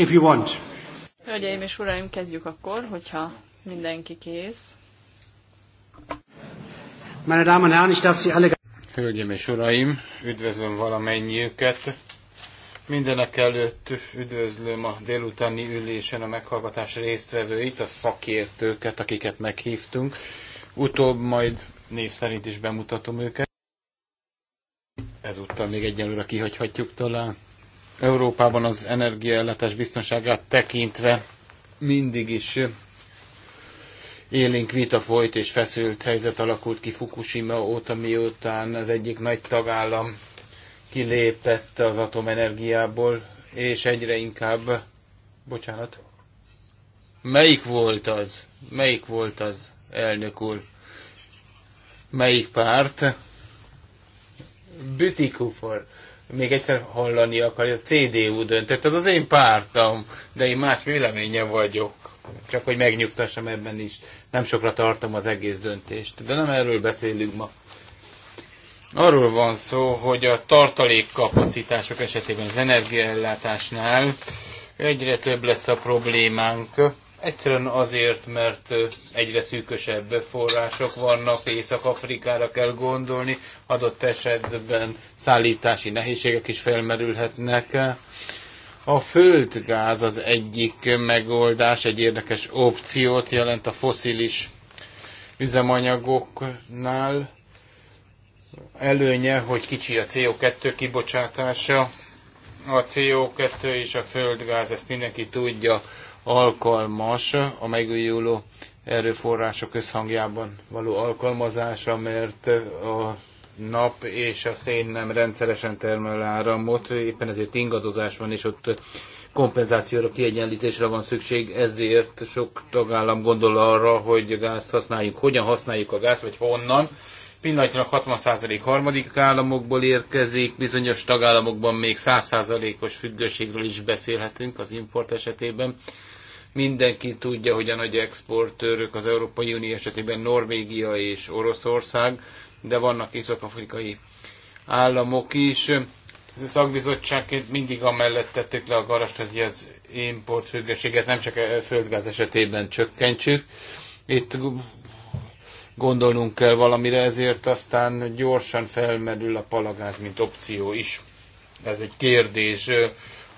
If you want. Hölgyeim és uraim, kezdjük akkor, hogyha mindenki kész. Meine Damen und Herren, ich darf Sie alle... Hölgyeim és uraim, üdvözlöm valamennyiüket. Mindenek előtt üdvözlöm a délutáni ülésen a meghallgatás résztvevőit, a szakértőket, akiket meghívtunk. Utóbb majd név szerint is bemutatom őket. Ezúttal még egyelőre kihagyhatjuk talán. Európában az energiaellátás biztonságát tekintve mindig is élénk vita folyt és feszült helyzet alakult ki Fukushima óta, miután az egyik nagy tagállam kilépett az atomenergiából, és egyre inkább, bocsánat, melyik volt az, melyik volt az, elnök úr, melyik párt? Bütikufor még egyszer hallani akarja, a CDU döntött, az az én pártam, de én más véleménye vagyok. Csak hogy megnyugtassam ebben is, nem sokra tartom az egész döntést, de nem erről beszélünk ma. Arról van szó, hogy a tartalékkapacitások esetében az energiaellátásnál egyre több lesz a problémánk Egyszerűen azért, mert egyre szűkösebb források vannak, Észak-Afrikára kell gondolni, adott esetben szállítási nehézségek is felmerülhetnek. A földgáz az egyik megoldás, egy érdekes opciót jelent a foszilis üzemanyagoknál. Előnye, hogy kicsi a CO2 kibocsátása, a CO2 és a földgáz, ezt mindenki tudja, alkalmas a megújuló erőforrások összhangjában való alkalmazása, mert a nap és a szén nem rendszeresen termel áramot, éppen ezért ingadozás van, és ott kompenzációra, kiegyenlítésre van szükség, ezért sok tagállam gondol arra, hogy gázt használjuk. Hogyan használjuk a gázt, vagy honnan? Pillanatnyilag 60% harmadik államokból érkezik, bizonyos tagállamokban még 100%-os függőségről is beszélhetünk az import esetében. Mindenki tudja, hogy a nagy exportőrök az Európai Unió esetében Norvégia és Oroszország, de vannak észak-afrikai államok is. A szakbizottságként mindig amellett tették le a garast, hogy az importfüggőséget nem csak a földgáz esetében csökkentsük. Itt gondolnunk kell valamire, ezért aztán gyorsan felmerül a palagáz, mint opció is. Ez egy kérdés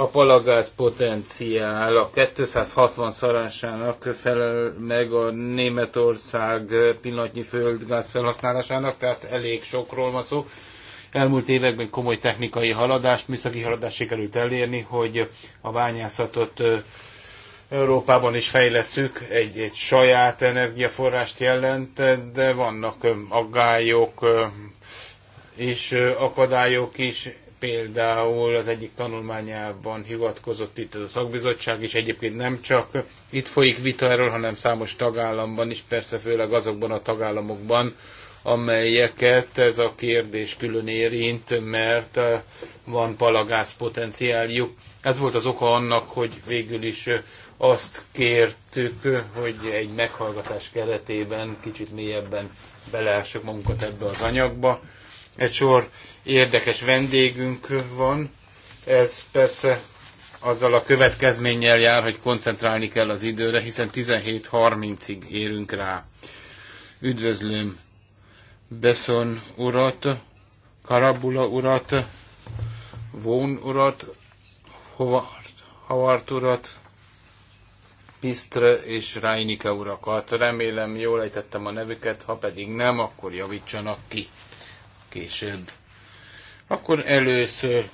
a palagáz potenciál a 260 szarásának felel meg a Németország pillanatnyi földgáz felhasználásának, tehát elég sokról van szó. Elmúlt években komoly technikai haladást, műszaki haladást sikerült elérni, hogy a bányászatot Európában is fejleszük egy, egy saját energiaforrást jelent, de vannak aggályok és akadályok is, például az egyik tanulmányában hivatkozott itt a szakbizottság, és egyébként nem csak itt folyik vita erről, hanem számos tagállamban is, persze főleg azokban a tagállamokban, amelyeket ez a kérdés külön érint, mert eh, van palagász potenciáljuk. Ez volt az oka annak, hogy végül is eh, azt kértük, hogy egy meghallgatás keretében kicsit mélyebben beleássuk magunkat ebbe az anyagba. Egy sor érdekes vendégünk van. Ez persze azzal a következménnyel jár, hogy koncentrálni kell az időre, hiszen 17.30-ig érünk rá. Üdvözlöm Besson urat, Karabula urat, Vón urat, Hovart, Havart urat, Pistre és Rajnika urakat. Remélem jól ejtettem a nevüket, ha pedig nem, akkor javítsanak ki később. Akkor először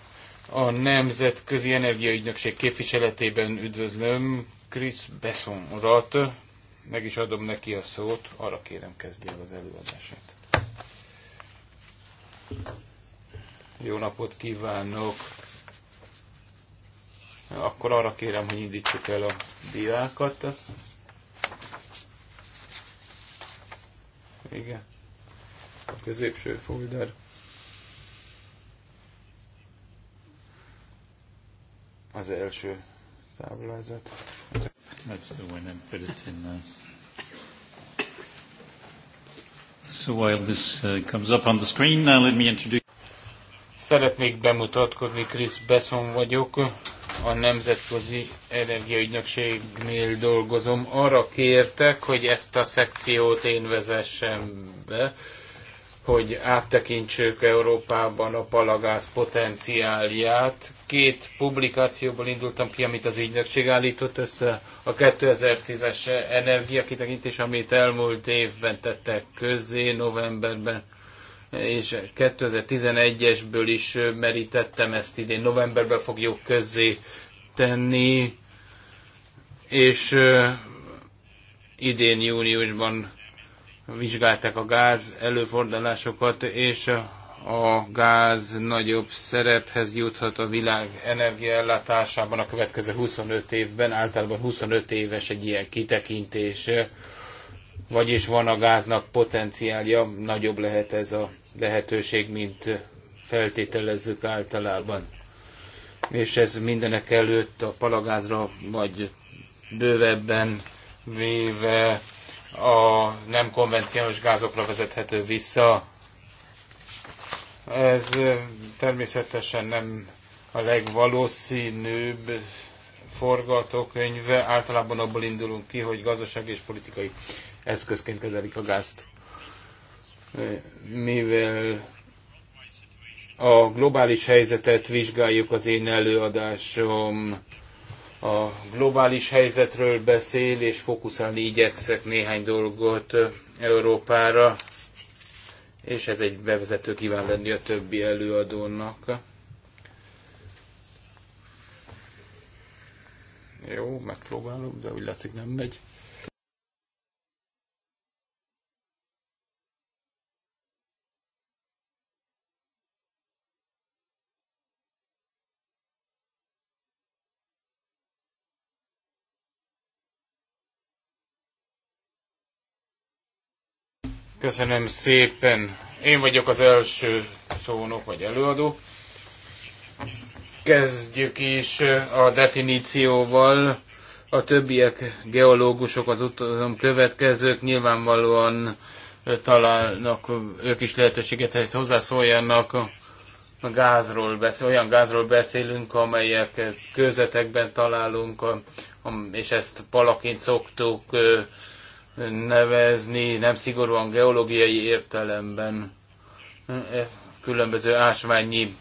a Nemzetközi Energiaügynökség képviseletében üdvözlöm Chris Besson urat. Meg is adom neki a szót, arra kérem kezdje el az előadását. Jó napot kívánok! Akkor arra kérem, hogy indítsuk el a diákat. Igen. A középső folder. az első táblázat. That's the one and put it in there. Uh, so while this uh, comes up on the screen, now let me introduce... Szeretnék bemutatkozni, Chris Besson vagyok, a Nemzetközi Energiaügynökségnél dolgozom. Arra kértek, hogy ezt a szekciót én vezessem be Uh, hogy áttekintsük Európában a palagáz potenciálját. Két publikációból indultam ki, amit az ügynökség állított össze, a 2010-es energiakitekintés, amit elmúlt évben tettek közzé, novemberben, és 2011-esből is merítettem ezt idén, novemberben fogjuk közzé tenni, és idén júniusban vizsgálták a gáz előfordulásokat, és a gáz nagyobb szerephez juthat a világ energiaellátásában a következő 25 évben, általában 25 éves egy ilyen kitekintés, vagyis van a gáznak potenciálja, nagyobb lehet ez a lehetőség, mint feltételezzük általában. És ez mindenek előtt a palagázra, vagy bővebben véve a nem konvencionális gázokra vezethető vissza. Ez természetesen nem a legvalószínűbb forgatókönyve. Általában abból indulunk ki, hogy gazdasági és politikai eszközként kezelik a gázt. Mivel a globális helyzetet vizsgáljuk az én előadásom a globális helyzetről beszél, és fókuszálni igyekszek néhány dolgot Európára, és ez egy bevezető kíván lenni a többi előadónak. Jó, megpróbálom, de úgy látszik nem megy. Köszönöm szépen. Én vagyok az első szónok vagy előadó. Kezdjük is a definícióval. A többiek geológusok az utazom következők nyilvánvalóan találnak, ők is lehetőséget, hogy hozzászóljanak. A gázról beszél, olyan gázról beszélünk, amelyek közetekben találunk, és ezt palaként szoktuk nevezni, nem szigorúan geológiai értelemben e, különböző ásványi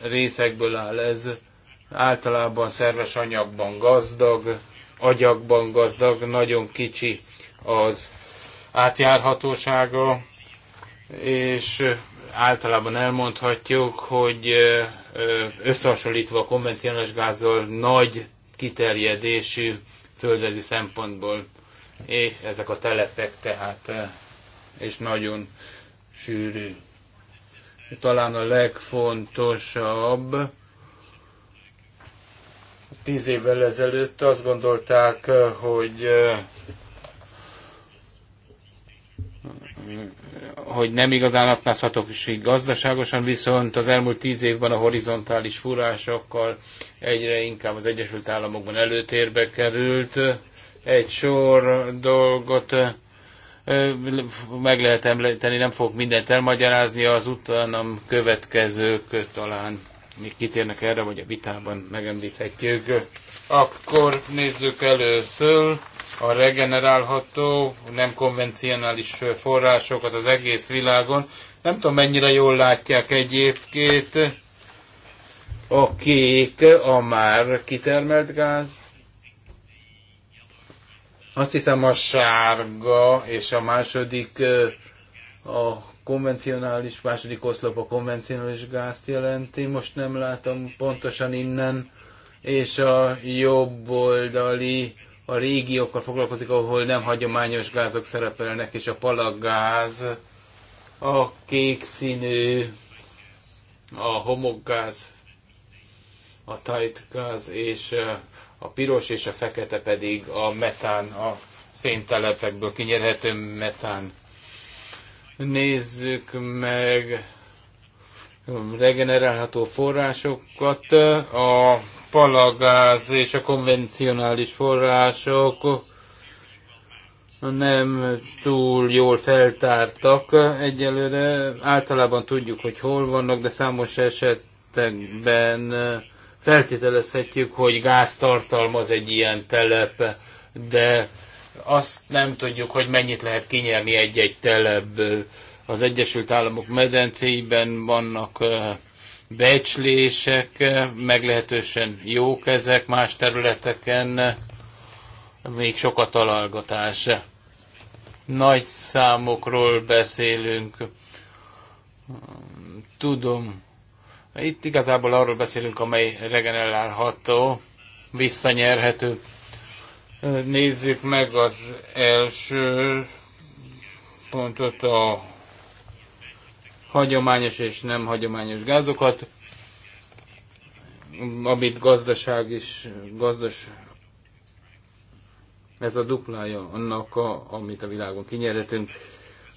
részekből áll ez. Általában szerves anyagban gazdag, agyagban gazdag, nagyon kicsi az átjárhatósága, és általában elmondhatjuk, hogy e, e, összehasonlítva a konvencionális gázzal nagy kiterjedésű földrajzi szempontból és ezek a telepek tehát, eh, és nagyon sűrű. Talán a legfontosabb, tíz évvel ezelőtt azt gondolták, eh, hogy eh, hogy nem igazán aknázhatok is gazdaságosan, viszont az elmúlt tíz évben a horizontális furásokkal egyre inkább az Egyesült Államokban előtérbe került, egy sor dolgot meg lehet említeni, nem fogok mindent elmagyarázni, az utánam következők talán még kitérnek erre, vagy a vitában megemlíthetjük. Akkor nézzük először a regenerálható, nem konvencionális forrásokat az egész világon. Nem tudom, mennyire jól látják egyébként a kék a már kitermelt gáz, azt hiszem a sárga és a második a konvencionális, második oszlop a konvencionális gázt jelenti, most nem látom pontosan innen, és a jobb oldali a régiókkal foglalkozik, ahol nem hagyományos gázok szerepelnek, és a palaggáz, a kék színű, a homokgáz, a tight gáz és a piros és a fekete pedig a metán, a széntelepekből kinyerhető metán. Nézzük meg regenerálható forrásokat, a palagáz és a konvencionális források nem túl jól feltártak. Egyelőre általában tudjuk, hogy hol vannak, de számos esetben feltételezhetjük, hogy gáz tartalmaz egy ilyen telep, de azt nem tudjuk, hogy mennyit lehet kinyerni egy-egy telepből. Az Egyesült Államok medencéiben vannak becslések, meglehetősen jók ezek más területeken, még sok a találgatás. Nagy számokról beszélünk. Tudom, itt igazából arról beszélünk, amely regenerálható, visszanyerhető. Nézzük meg az első pontot, a hagyományos és nem hagyományos gázokat, amit gazdaság is, gazdas, ez a duplája annak, a, amit a világon kinyerhetünk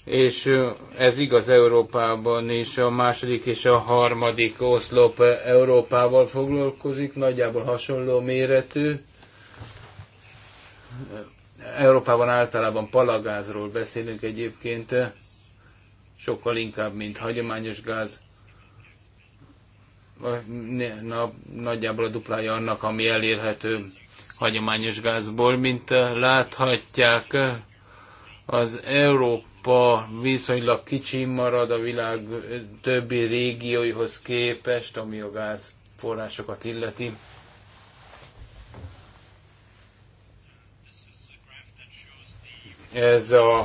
és ez igaz Európában is, a második és a harmadik oszlop Európával foglalkozik, nagyjából hasonló méretű. Európában általában palagázról beszélünk egyébként, sokkal inkább, mint hagyományos gáz. Na, nagyjából a duplája annak, ami elérhető hagyományos gázból, mint láthatják az Európa Európa viszonylag kicsi marad a világ többi régióihoz képest, ami a gáz forrásokat illeti. Ez a,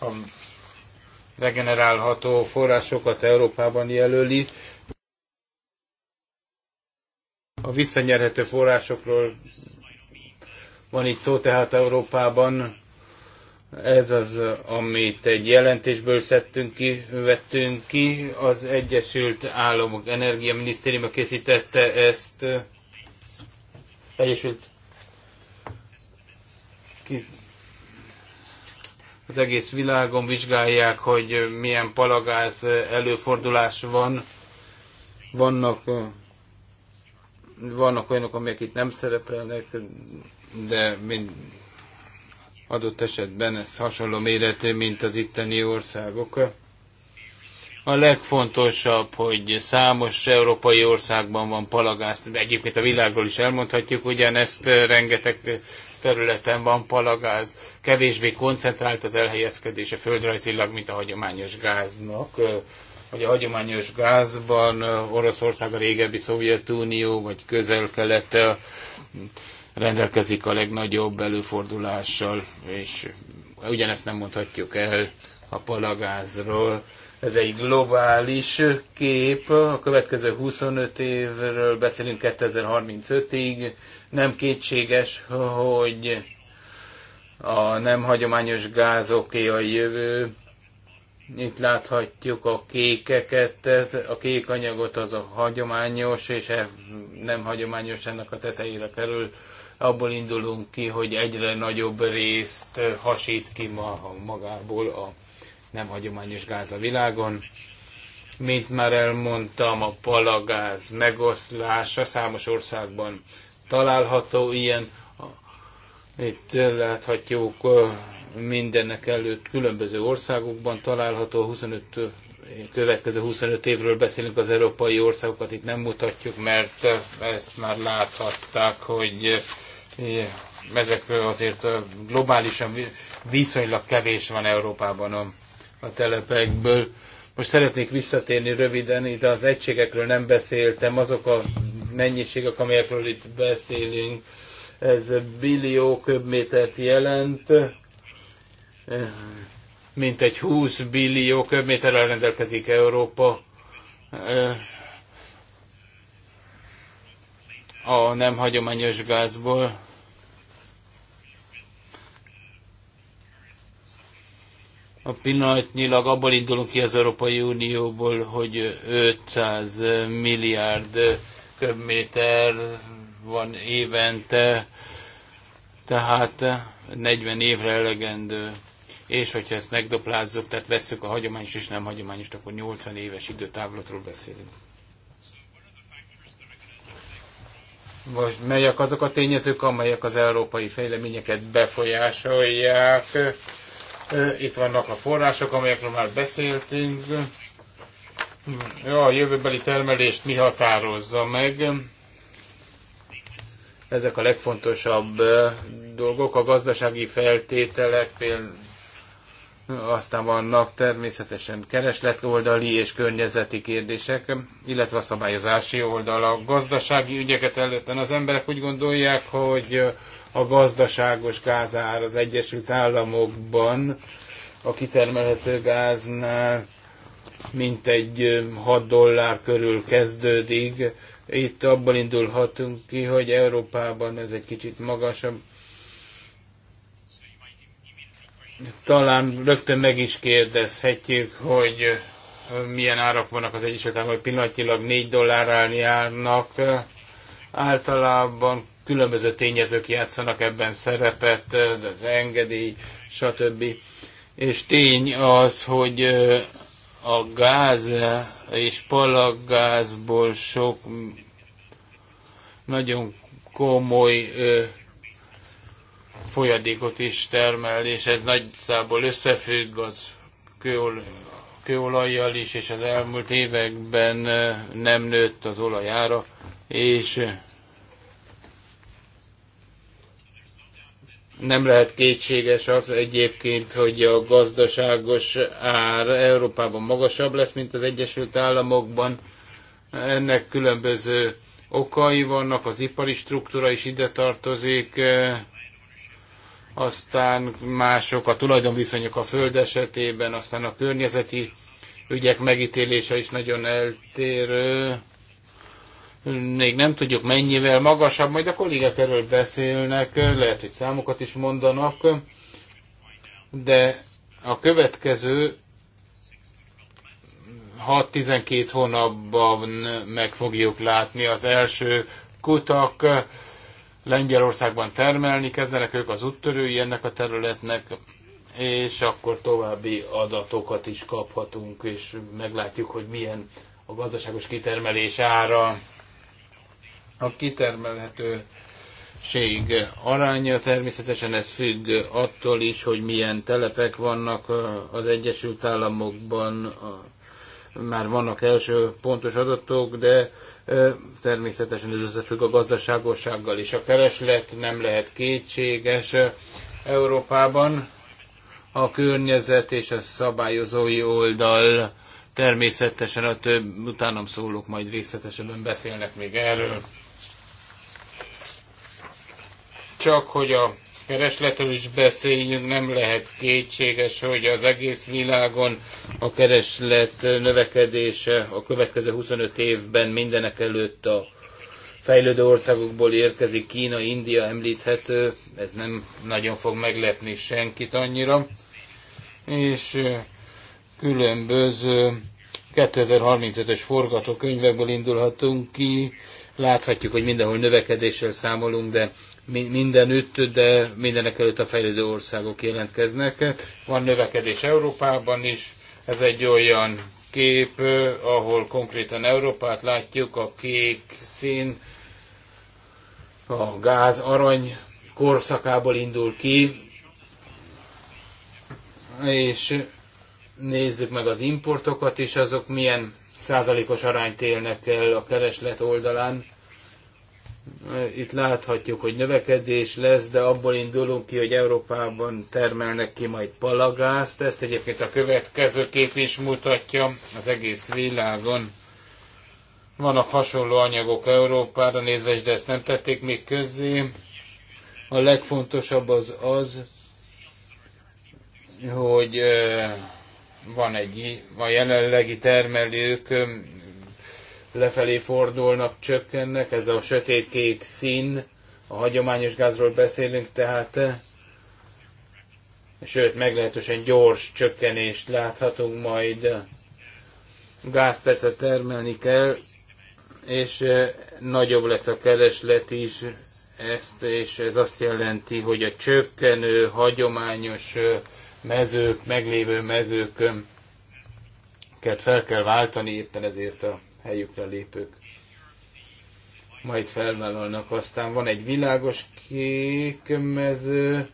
a regenerálható forrásokat Európában jelöli. A visszanyerhető forrásokról van itt szó, tehát Európában ez az, amit egy jelentésből szedtünk ki, vettünk ki. Az Egyesült Államok Minisztériuma készítette ezt. Egyesült ki, az egész világon vizsgálják, hogy milyen palagáz előfordulás van. Vannak, vannak olyanok, amelyek itt nem szerepelnek, de mind, Adott esetben ez hasonló méretű, mint az itteni országok. A legfontosabb, hogy számos európai országban van palagász, de egyébként a világról is elmondhatjuk, ugyanezt rengeteg területen van palagáz, kevésbé koncentrált az elhelyezkedése földrajzilag, mint a hagyományos gáznak hogy a hagyományos gázban Oroszország a régebbi Szovjetunió, vagy közel kelet rendelkezik a legnagyobb előfordulással, és ugyanezt nem mondhatjuk el a palagázról. Ez egy globális kép, a következő 25 évről beszélünk 2035-ig. Nem kétséges, hogy a nem hagyományos gázoké a jövő. Itt láthatjuk a kékeket, a kék anyagot az a hagyományos, és nem hagyományos ennek a tetejére kerül abból indulunk ki, hogy egyre nagyobb részt hasít ki ma magából a nem hagyományos gáz a világon. Mint már elmondtam, a palagáz megoszlása számos országban található ilyen. Itt láthatjuk mindennek előtt különböző országokban található 25 következő 25 évről beszélünk az európai országokat, itt nem mutatjuk, mert ezt már láthatták, hogy ezekről azért globálisan viszonylag kevés van Európában a, a telepekből. Most szeretnék visszatérni röviden, ide az egységekről nem beszéltem, azok a mennyiségek, amelyekről itt beszélünk, ez billió köbmétert jelent, mint egy 20 billió köbméterrel rendelkezik Európa, a nem hagyományos gázból. A pillanatnyilag abból indulunk ki az Európai Unióból, hogy 500 milliárd köbméter van évente, tehát 40 évre elegendő. És hogyha ezt megdoplázzuk, tehát vesszük a hagyományos és nem hagyományos, akkor 80 éves időtávlatról beszélünk. vagy melyek azok a tényezők, amelyek az európai fejleményeket befolyásolják. Itt vannak a források, amelyekről már beszéltünk. Ja, hm, a jövőbeli termelést mi határozza meg? Ezek a legfontosabb dolgok, a gazdasági feltételek, például aztán vannak természetesen kereslet-oldali és környezeti kérdések, illetve a szabályozási oldala A gazdasági ügyeket előtten az emberek úgy gondolják, hogy a gazdaságos gázár az Egyesült Államokban a kitermelhető gáznál mint egy 6 dollár körül kezdődik. Itt abból indulhatunk ki, hogy Európában ez egy kicsit magasabb, Talán rögtön meg is kérdezhetjük, hogy milyen árak vannak az Egyesült Államokban, pillanatilag 4 dollárral járnak. Általában különböző tényezők játszanak ebben szerepet, az engedély, stb. És tény az, hogy a gáz és palaggázból sok nagyon komoly folyadékot is termel, és ez nagy számból összefügg az kőol, kőolajjal is, és az elmúlt években nem nőtt az olajára, és nem lehet kétséges az egyébként, hogy a gazdaságos ár Európában magasabb lesz, mint az Egyesült Államokban. Ennek különböző okai vannak, az ipari struktúra is ide tartozik, aztán mások a tulajdonviszonyok a föld esetében, aztán a környezeti ügyek megítélése is nagyon eltérő. Még nem tudjuk mennyivel magasabb, majd a kollégák erről beszélnek, lehet, hogy számokat is mondanak, de a következő 6-12 hónapban meg fogjuk látni az első kutak Lengyelországban termelni kezdenek ők az úttörői ennek a területnek, és akkor további adatokat is kaphatunk, és meglátjuk, hogy milyen a gazdaságos kitermelés ára. A kitermelhető ség aránya természetesen ez függ attól is, hogy milyen telepek vannak az Egyesült Államokban, már vannak első pontos adatok, de Természetesen ez összefügg a gazdaságossággal is. A kereslet nem lehet kétséges Európában. A környezet és a szabályozói oldal természetesen a több utánam szólók majd részletesebben beszélnek még erről. Csak hogy a keresletről is beszéljünk, nem lehet kétséges, hogy az egész világon a kereslet növekedése a következő 25 évben mindenek előtt a fejlődő országokból érkezik, Kína, India említhető, ez nem nagyon fog meglepni senkit annyira, és különböző 2035-ös forgatókönyvekből indulhatunk ki, láthatjuk, hogy mindenhol növekedéssel számolunk, de mindenütt, de mindenek előtt a fejlődő országok jelentkeznek. Van növekedés Európában is, ez egy olyan kép, eh, ahol konkrétan Európát látjuk, a kék szín, a gáz arany korszakából indul ki, és nézzük meg az importokat is, azok milyen százalékos arányt élnek el a kereslet oldalán. Itt láthatjuk, hogy növekedés lesz, de abból indulunk ki, hogy Európában termelnek ki majd palagázt. Ezt egyébként a következő kép is mutatja az egész világon. Vannak hasonló anyagok Európára nézve, de ezt nem tették még közzé. A legfontosabb az az, hogy van egy, a jelenlegi termelők lefelé fordulnak, csökkennek, ez a sötétkék szín, a hagyományos gázról beszélünk, tehát eh, sőt, meglehetősen gyors csökkenést láthatunk majd. Gáz persze termelni kell, és eh, nagyobb lesz a kereslet is, ezt, és ez azt jelenti, hogy a csökkenő, hagyományos eh, mezők, meglévő mezők mezőket fel kell váltani, éppen ezért a helyükre lépők majd felvállalnak. Aztán van egy világos kék mező,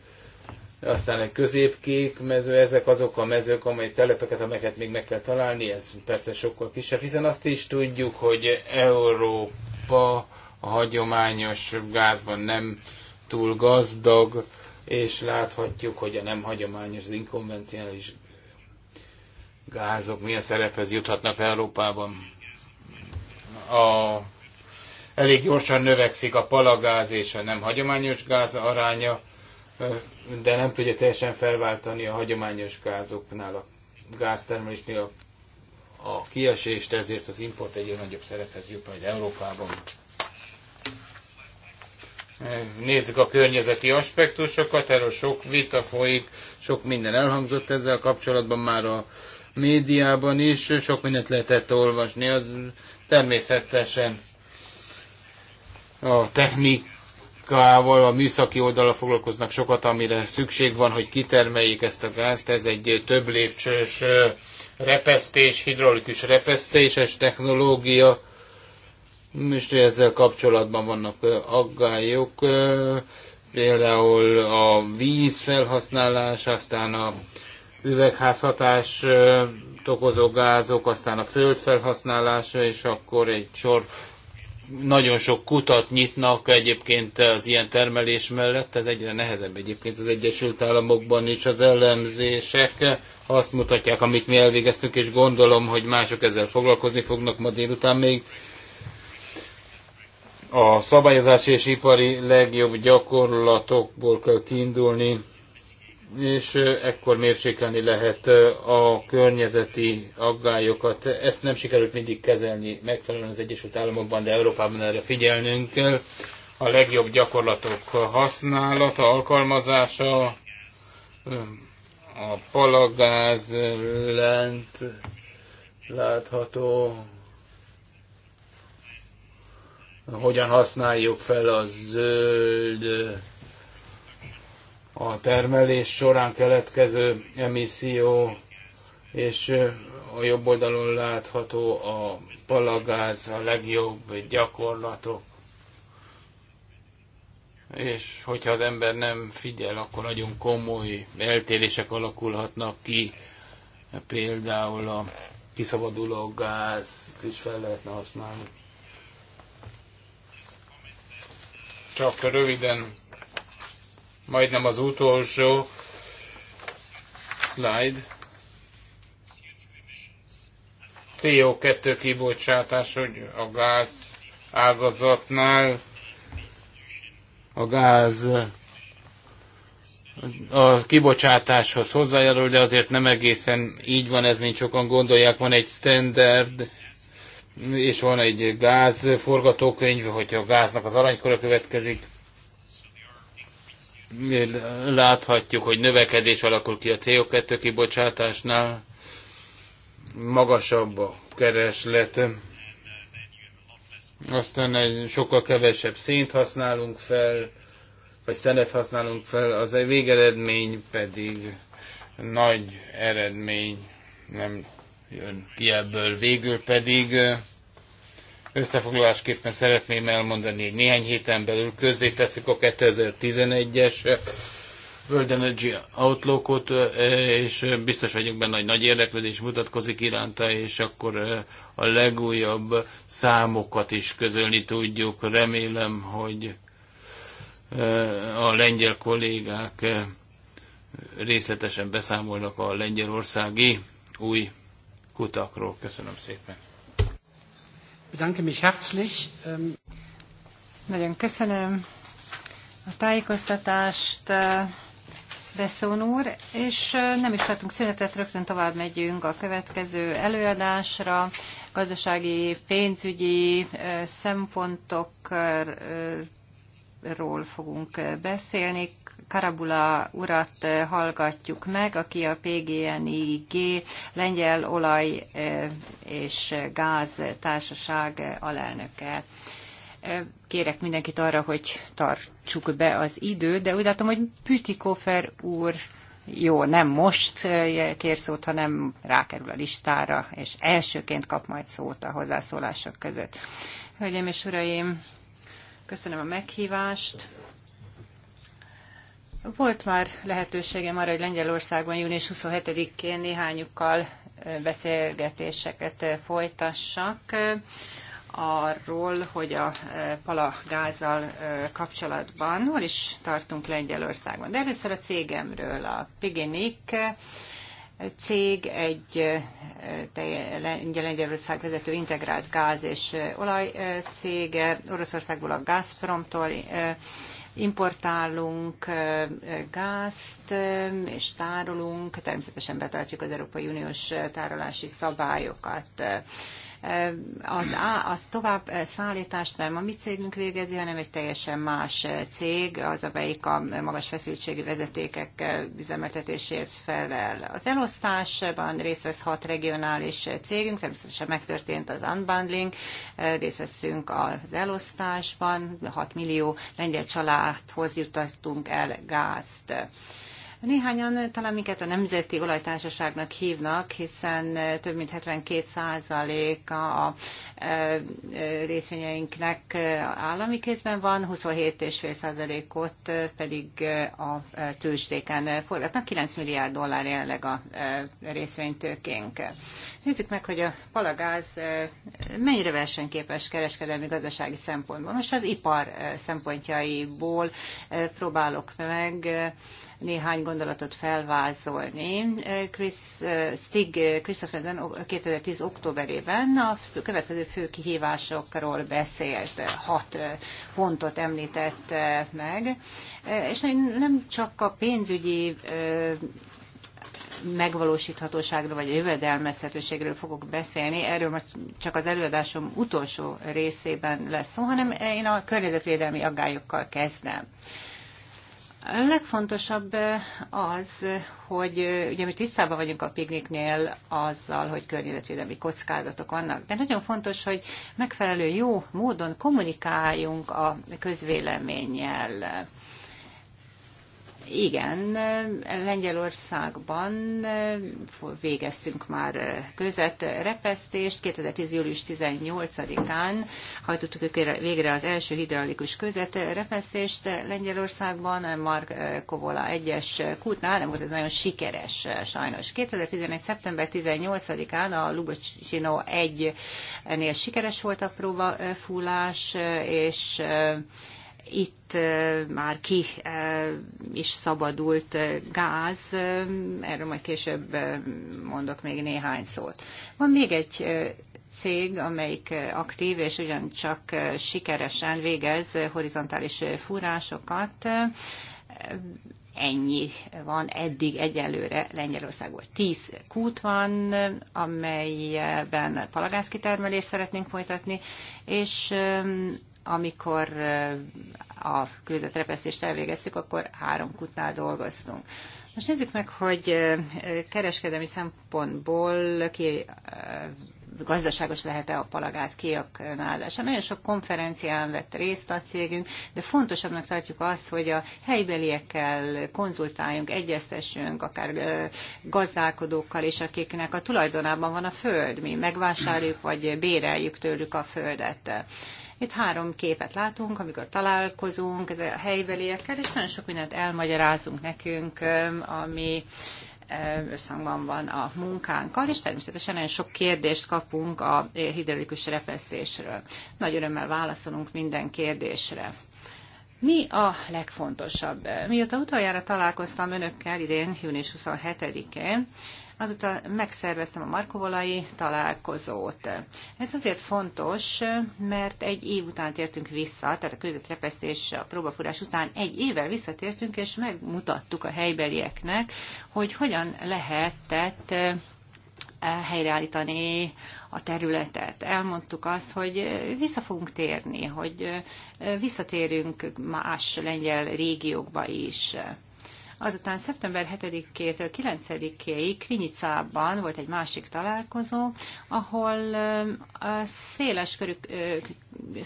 aztán egy középkék mező, ezek azok a mezők, amely telepeket, amelyeket még meg kell találni, ez persze sokkal kisebb, hiszen azt is tudjuk, hogy Európa a hagyományos gázban nem túl gazdag, és láthatjuk, hogy a nem hagyományos, az inkonvencionális gázok milyen szerephez juthatnak Európában a, elég gyorsan növekszik a palagáz és a nem hagyományos gáz aránya, de nem tudja teljesen felváltani a hagyományos gázoknál, a gáztermelésnél a, a kiesést, ezért az import egyre nagyobb szerephez jut majd Európában. Nézzük a környezeti aspektusokat, erről sok vita folyik, sok minden elhangzott ezzel kapcsolatban már a médiában is, sok mindent lehetett olvasni. Az Természetesen a technikával, a műszaki oldalra foglalkoznak sokat, amire szükség van, hogy kitermeljék ezt a gázt. Ez egy több lépcsős repesztés, hidraulikus repesztéses technológia, és ezzel kapcsolatban vannak aggályok, például a víz felhasználás, aztán a üvegházhatás okozó gázok, aztán a föld felhasználása, és akkor egy sor nagyon sok kutat nyitnak egyébként az ilyen termelés mellett, ez egyre nehezebb egyébként az Egyesült Államokban is az ellenzések azt mutatják, amit mi elvégeztünk, és gondolom, hogy mások ezzel foglalkozni fognak ma délután még. A szabályozási és ipari legjobb gyakorlatokból kell kiindulni, és ekkor mérsékelni lehet a környezeti aggályokat. Ezt nem sikerült mindig kezelni megfelelően az Egyesült Államokban, de Európában erre figyelnünk kell. A legjobb gyakorlatok használata, alkalmazása, a palagáz lent látható, hogyan használjuk fel a zöld a termelés során keletkező emisszió, és a jobb oldalon látható a palagáz, a legjobb gyakorlatok. És hogyha az ember nem figyel, akkor nagyon komoly eltérések alakulhatnak ki. Például a kiszabaduló gázt is fel lehetne használni. Csak röviden majdnem az utolsó slide. CO2 kibocsátás, hogy a gáz ágazatnál a gáz a kibocsátáshoz hozzájárul, de azért nem egészen így van ez, mint sokan gondolják. Van egy standard, és van egy gáz forgatókönyv, hogyha a gáznak az aranykora következik láthatjuk, hogy növekedés alakul ki a CO2 kibocsátásnál, magasabb a kereslet, aztán egy sokkal kevesebb szént használunk fel, vagy szenet használunk fel, az egy végeredmény pedig nagy eredmény nem jön ki ebből. Végül pedig Összefoglalásképpen szeretném elmondani, hogy néhány héten belül közzé teszik a 2011-es World Energy Outlookot, és biztos vagyok benne, hogy nagy érdeklődés mutatkozik iránta, és akkor a legújabb számokat is közölni tudjuk. Remélem, hogy a lengyel kollégák részletesen beszámolnak a lengyelországi új kutakról. Köszönöm szépen bedanke mich herzlich. Ähm, Nagyon köszönöm a tájékoztatást, Besson eh, úr, és eh, nem is tartunk szünetet, rögtön tovább megyünk a következő előadásra. Gazdasági, pénzügyi eh, szempontokról fogunk beszélni. Karabula urat hallgatjuk meg, aki a PGNIG Lengyel Olaj és Gáz Társaság alelnöke. Kérek mindenkit arra, hogy tartsuk be az időt, de úgy látom, hogy Pütikofer úr jó, nem most kér szót, hanem rákerül a listára, és elsőként kap majd szót a hozzászólások között. Hölgyeim és uraim, köszönöm a meghívást. Volt már lehetőségem arra, hogy Lengyelországban június 27-én néhányukkal beszélgetéseket folytassak arról, hogy a palagázzal kapcsolatban hol is tartunk Lengyelországban. De először a cégemről, a Pigenik cég egy lengyel Lengyelország vezető integrált gáz és olajcége, Oroszországból a Gazpromtól importálunk gázt, és tárolunk, természetesen betartjuk az Európai Uniós tárolási szabályokat az, az tovább szállítást nem a mi cégünk végezi, hanem egy teljesen más cég, az, amelyik a magas feszültségi vezetékek üzemeltetésért felel. Az elosztásban részt vesz hat regionális cégünk, természetesen megtörtént az unbundling, részt veszünk az elosztásban, 6 millió lengyel családhoz jutottunk el gázt. Néhányan talán minket a Nemzeti Olajtársaságnak hívnak, hiszen eh, több mint 72%-a a eh, részvényeinknek eh, állami kézben van, 27,5%-ot pedig a tőzsdéken forgatnak, 9 milliárd dollár jelenleg a részvénytőkénk. Nézzük meg, hogy a palagáz mennyire versenyképes kereskedelmi gazdasági szempontból. Most az ipar szempontjaiból próbálok meg néhány gondolatot felvázolni. Chris eh, Stig eh, Christopher 2010. októberében a következő fő kihívásokról beszélt, hat eh, pontot említett meg, és nem csak a pénzügyi megvalósíthatóságról vagy jövedelmezhetőségről fogok beszélni, erről most csak az előadásom utolsó részében lesz szó, hanem én a környezetvédelmi aggályokkal kezdem. A legfontosabb eh, az, hogy eh, ugye mi tisztában vagyunk a pikniknél azzal, hogy környezetvédelmi kockázatok vannak, de nagyon fontos, hogy megfelelő jó módon kommunikáljunk a közvéleménnyel igen, Lengyelországban végeztünk már között repesztést. 2010. július 18-án hajtottuk végre az első hidraulikus között repesztést Lengyelországban, Mark Kovola 1-es kútnál, nem volt ez nagyon sikeres sajnos. 2011. szeptember 18-án a Lubocsino 1-nél sikeres volt a próbafullás, és itt már ki is szabadult gáz, erről majd később mondok még néhány szót. Van még egy cég, amelyik aktív és ugyancsak sikeresen végez horizontális fúrásokat. Ennyi van eddig egyelőre Lengyelországból. Tíz kút van, amelyben palagázkitermelést szeretnénk folytatni, és amikor eh, a közvetrepesztést elvégeztük, akkor három kutnál dolgoztunk. Most nézzük meg, hogy eh, kereskedelmi szempontból ki eh, gazdaságos lehet-e a palagáz kiaknálása. Nagyon sok konferencián vett részt a cégünk, de fontosabbnak tartjuk azt, hogy a helybeliekkel konzultáljunk, egyeztessünk, akár gazdálkodókkal is, akiknek a tulajdonában van a föld. Mi megvásároljuk, vagy béreljük tőlük a földet. Itt három képet látunk, amikor találkozunk ez a helybeliekkel, és nagyon sok mindent elmagyarázunk nekünk, ami összhangban van a munkánkkal, és természetesen nagyon sok kérdést kapunk a hidraulikus repesztésről. Nagy örömmel válaszolunk minden kérdésre. Mi a legfontosabb? Mióta utoljára találkoztam önökkel idén, június 27-én, Azóta megszerveztem a Markovolai találkozót. Ez azért fontos, mert egy év után tértünk vissza, tehát a közvetrepesztés, a próbafúrás után egy évvel visszatértünk, és megmutattuk a helybelieknek, hogy hogyan lehetett eh, helyreállítani a területet. Elmondtuk azt, hogy eh, vissza fogunk térni, hogy eh, visszatérünk más lengyel régiókba is. Azután szeptember 7-től 9-ig Krinicában volt egy másik találkozó, ahol a széles körű,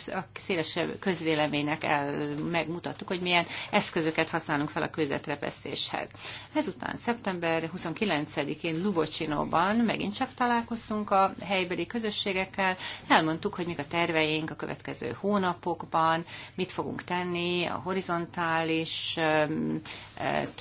a szélesebb közvéleménynek el, megmutattuk, hogy milyen eszközöket használunk fel a közvetrepesztéshez. Ezután szeptember 29-én Lubocsinóban megint csak találkoztunk a helybeli közösségekkel, elmondtuk, hogy mik a terveink a következő hónapokban, mit fogunk tenni a horizontális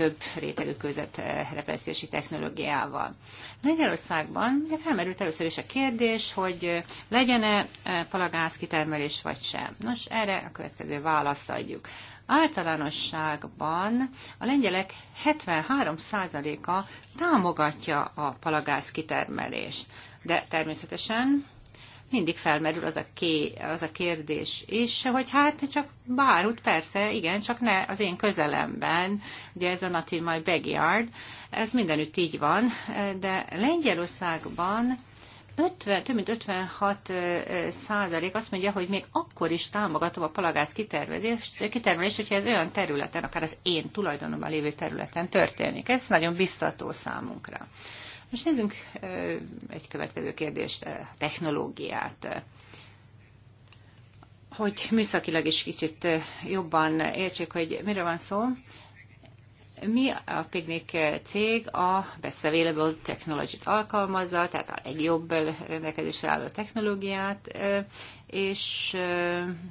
több rétegű között eh, repesztési technológiával. Lengyelországban ugye felmerült először is a kérdés, hogy eh, legyen-e eh, palagáz kitermelés vagy sem. Nos, erre a következő választ adjuk. Általánosságban a lengyelek 73%-a támogatja a palagáz kitermelést. De természetesen mindig felmerül az a, ké, az a kérdés is, hogy hát csak bárhogy persze, igen, csak ne az én közelemben, ugye ez a Not in my backyard, ez mindenütt így van, de Lengyelországban 50, több mint 56 százalék azt mondja, hogy még akkor is támogatom a palagáz kitermelést, kitermelést, hogyha ez olyan területen, akár az én tulajdonomban lévő területen történik. Ez nagyon biztató számunkra. Most nézzünk egy következő kérdést, technológiát hogy műszakilag is kicsit jobban értsék, hogy miről van szó. Mi a Pignik cég a Best Available technology alkalmazza, tehát a legjobb rendelkezésre álló technológiát, és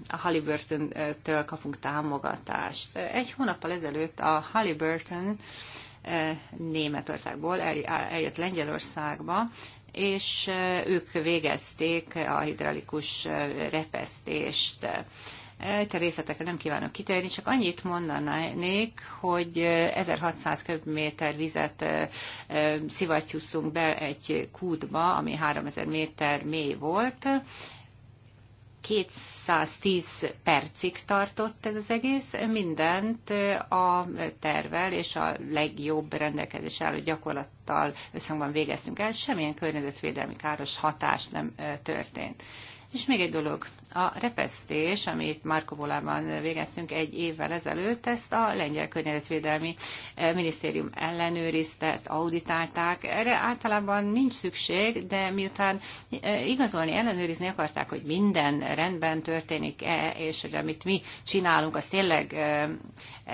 a Halliburton-től kapunk támogatást. Egy hónappal ezelőtt a Halliburton E, Németországból eljött Lengyelországba, és e, ők végezték a hidraulikus e, repesztést. Itt a részletekre nem kívánok kitérni, csak annyit mondanék, hogy 1600 köbméter vizet szivattyúztunk be egy kútba, ami 3000 méter mély volt, 210 percig tartott ez az egész, mindent a tervel és a legjobb rendelkezés álló gyakorlattal összhangban végeztünk el, semmilyen környezetvédelmi káros hatás nem történt. És még egy dolog, a repesztés, amit Markovolában végeztünk egy évvel ezelőtt, ezt a lengyel környezetvédelmi eh, minisztérium ellenőrizte, ezt auditálták. Erre általában nincs szükség, de miután eh, igazolni, ellenőrizni akarták, hogy minden rendben történik-e, és hogy amit mi csinálunk, az tényleg eh,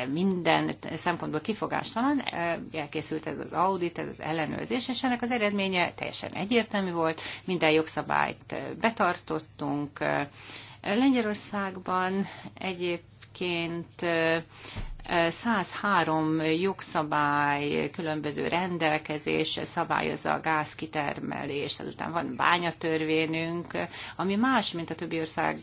minden szempontból kifogástalan, e, elkészült ez az audit, ez az ellenőrzés, és ennek az eredménye teljesen egyértelmű volt, minden jogszabályt e, betartottunk. E, Lengyelországban egyébként 103 jogszabály, különböző rendelkezés szabályozza a gáz azután van bányatörvényünk, ami más, mint a többi ország,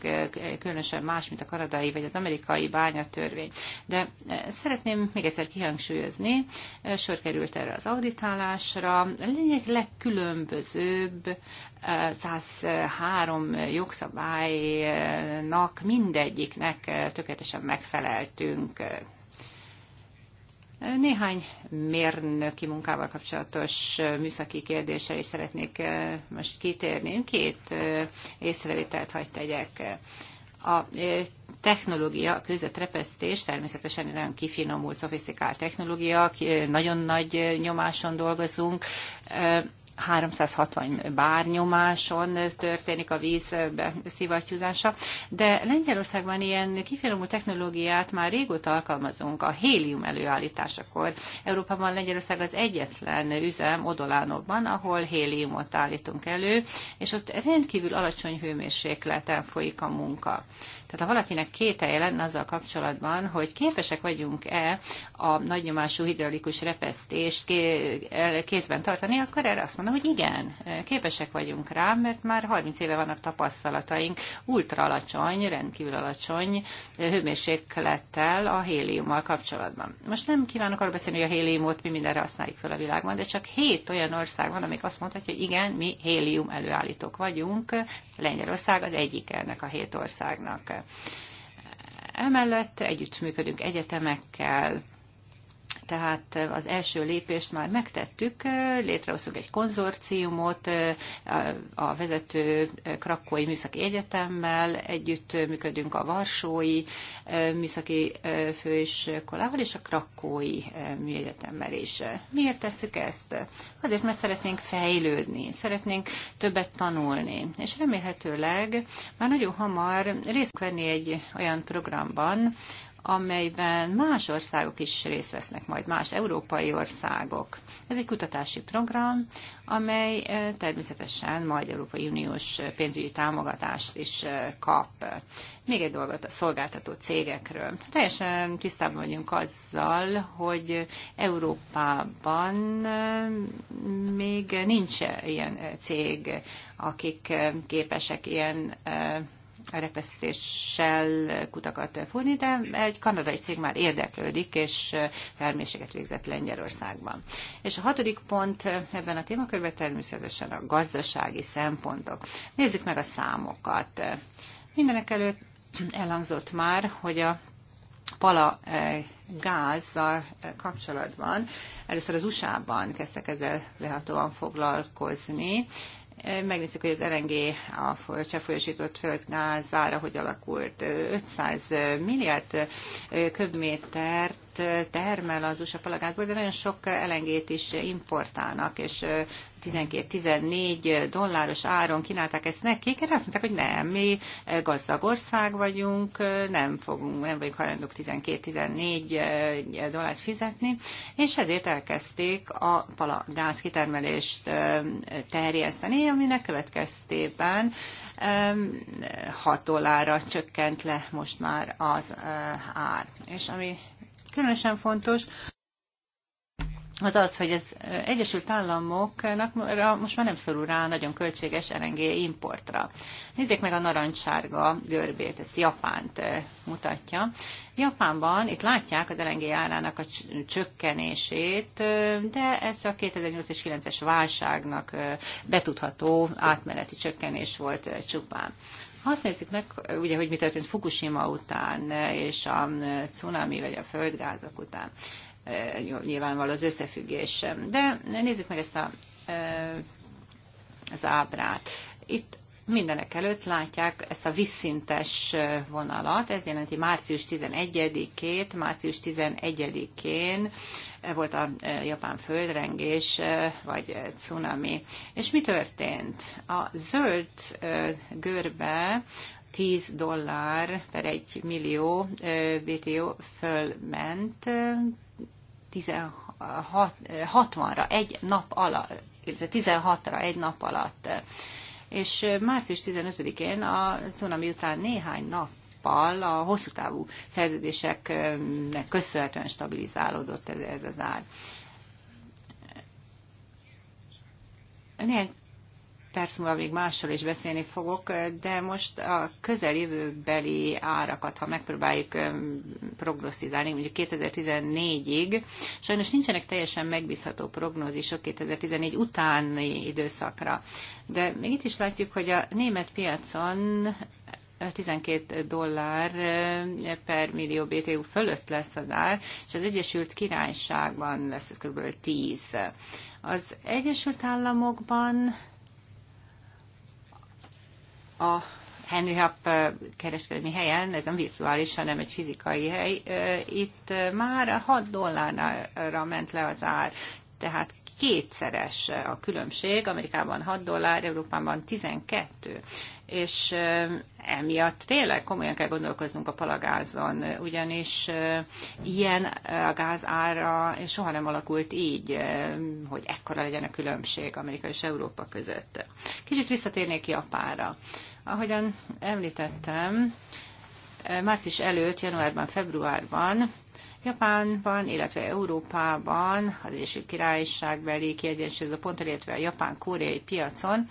különösen más, mint a kanadai vagy az amerikai bányatörvény. De szeretném még egyszer kihangsúlyozni, sor került erre az auditálásra, lényeg legkülönbözőbb 103 eh, jogszabálynak mindegyiknek eh, tökéletesen megfeleltünk néhány mérnöki munkával kapcsolatos műszaki kérdésre is szeretnék most kitérni. Két észrevételt hagy tegyek. A technológia, a közvetrepesztés természetesen egy nagyon kifinomult, szofisztikált technológia, nagyon nagy nyomáson dolgozunk. 360 bárnyomáson történik a víz szivattyúzása, de Lengyelországban ilyen kifinomult technológiát már régóta alkalmazunk a hélium előállításakor. Európában Lengyelország az egyetlen üzem odolánokban, ahol héliumot állítunk elő, és ott rendkívül alacsony hőmérsékleten folyik a munka. Tehát ha valakinek kételje lenne azzal kapcsolatban, hogy képesek vagyunk-e a nagynyomású hidraulikus repesztést kézben tartani, akkor erre azt mondom, Mondom, hogy igen, képesek vagyunk rá, mert már 30 éve vannak tapasztalataink ultra alacsony, rendkívül alacsony hőmérséklettel a héliummal kapcsolatban. Most nem kívánok arról beszélni, hogy a héliumot mi mindenre használjuk fel a világban, de csak hét olyan ország van, amik azt mondhatja, hogy igen, mi hélium előállítók vagyunk, Lengyelország az egyik ennek a hét országnak. Emellett együttműködünk egyetemekkel, tehát az első lépést már megtettük, létrehoztuk egy konzorciumot a vezető Krakói Műszaki Egyetemmel, együtt működünk a Varsói Műszaki Főiskolával és a Krakói Műegyetemmel is. Miért tesszük ezt? Azért, mert szeretnénk fejlődni, szeretnénk többet tanulni, és remélhetőleg már nagyon hamar részt venni egy olyan programban, amelyben más országok is részt vesznek majd, más európai országok. Ez egy kutatási program, amely eh, természetesen majd Európai Uniós pénzügyi támogatást is eh, kap. Még egy dolgot a szolgáltató cégekről. Teljesen tisztában vagyunk azzal, hogy Európában eh, még nincs ilyen cég, akik képesek ilyen repesztéssel kutakat fúrni, de egy kanadai cég már érdeklődik, és felmérséget végzett Lengyelországban. És a hatodik pont ebben a témakörben természetesen a gazdasági szempontok. Nézzük meg a számokat. Mindenek előtt elhangzott már, hogy a pala gázzal kapcsolatban. Először az USA-ban kezdtek ezzel lehatóan foglalkozni, Megnézzük, hogy az LNG a cseppfolyósított földgázára hogy alakult. 500 milliárd köbmétert termel az USA palagátból, de nagyon sok elengét is importálnak, és 12-14 dolláros áron kínálták ezt nekik, és azt mondták, hogy nem, mi gazdag ország vagyunk, nem fogunk, nem vagyunk hajlandók 12-14 eh, dollárt fizetni, és ezért elkezdték a palagáz kitermelést eh, terjeszteni, aminek következtében 6 dollárra csökkent le most már az eh, ár. És ami különösen fontos, az az, hogy az Egyesült Államoknak most már nem szorul rá nagyon költséges LNG importra. Nézzék meg a narancssárga görbét, ezt Japánt mutatja. Japánban itt látják az LNG árának a csökkenését, de ez csak 2008 és 9-es válságnak betudható átmeneti csökkenés volt csupán. Ha azt nézzük meg, ugye, hogy mi történt Fukushima után, és a cunami, vagy a földgázak után nyilvánvaló az összefüggés. De nézzük meg ezt a, e, az ábrát. Itt mindenek előtt látják ezt a visszintes vonalat, ez jelenti március 11-ét, március 11-én volt a e, japán földrengés, e, vagy cunami. És mi történt? A zöld görbe 10 dollár per 1 millió BTO fölment 60-ra eh, eh, egy nap alatt, 16-ra egy nap alatt. És eh, március 15-én a cunami után néhány nap a hosszú távú szerződéseknek köszönhetően stabilizálódott ez, ez az ár. Néhány perc múlva még másról is beszélni fogok, de most a közeljövőbeli árakat, ha megpróbáljuk prognosztizálni, mondjuk 2014-ig, sajnos nincsenek teljesen megbízható prognózisok 2014 utáni időszakra. De még itt is látjuk, hogy a német piacon 12 dollár per millió BTU fölött lesz az ár, és az Egyesült Királyságban lesz ez kb. 10. Az Egyesült Államokban a Henry Hub kereskedelmi helyen, ez nem virtuális, hanem egy fizikai hely, itt már 6 dollárra ment le az ár, tehát kétszeres a különbség, Amerikában 6 dollár, Európában 12 és emiatt tényleg komolyan kell gondolkoznunk a palagázon, ugyanis ilyen a gáz ára soha nem alakult így, hogy ekkora legyen a különbség Amerika és Európa között. Kicsit visszatérnék Japánra. Ahogyan említettem, március előtt, januárban, februárban Japánban, illetve Európában, az Egyesült Királyságbeli kiegyensúlyozó pont, illetve a japán-koreai piacon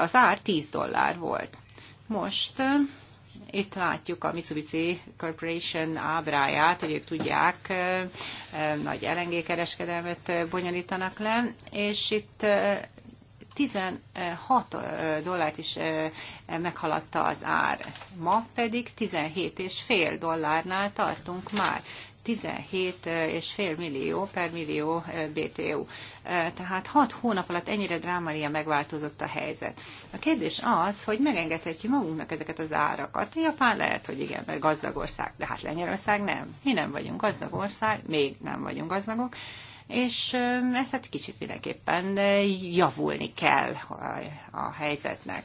az ár 10 dollár volt. Most itt látjuk a Mitsubishi Corporation ábráját, hogy ők tudják, nagy LNG kereskedelmet bonyolítanak le, és itt 16 dollárt is meghaladta az ár. Ma pedig 17,5 dollárnál tartunk már. és fél millió per millió BTU. Tehát 6 hónap alatt ennyire drámaian megváltozott a helyzet. A kérdés az, hogy megengedhetjük magunknak ezeket az árakat. Japán lehet, hogy igen, mert gazdag ország, de hát Lengyelország nem. Mi nem vagyunk gazdag ország, még nem vagyunk gazdagok, és hát kicsit mindenképpen javulni kell a helyzetnek.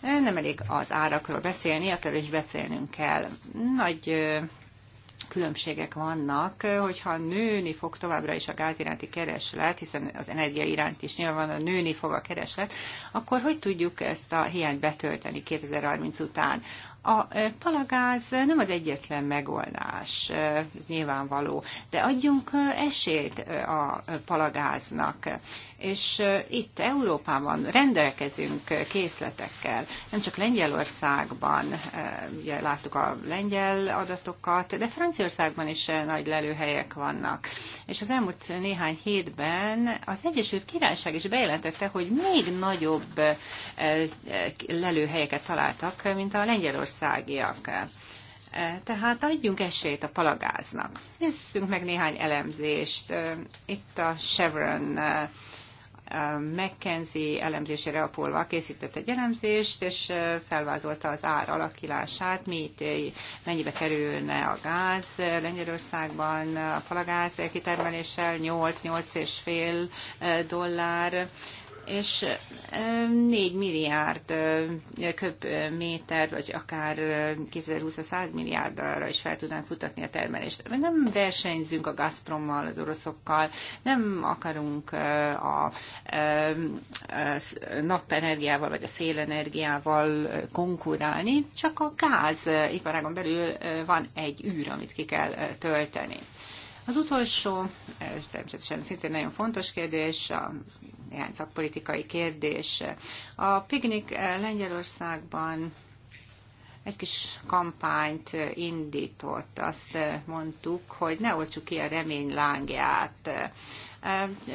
Nem elég az árakról beszélni, attól is beszélnünk kell. Nagy különbségek vannak, hogyha nőni fog továbbra is a gáz iránti kereslet, hiszen az energia iránt is nyilván a nőni fog a kereslet, akkor hogy tudjuk ezt a hiányt betölteni 2030 után? A e, palagáz nem az egyetlen megoldás, e, ez nyilvánvaló, de adjunk e, esélyt a palagáznak és itt Európában rendelkezünk készletekkel, nem csak Lengyelországban, ugye láttuk a lengyel adatokat, de Franciaországban is nagy lelőhelyek vannak. És az elmúlt néhány hétben az Egyesült Királyság is bejelentette, hogy még nagyobb lelőhelyeket találtak, mint a lengyelországiak. Tehát adjunk esélyt a palagáznak. Nézzünk meg néhány elemzést. Itt a Chevron McKenzie elemzésére apolva készített egy elemzést, és felvázolta az ár alakulását, mit, mennyibe kerülne a gáz Lengyelországban, a palagáz kitermeléssel 8-8,5 dollár, és 4 milliárd köbméter, vagy akár 2020 100 milliárd milliárdra is fel tudnánk futatni a termelést. Mert nem versenyzünk a Gazprommal, az oroszokkal, nem akarunk a, a, a napenergiával, vagy a szélenergiával konkurálni, csak a gáz iparágon belül van egy űr, amit ki kell tölteni. Az utolsó, természetesen szintén nagyon fontos kérdés, a néhány szakpolitikai kérdés. A Pignik Lengyelországban egy kis kampányt indított. Azt mondtuk, hogy ne oltsuk ki a remény lángját.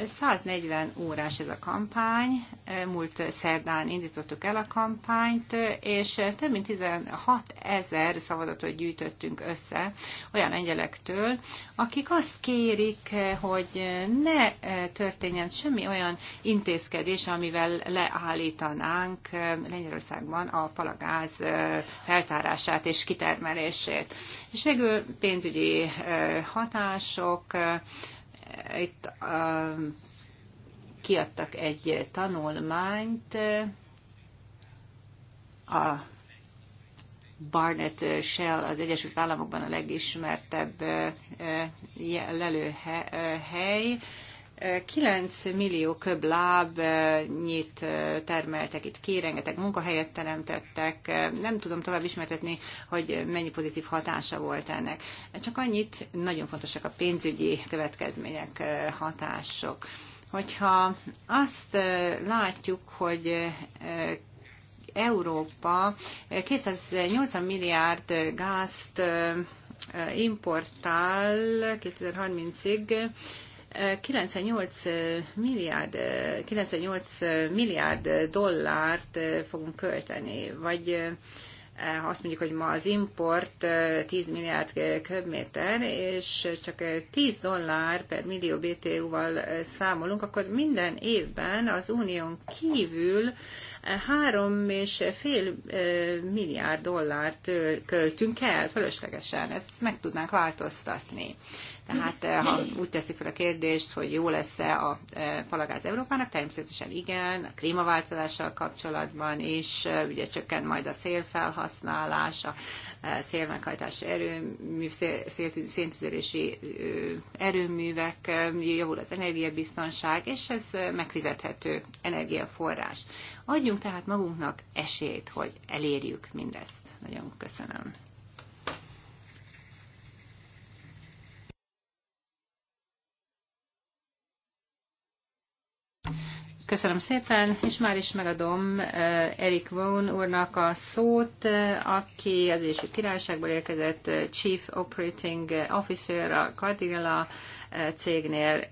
140 órás ez a kampány, múlt szerdán indítottuk el a kampányt, és több mint 16 ezer szavazatot gyűjtöttünk össze olyan engyelektől, akik azt kérik, hogy ne történjen semmi olyan intézkedés, amivel leállítanánk Lengyelországban a palagáz feltárását és kitermelését. És végül pénzügyi hatások, itt um, kiadtak egy tanulmányt uh, a Barnett Shell az Egyesült Államokban a legismertebb uh, uh, lelőhely, 9 millió láb nyit termeltek itt ki, rengeteg munkahelyet teremtettek. Nem tudom tovább ismertetni, hogy mennyi pozitív hatása volt ennek. Csak annyit, nagyon fontosak a pénzügyi következmények, hatások. Hogyha azt látjuk, hogy Európa 280 milliárd gázt importál 2030-ig, 98 milliárd, 98 milliárd dollárt fogunk költeni, vagy ha azt mondjuk, hogy ma az import 10 milliárd köbméter, és csak 10 dollár per millió BTU-val számolunk, akkor minden évben az unión kívül Három és fél milliárd dollárt költünk el fölöslegesen, ezt meg tudnánk változtatni. Tehát ha úgy teszik fel a kérdést, hogy jó lesz-e a palagáz Európának, természetesen igen, a klímaváltozással kapcsolatban is, ugye csökken majd a szélfelhasználás, a szélmeghajtás erőmű, széntüzelési erőművek, javul az energiabiztonság, és ez megfizethető energiaforrás. Adjunk tehát magunknak esélyt, hogy elérjük mindezt. Nagyon köszönöm. Köszönöm szépen, és már is megadom eh, Erik Vaughan úrnak a szót, eh, aki az Egyesült Királyságból érkezett eh, Chief Operating Officer a Cardigala cégnél.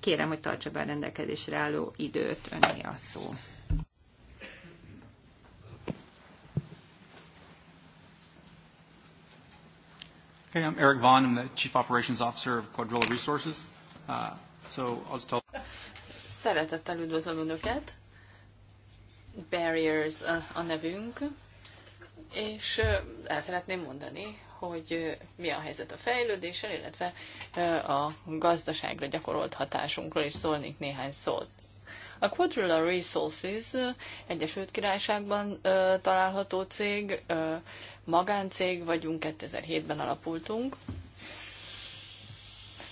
Kérem, hogy tartsa be a rendelkezésre álló időt, öné a szó. Okay, I'm Eric Vaughn. I'm the Chief Operations Officer of Quadrilla Resources. Uh, so I'll tell... Szeretettel üdvözlöm Önöket. Barriers uh, a nevünk, és uh, el szeretném mondani, hogy mi a helyzet a fejlődéssel, illetve a gazdaságra gyakorolt hatásunkról is szólnék néhány szót. A Quadrilla Resources Egyesült Királyságban ö, található cég, ö, magáncég vagyunk, 2007-ben alapultunk.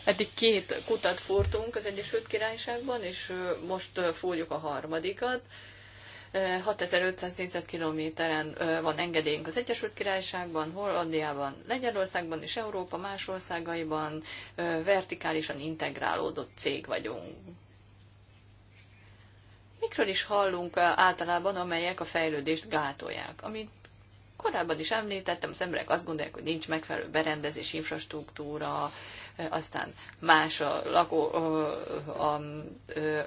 Eddig két kutat fúrtunk az Egyesült Királyságban, és ö, most ö, fúrjuk a harmadikat. Ö, 6500 négyzetkilométeren van engedélyünk az Egyesült Királyságban, Hollandiában, Lengyelországban és Európa más országaiban vertikálisan integrálódott cég vagyunk. Mikről is hallunk általában, amelyek a fejlődést gátolják? Amit korábban is említettem, az emberek azt gondolják, hogy nincs megfelelő berendezés, infrastruktúra, aztán más a, lakó, a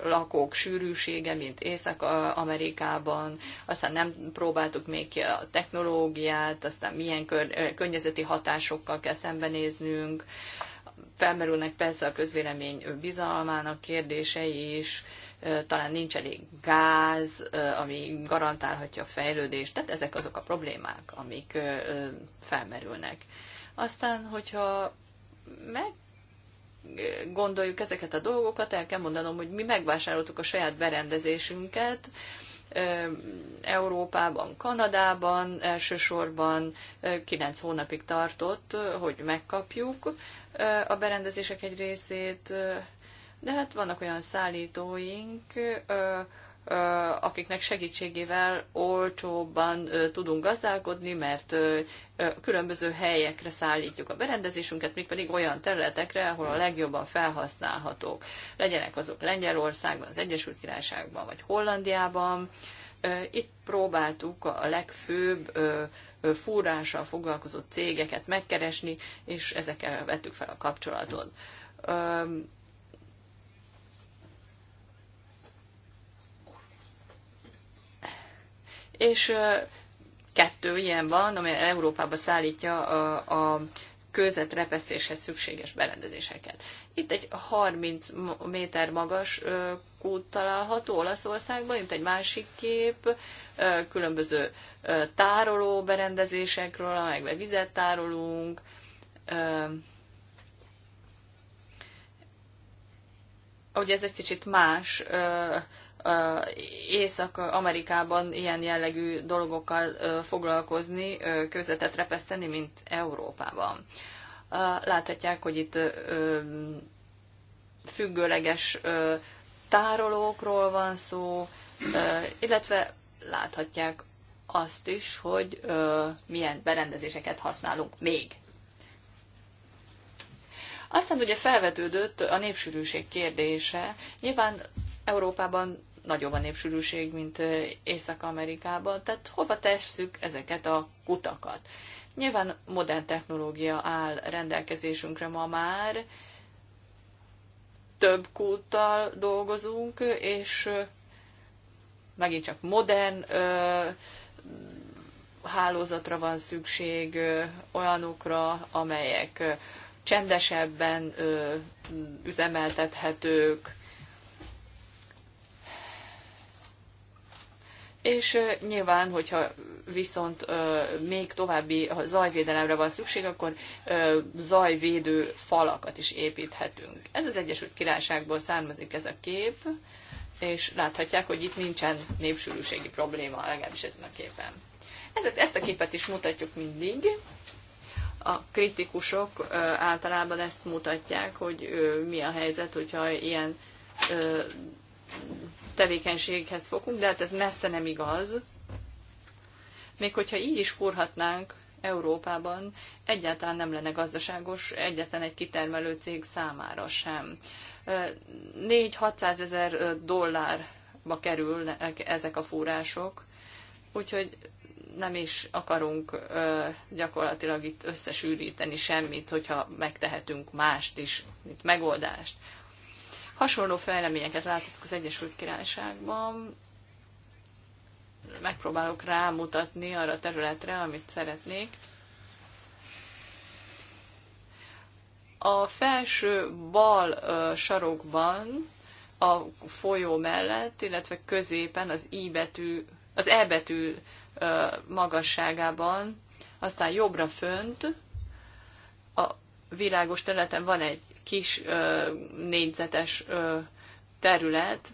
lakók sűrűsége, mint Észak-Amerikában, aztán nem próbáltuk még ki a technológiát, aztán milyen kör, környezeti hatásokkal kell szembenéznünk, felmerülnek persze a közvélemény bizalmának kérdései is, talán nincs elég gáz, ami garantálhatja a fejlődést, tehát ezek azok a problémák, amik felmerülnek. Aztán, hogyha meg gondoljuk ezeket a dolgokat, el kell mondanom, hogy mi megvásároltuk a saját berendezésünket, Európában, Kanadában elsősorban 9 hónapig tartott, hogy megkapjuk a berendezések egy részét, de hát vannak olyan szállítóink, akiknek segítségével olcsóbban tudunk gazdálkodni, mert különböző helyekre szállítjuk a berendezésünket, még pedig olyan területekre, ahol a legjobban felhasználhatók. Legyenek azok Lengyelországban, az Egyesült Királyságban vagy Hollandiában. Itt próbáltuk a legfőbb fúrással foglalkozó cégeket megkeresni, és ezekkel vettük fel a kapcsolatot és kettő ilyen van, amely Európába szállítja a, a kőzet szükséges berendezéseket. Itt egy 30 méter magas kút található Olaszországban, itt egy másik kép, különböző tároló berendezésekről, amelyekben vizet tárolunk, ugye ez egy kicsit más Észak-Amerikában ilyen jellegű dolgokkal foglalkozni, közvetet repeszteni, mint Európában. Láthatják, hogy itt függőleges tárolókról van szó, illetve láthatják azt is, hogy milyen berendezéseket használunk még. Aztán ugye felvetődött a népsűrűség kérdése. Nyilván Európában nagyobb a népsűrűség, mint Észak-Amerikában. Tehát hova tesszük ezeket a kutakat? Nyilván modern technológia áll rendelkezésünkre ma már, több kúttal dolgozunk, és megint csak modern ö, hálózatra van szükség, ö, olyanokra, amelyek csendesebben ö, üzemeltethetők, És nyilván, hogyha viszont még további zajvédelemre van szükség, akkor zajvédő falakat is építhetünk. Ez az Egyesült Királyságból származik ez a kép, és láthatják, hogy itt nincsen népsűrűségi probléma, legalábbis ezen a képen. Ezt a képet is mutatjuk mindig. A kritikusok általában ezt mutatják, hogy mi a helyzet, hogyha ilyen tevékenységhez fogunk, de hát ez messze nem igaz. Még hogyha így is furhatnánk Európában, egyáltalán nem lenne gazdaságos egyetlen egy kitermelő cég számára sem. 4-600 ezer dollárba kerülnek ezek a fúrások, úgyhogy nem is akarunk ö, gyakorlatilag itt összesűríteni semmit, hogyha megtehetünk mást is, mint megoldást. Hasonló fejleményeket láthatunk az Egyesült Királyságban. Megpróbálok rámutatni arra a területre, amit szeretnék. A felső bal sarokban a folyó mellett, illetve középen az I betű, az E betű magasságában, aztán jobbra fönt a világos területen van egy kis ö, négyzetes ö, terület.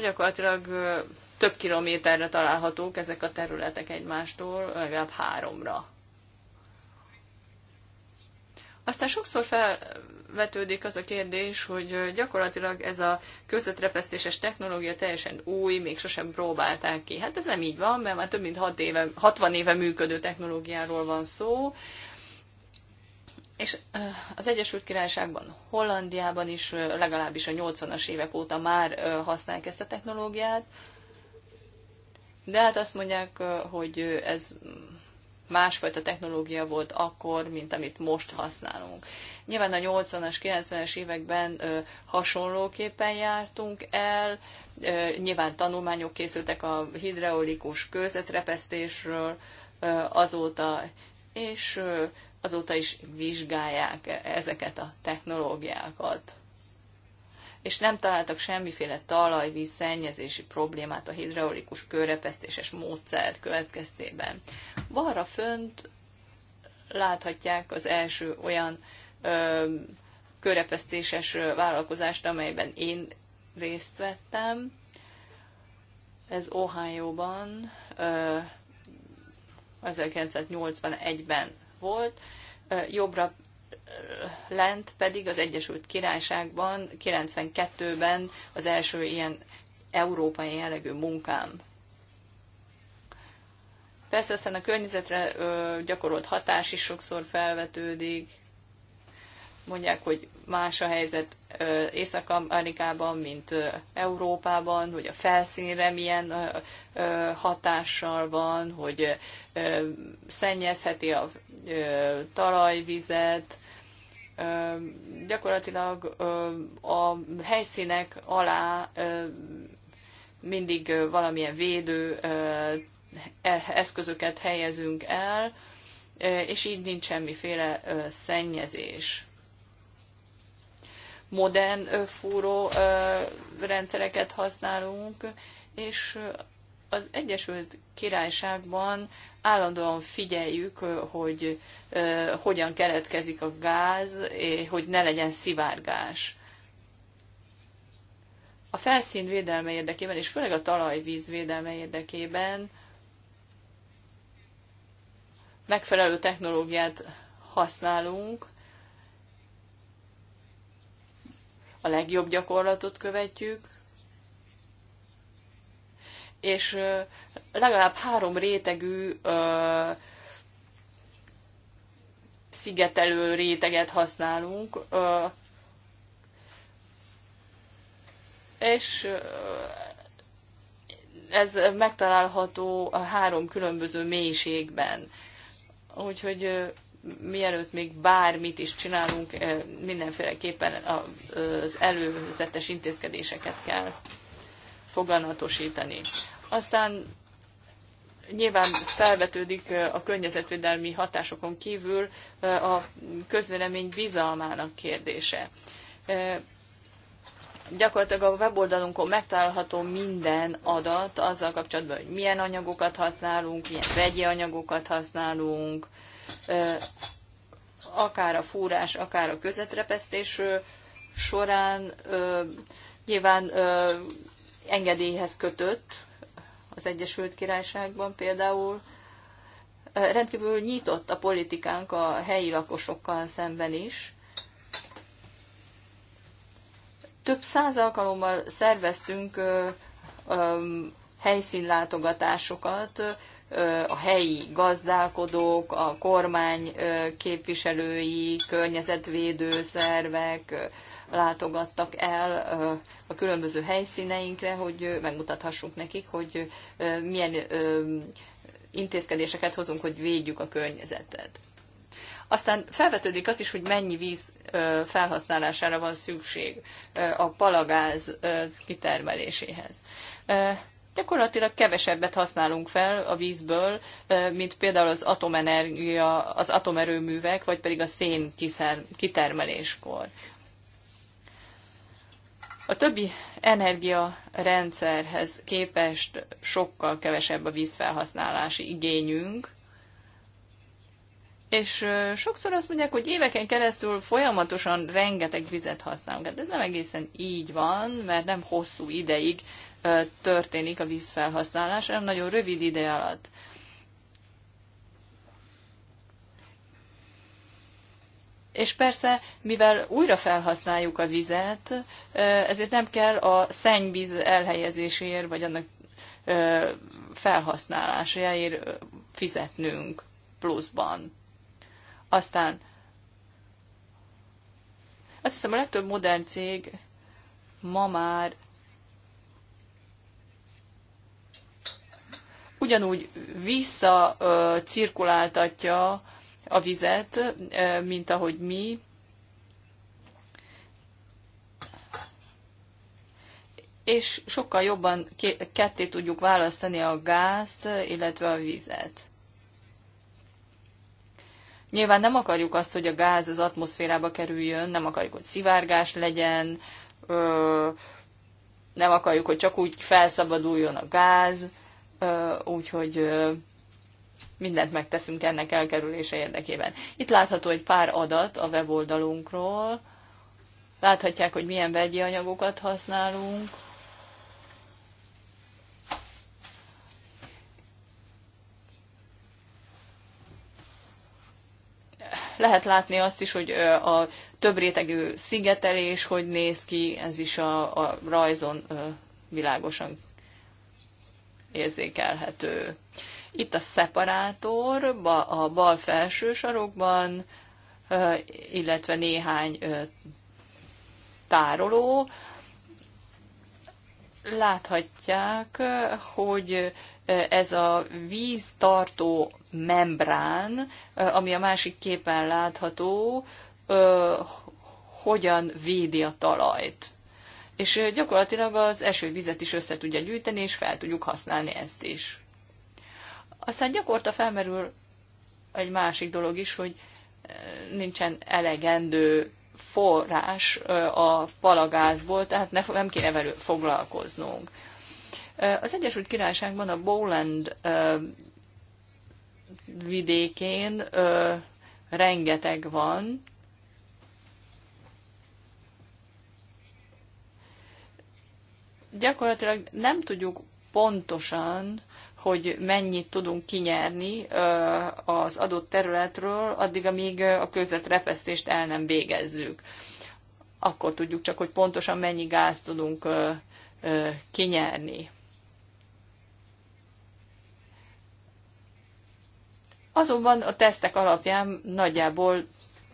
Gyakorlatilag ö, több kilométerre találhatók ezek a területek egymástól, legalább háromra. Aztán sokszor felvetődik az a kérdés, hogy gyakorlatilag ez a közvetrepesztéses technológia teljesen új, még sosem próbálták ki. Hát ez nem így van, mert már több mint 6 éve, 60 éve működő technológiáról van szó, és az Egyesült Királyságban, Hollandiában is legalábbis a 80-as évek óta már használják ezt a technológiát, de hát azt mondják, hogy ez másfajta technológia volt akkor, mint amit most használunk. Nyilván a 80-as, 90-es években ö, hasonlóképpen jártunk el, ö, nyilván tanulmányok készültek a hidraulikus kőzetrepesztésről azóta, és ö, azóta is vizsgálják ezeket a technológiákat. És nem találtak semmiféle talajvíz szennyezési problémát a hidraulikus körrepesztéses módszer következtében. Balra fönt láthatják az első olyan ö, körrepesztéses vállalkozást, amelyben én részt vettem. Ez Ohio-ban 1981-ben volt, jobbra lent pedig az Egyesült Királyságban 92-ben az első ilyen európai jellegű munkám. Persze aztán a környezetre gyakorolt hatás is sokszor felvetődik. Mondják, hogy más a helyzet Észak-Amerikában, mint Európában, hogy a felszínre milyen hatással van, hogy szennyezheti a talajvizet, gyakorlatilag a helyszínek alá mindig valamilyen védő e, eszközöket helyezünk el, és így nincs semmiféle szennyezés modern fúró rendszereket használunk, és az Egyesült Királyságban állandóan figyeljük, hogy hogyan keletkezik a gáz, hogy ne legyen szivárgás. A felszín védelme érdekében, és főleg a talajvíz védelme érdekében megfelelő technológiát használunk, a legjobb gyakorlatot követjük, és legalább három rétegű szigetelő réteget használunk, és ez megtalálható a három különböző mélységben. Úgyhogy mielőtt még bármit is csinálunk, mindenféleképpen az előzetes intézkedéseket kell foganatosítani. Aztán nyilván felvetődik a környezetvédelmi hatásokon kívül a közvélemény bizalmának kérdése. Gyakorlatilag a weboldalunkon megtalálható minden adat azzal kapcsolatban, hogy milyen anyagokat használunk, milyen vegyi anyagokat használunk, akár a fúrás, akár a közetrepesztés során nyilván engedélyhez kötött az Egyesült Királyságban például. Rendkívül nyitott a politikánk a helyi lakosokkal szemben is. Több száz alkalommal szerveztünk helyszínlátogatásokat, a helyi gazdálkodók, a kormány képviselői, környezetvédő szervek látogattak el a különböző helyszíneinkre, hogy megmutathassuk nekik, hogy milyen intézkedéseket hozunk, hogy védjük a környezetet. Aztán felvetődik az is, hogy mennyi víz felhasználására van szükség a palagáz kitermeléséhez gyakorlatilag kevesebbet használunk fel a vízből, mint például az atomenergia, az atomerőművek, vagy pedig a szén kitermeléskor. A többi energiarendszerhez képest sokkal kevesebb a vízfelhasználási igényünk, és sokszor azt mondják, hogy éveken keresztül folyamatosan rengeteg vizet használunk. Hát ez nem egészen így van, mert nem hosszú ideig történik a vízfelhasználás, hanem nagyon rövid ide alatt. És persze, mivel újra felhasználjuk a vizet, ezért nem kell a szennyvíz elhelyezéséért, vagy annak felhasználásáért fizetnünk pluszban. Aztán azt hiszem a legtöbb modern cég ma már ugyanúgy visszacirkuláltatja a vizet, mint ahogy mi. És sokkal jobban ketté tudjuk választani a gázt, illetve a vizet. Nyilván nem akarjuk azt, hogy a gáz az atmoszférába kerüljön, nem akarjuk, hogy szivárgás legyen, nem akarjuk, hogy csak úgy felszabaduljon a gáz, úgyhogy mindent megteszünk ennek elkerülése érdekében. Itt látható egy pár adat a weboldalunkról. Láthatják, hogy milyen vegyi anyagokat használunk. Lehet látni azt is, hogy a több rétegű szigetelés hogy néz ki, ez is a, a rajzon világosan érzékelhető. Itt a szeparátor a bal felső sarokban, illetve néhány tároló. Láthatják, hogy ez a víztartó membrán, ami a másik képen látható, hogyan védi a talajt és gyakorlatilag az esővizet is össze tudja gyűjteni, és fel tudjuk használni ezt is. Aztán gyakorta felmerül egy másik dolog is, hogy nincsen elegendő forrás a palagázból, tehát nem kéne velük foglalkoznunk. Az Egyesült Királyságban a Bowland vidékén rengeteg van, gyakorlatilag nem tudjuk pontosan, hogy mennyit tudunk kinyerni az adott területről, addig, amíg a közvetrepesztést el nem végezzük. Akkor tudjuk csak, hogy pontosan mennyi gáz tudunk kinyerni. Azonban a tesztek alapján nagyjából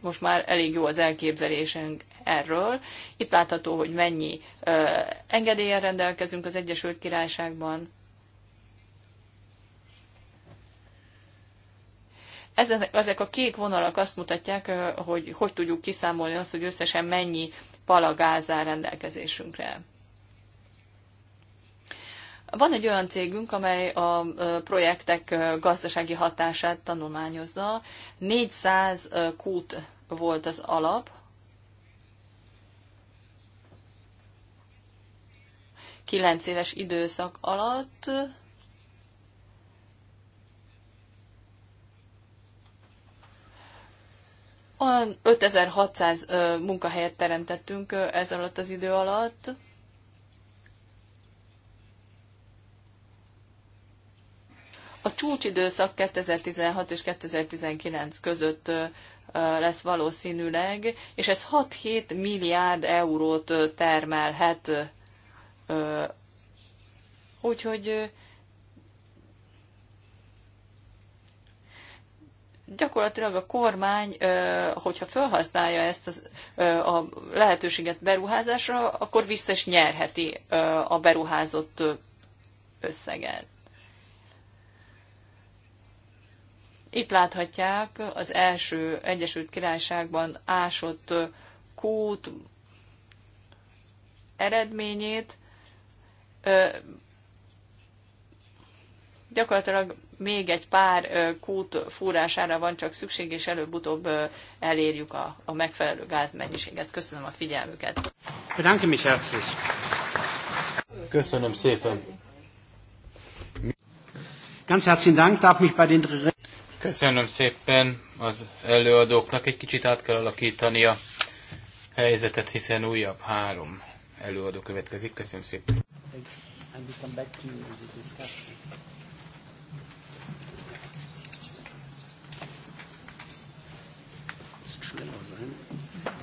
most már elég jó az elképzelésünk erről. Itt látható, hogy mennyi engedélyen rendelkezünk az Egyesült Királyságban. Ezek a kék vonalak azt mutatják, hogy hogy tudjuk kiszámolni azt, hogy összesen mennyi palagáz áll rendelkezésünkre. Van egy olyan cégünk, amely a projektek gazdasági hatását tanulmányozza. 400 kút volt az alap, 9 éves időszak alatt olyan 5600 munkahelyet teremtettünk ez alatt az idő alatt. A csúcsidőszak 2016 és 2019 között lesz valószínűleg, és ez 6-7 milliárd eurót termelhet Úgyhogy gyakorlatilag a kormány, hogyha felhasználja ezt a lehetőséget beruházásra, akkor vissza is nyerheti a beruházott összeget. Itt láthatják az első Egyesült Királyságban ásott kút eredményét, gyakorlatilag még egy pár kút fúrására van csak szükség, és előbb-utóbb elérjük a, a megfelelő gázmennyiséget. Köszönöm a figyelmüket. Köszönöm szépen. Ganz herzlichen Dank, darf mich bei den Köszönöm szépen az előadóknak. Egy kicsit át kell alakítani a helyzetet, hiszen újabb három előadó következik. Köszönöm szépen.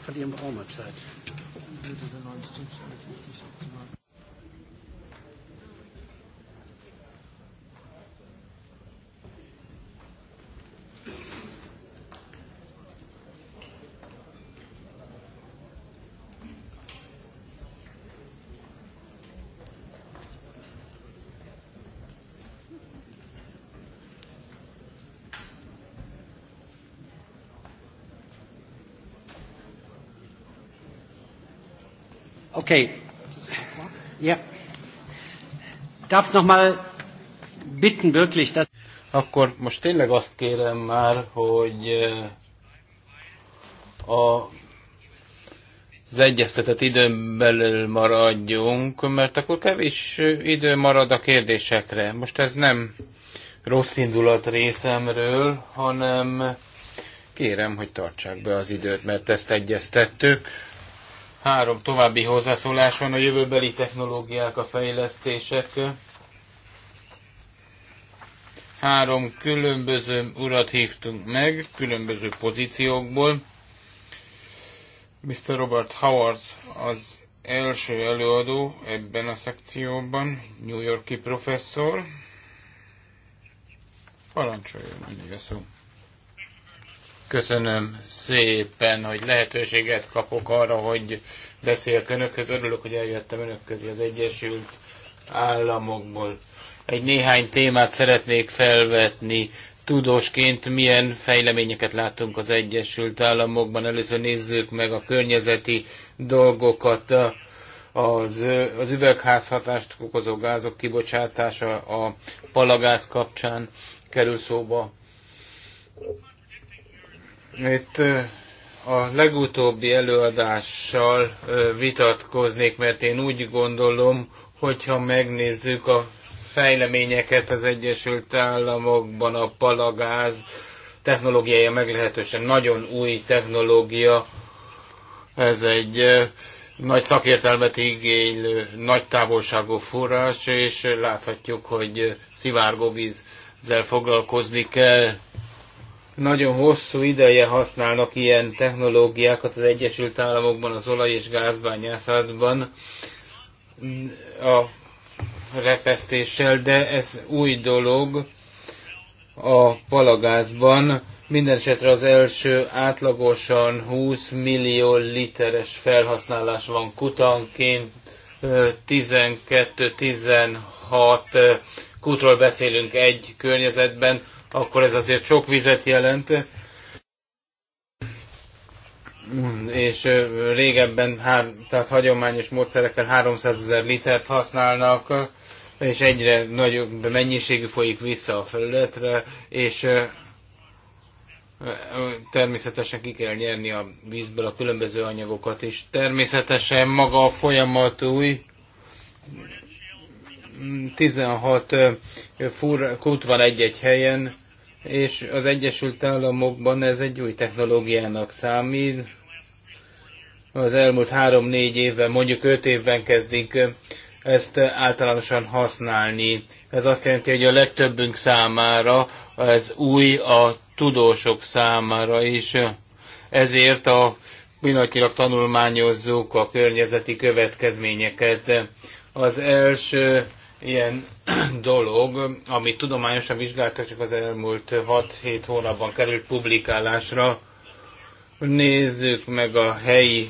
Verlieren wir auch mal Zeit. Würde der 19. Okay. Ja. Darf nochmal bitten wirklich, dass... Akkor most tényleg azt kérem már, hogy eh, a az egyeztetett időn belül maradjunk, mert akkor kevés idő marad a kérdésekre. Most ez nem rossz indulat részemről, hanem kérem, hogy tartsák be az időt, mert ezt egyeztettük. Három további hozzászólás van a jövőbeli technológiák, a fejlesztések. Három különböző urat hívtunk meg, különböző pozíciókból. Mr. Robert Howard az első előadó ebben a szekcióban, New Yorki professzor. Parancsoljon, mindig a szó. Köszönöm szépen, hogy lehetőséget kapok arra, hogy beszéljek önökhöz. Örülök, hogy eljöttem önök közé az Egyesült Államokból. Egy néhány témát szeretnék felvetni. Tudósként milyen fejleményeket látunk az Egyesült Államokban. Először nézzük meg a környezeti dolgokat, az, az üvegházhatást okozó gázok kibocsátása a palagáz kapcsán kerül szóba itt a legutóbbi előadással vitatkoznék, mert én úgy gondolom, hogyha megnézzük a fejleményeket az Egyesült Államokban, a palagáz technológiája meglehetősen nagyon új technológia. Ez egy nagy szakértelmet igénylő, nagy távolságú forrás, és láthatjuk, hogy szivárgóvízzel foglalkozni kell nagyon hosszú ideje használnak ilyen technológiákat az Egyesült Államokban, az olaj- és gázbányászatban a refesztéssel, de ez új dolog a palagázban. Minden esetre az első átlagosan 20 millió literes felhasználás van kutanként, 12-16 kútról beszélünk egy környezetben, akkor ez azért sok vizet jelent. És régebben, tehát hagyományos módszerekkel 300 ezer litert használnak, és egyre nagyobb mennyiségű folyik vissza a felületre, és természetesen ki kell nyerni a vízből a különböző anyagokat is. Természetesen maga a folyamat új, 16 fur, kút van egy-egy helyen, és az Egyesült Államokban ez egy új technológiának számít. Az elmúlt három-négy évben, mondjuk öt évben kezdik ezt általánosan használni. Ez azt jelenti, hogy a legtöbbünk számára ez új a tudósok számára is. Ezért a pillanatnyilag tanulmányozzuk a környezeti következményeket. Az első ilyen dolog, amit tudományosan vizsgáltak, csak az elmúlt 6-7 hónapban került publikálásra. Nézzük meg a helyi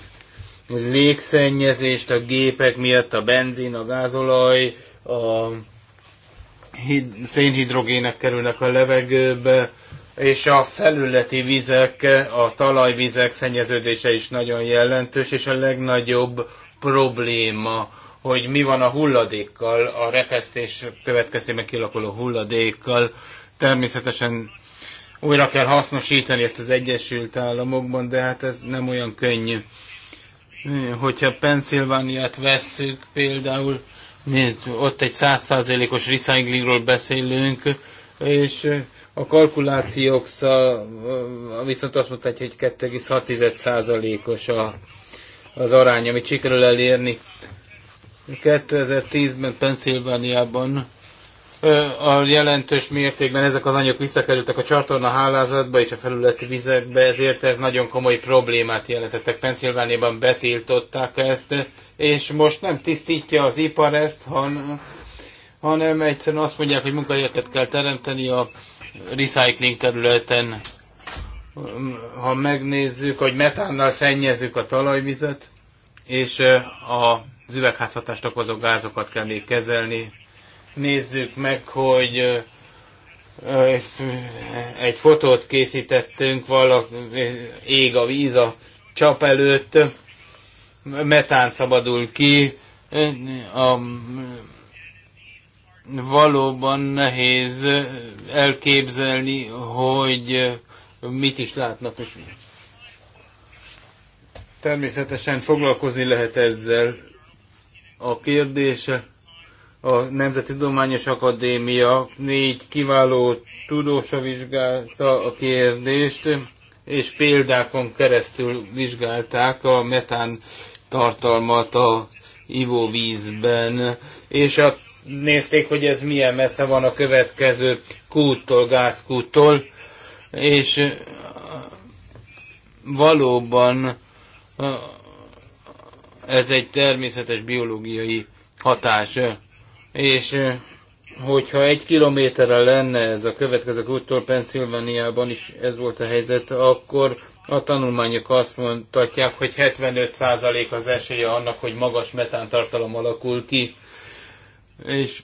légszennyezést a gépek miatt, a benzin, a gázolaj, a szénhidrogének kerülnek a levegőbe, és a felületi vizek, a talajvizek szennyeződése is nagyon jelentős, és a legnagyobb probléma hogy mi van a hulladékkal, a repesztés következtében kilakuló hulladékkal. Természetesen újra kell hasznosítani ezt az Egyesült Államokban, de hát ez nem olyan könnyű. Hogyha Pennsylvániát vesszük például, mint ott egy százszázalékos recyclingról beszélünk, és a kalkulációk viszont azt mondták, hogy 2,6%-os a, az arány, amit sikerül elérni. 2010-ben Pennsylvániában a jelentős mértékben ezek az anyagok visszakerültek a csatorna hálázatba és a felületi vizekbe, ezért ez nagyon komoly problémát jelentettek. Pennsylvániában betiltották ezt, és most nem tisztítja az ipar ezt, han, hanem egyszerűen azt mondják, hogy munkahelyeket kell teremteni a recycling területen. Ha megnézzük, hogy metánnal szennyezzük a talajvizet, és a az üvegházhatást okozó gázokat kell még kezelni. Nézzük meg, hogy egy fotót készítettünk, vala ég a víz a csap előtt, metán szabadul ki, a, valóban nehéz elképzelni, hogy mit is látnak. És természetesen foglalkozni lehet ezzel, a kérdése a Nemzeti Tudományos Akadémia négy kiváló tudósa vizsgálta a kérdést, és példákon keresztül vizsgálták a metán tartalmat a ivóvízben, és a, nézték, hogy ez milyen messze van a következő kúttól, gázkúttól, és valóban ez egy természetes biológiai hatás. És hogyha egy kilométerre lenne ez a következő úttól Pennsylvaniában is ez volt a helyzet, akkor a tanulmányok azt mondhatják, hogy 75% az esélye annak, hogy magas metántartalom alakul ki. És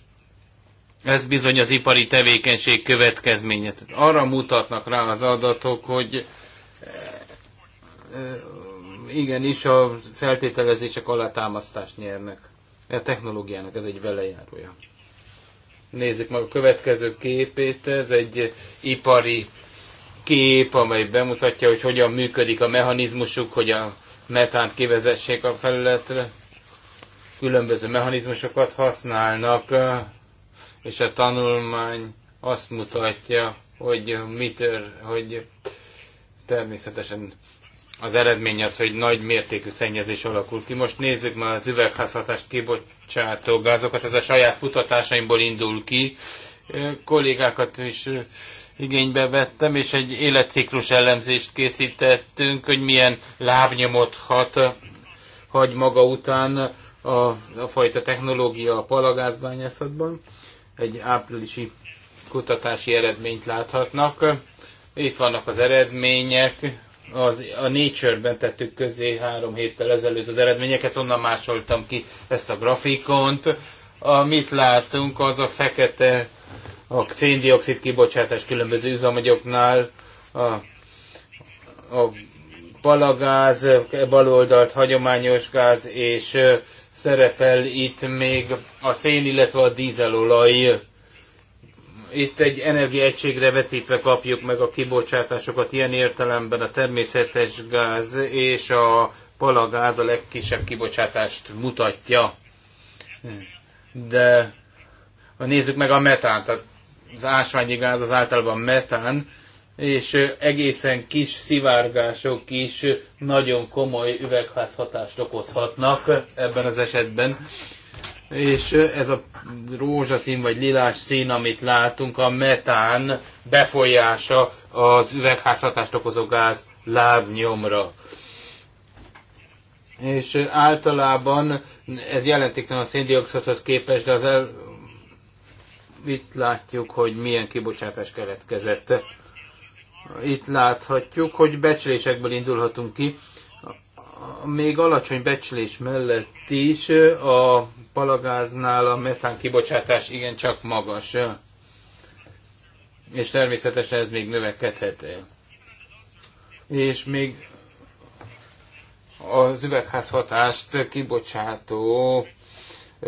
ez bizony az ipari tevékenység következménye. Arra mutatnak rá az adatok, hogy igen, is a feltételezések alátámasztást nyernek. A e technológiának ez egy velejárója. Nézzük meg a következő képét, ez egy ipari kép, amely bemutatja, hogy hogyan működik a mechanizmusuk, hogy a metánt kivezessék a felületre. Különböző mechanizmusokat használnak, és a tanulmány azt mutatja, hogy mitől, hogy természetesen az eredmény az, hogy nagy mértékű szennyezés alakul ki. Most nézzük már az üvegházhatást kibocsátó gázokat, ez a saját futatásaimból indul ki. Kollégákat is igénybe vettem, és egy életciklus elemzést készítettünk, hogy milyen lábnyomot hat, hagy maga után a, a fajta technológia a palagázbányászatban. Egy áprilisi kutatási eredményt láthatnak. Itt vannak az eredmények, az, a Nature-ben tettük közzé három héttel ezelőtt az eredményeket, onnan másoltam ki ezt a grafikont. Amit látunk, az a fekete a széndiokszid kibocsátás különböző üzemanyagoknál, a, a palagáz, baloldalt hagyományos gáz, és szerepel itt még a szén, illetve a dízelolaj itt egy energiaegységre vetítve kapjuk meg a kibocsátásokat, ilyen értelemben a természetes gáz és a palagáz a legkisebb kibocsátást mutatja. De ha nézzük meg a metánt, az ásványi gáz az általában metán, és egészen kis szivárgások is nagyon komoly üvegházhatást okozhatnak ebben az esetben és ez a rózsaszín vagy lilás szín, amit látunk, a metán befolyása az üvegházhatást okozó gáz lábnyomra. És általában ez jelentéktelen a széndiokszidhoz képest, de az el... itt látjuk, hogy milyen kibocsátás keletkezett. Itt láthatjuk, hogy becslésekből indulhatunk ki. Még alacsony becslés mellett is a palagáznál a metán kibocsátás igencsak magas, és természetesen ez még növekedhet. És még az üvegházhatást kibocsátó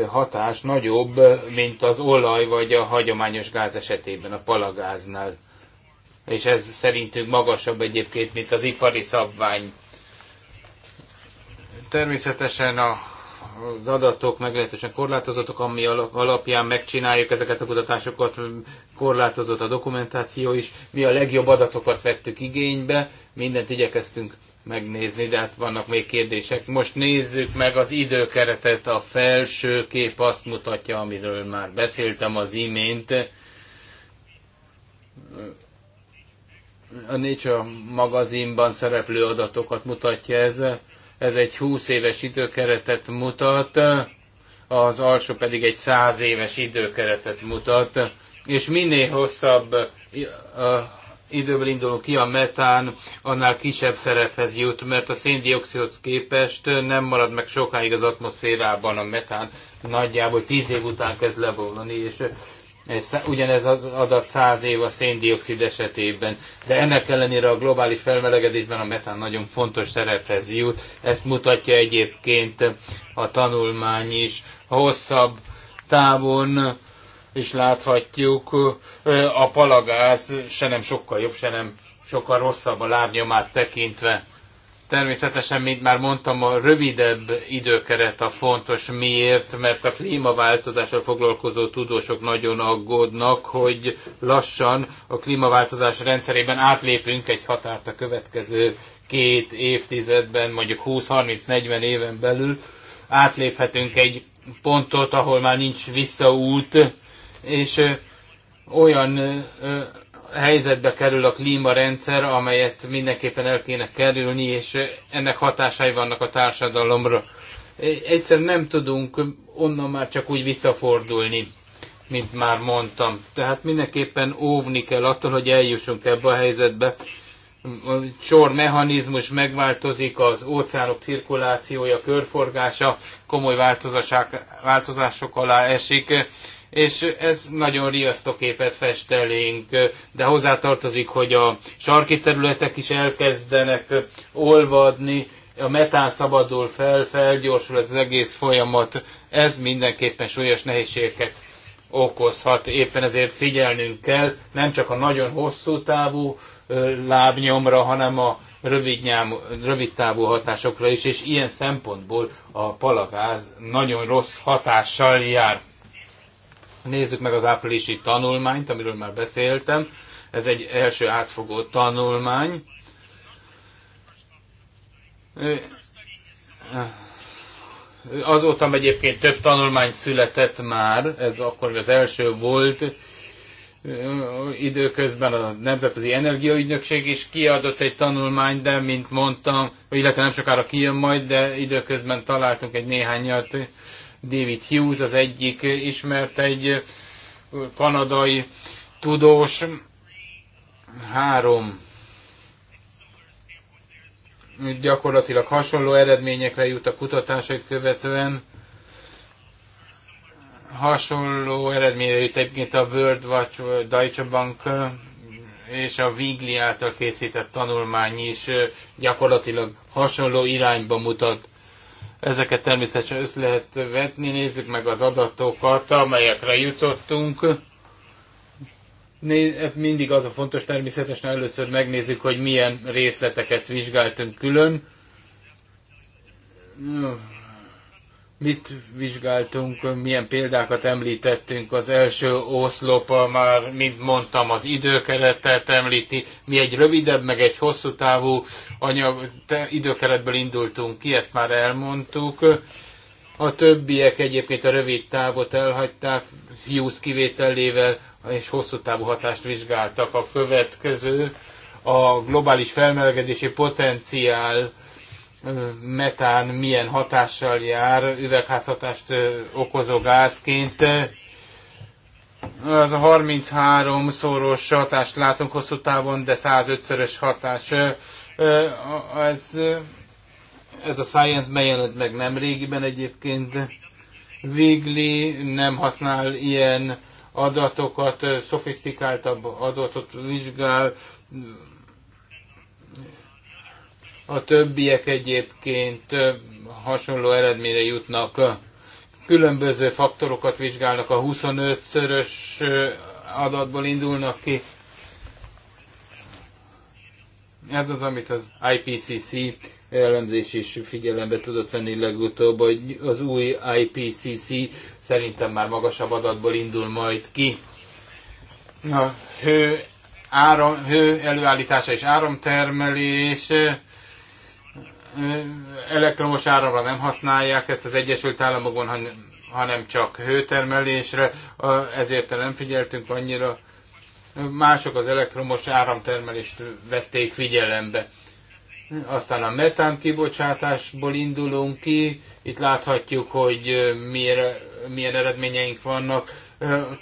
hatás nagyobb, mint az olaj vagy a hagyományos gáz esetében, a palagáznál. És ez szerintünk magasabb egyébként, mint az ipari szabvány. Természetesen a az adatok meglehetősen korlátozottak, ami alapján megcsináljuk ezeket a kutatásokat, korlátozott a dokumentáció is. Mi a legjobb adatokat vettük igénybe, mindent igyekeztünk megnézni, de hát vannak még kérdések. Most nézzük meg az időkeretet, a felső kép azt mutatja, amiről már beszéltem az imént. A Nature magazinban szereplő adatokat mutatja ez ez egy 20 éves időkeretet mutat, az alsó pedig egy 100 éves időkeretet mutat, és minél hosszabb időből indulunk ki a metán, annál kisebb szerephez jut, mert a széndiokszidhoz képest nem marad meg sokáig az atmoszférában a metán, nagyjából 10 év után kezd lebomlani, és ez, ugyanez az adat 100 év a széndiokszid esetében, de ennek ellenére a globális felmelegedésben a metán nagyon fontos szerephez jut. Ezt mutatja egyébként a tanulmány is. Hosszabb távon is láthatjuk, a palagáz se nem sokkal jobb, se nem sokkal rosszabb a lábnyomát tekintve. Természetesen, mint már mondtam, a rövidebb időkeret a fontos. Miért? Mert a klímaváltozással foglalkozó tudósok nagyon aggódnak, hogy lassan a klímaváltozás rendszerében átlépünk egy határt a következő két évtizedben, mondjuk 20-30-40 éven belül átléphetünk egy pontot, ahol már nincs visszaút, és olyan helyzetbe kerül a klímarendszer, amelyet mindenképpen el kéne kerülni, és ennek hatásai vannak a társadalomra. Egyszer nem tudunk onnan már csak úgy visszafordulni, mint már mondtam. Tehát mindenképpen óvni kell attól, hogy eljussunk ebbe a helyzetbe. A sor mechanizmus megváltozik, az óceánok cirkulációja, körforgása komoly változások alá esik és ez nagyon riasztó képet fest elénk, de hozzátartozik, hogy a sarki területek is elkezdenek olvadni, a metán szabadul fel, felgyorsul az egész folyamat, ez mindenképpen súlyos nehézségeket okozhat, éppen ezért figyelnünk kell, nem csak a nagyon hosszú távú lábnyomra, hanem a rövid, nyám, rövid távú hatásokra is, és ilyen szempontból a palagáz nagyon rossz hatással jár. Nézzük meg az áprilisi tanulmányt, amiről már beszéltem. Ez egy első átfogó tanulmány. Azóta egyébként több tanulmány született már, ez akkor az első volt. Időközben a Nemzetközi Energiaügynökség is kiadott egy tanulmányt, de mint mondtam, illetve nem sokára kijön majd, de időközben találtunk egy néhányat. David Hughes az egyik ismert egy kanadai tudós. Három gyakorlatilag hasonló eredményekre jut a kutatásait követően. Hasonló eredményre jut egyébként a World Watch, Deutsche Bank és a Vigli által készített tanulmány is gyakorlatilag hasonló irányba mutat. Ezeket természetesen össze lehet vetni, nézzük meg az adatokat, amelyekre jutottunk. Né, hát mindig az a fontos, természetesen először megnézzük, hogy milyen részleteket vizsgáltunk külön mit vizsgáltunk, milyen példákat említettünk. Az első oszlopa már, mint mondtam, az időkeretet említi. Mi egy rövidebb, meg egy hosszú távú anyag, te, időkeretből indultunk ki, ezt már elmondtuk. A többiek egyébként a rövid távot elhagyták, Hughes kivételével, és hosszú távú hatást vizsgáltak. A következő a globális felmelegedési potenciál metán milyen hatással jár üvegházhatást okozó gázként. Az a 33 szoros hatást látunk hosszú távon, de 105-szörös hatás. Ez, ez a Science ben meg nem régiben egyébként. Vigli nem használ ilyen adatokat, szofisztikáltabb adatot vizsgál, a többiek egyébként hasonló eredményre jutnak. Különböző faktorokat vizsgálnak, a 25-szörös adatból indulnak ki. Ez az, amit az IPCC elemzés is figyelembe tudott venni legutóbb, hogy az új IPCC szerintem már magasabb adatból indul majd ki. A hő, áram, hő előállítása és áramtermelés elektromos áramra nem használják ezt az Egyesült államokon, hanem csak hőtermelésre, ezért nem figyeltünk annyira. Mások az elektromos áramtermelést vették figyelembe. Aztán a metán kibocsátásból indulunk ki, itt láthatjuk, hogy milyen, milyen eredményeink vannak.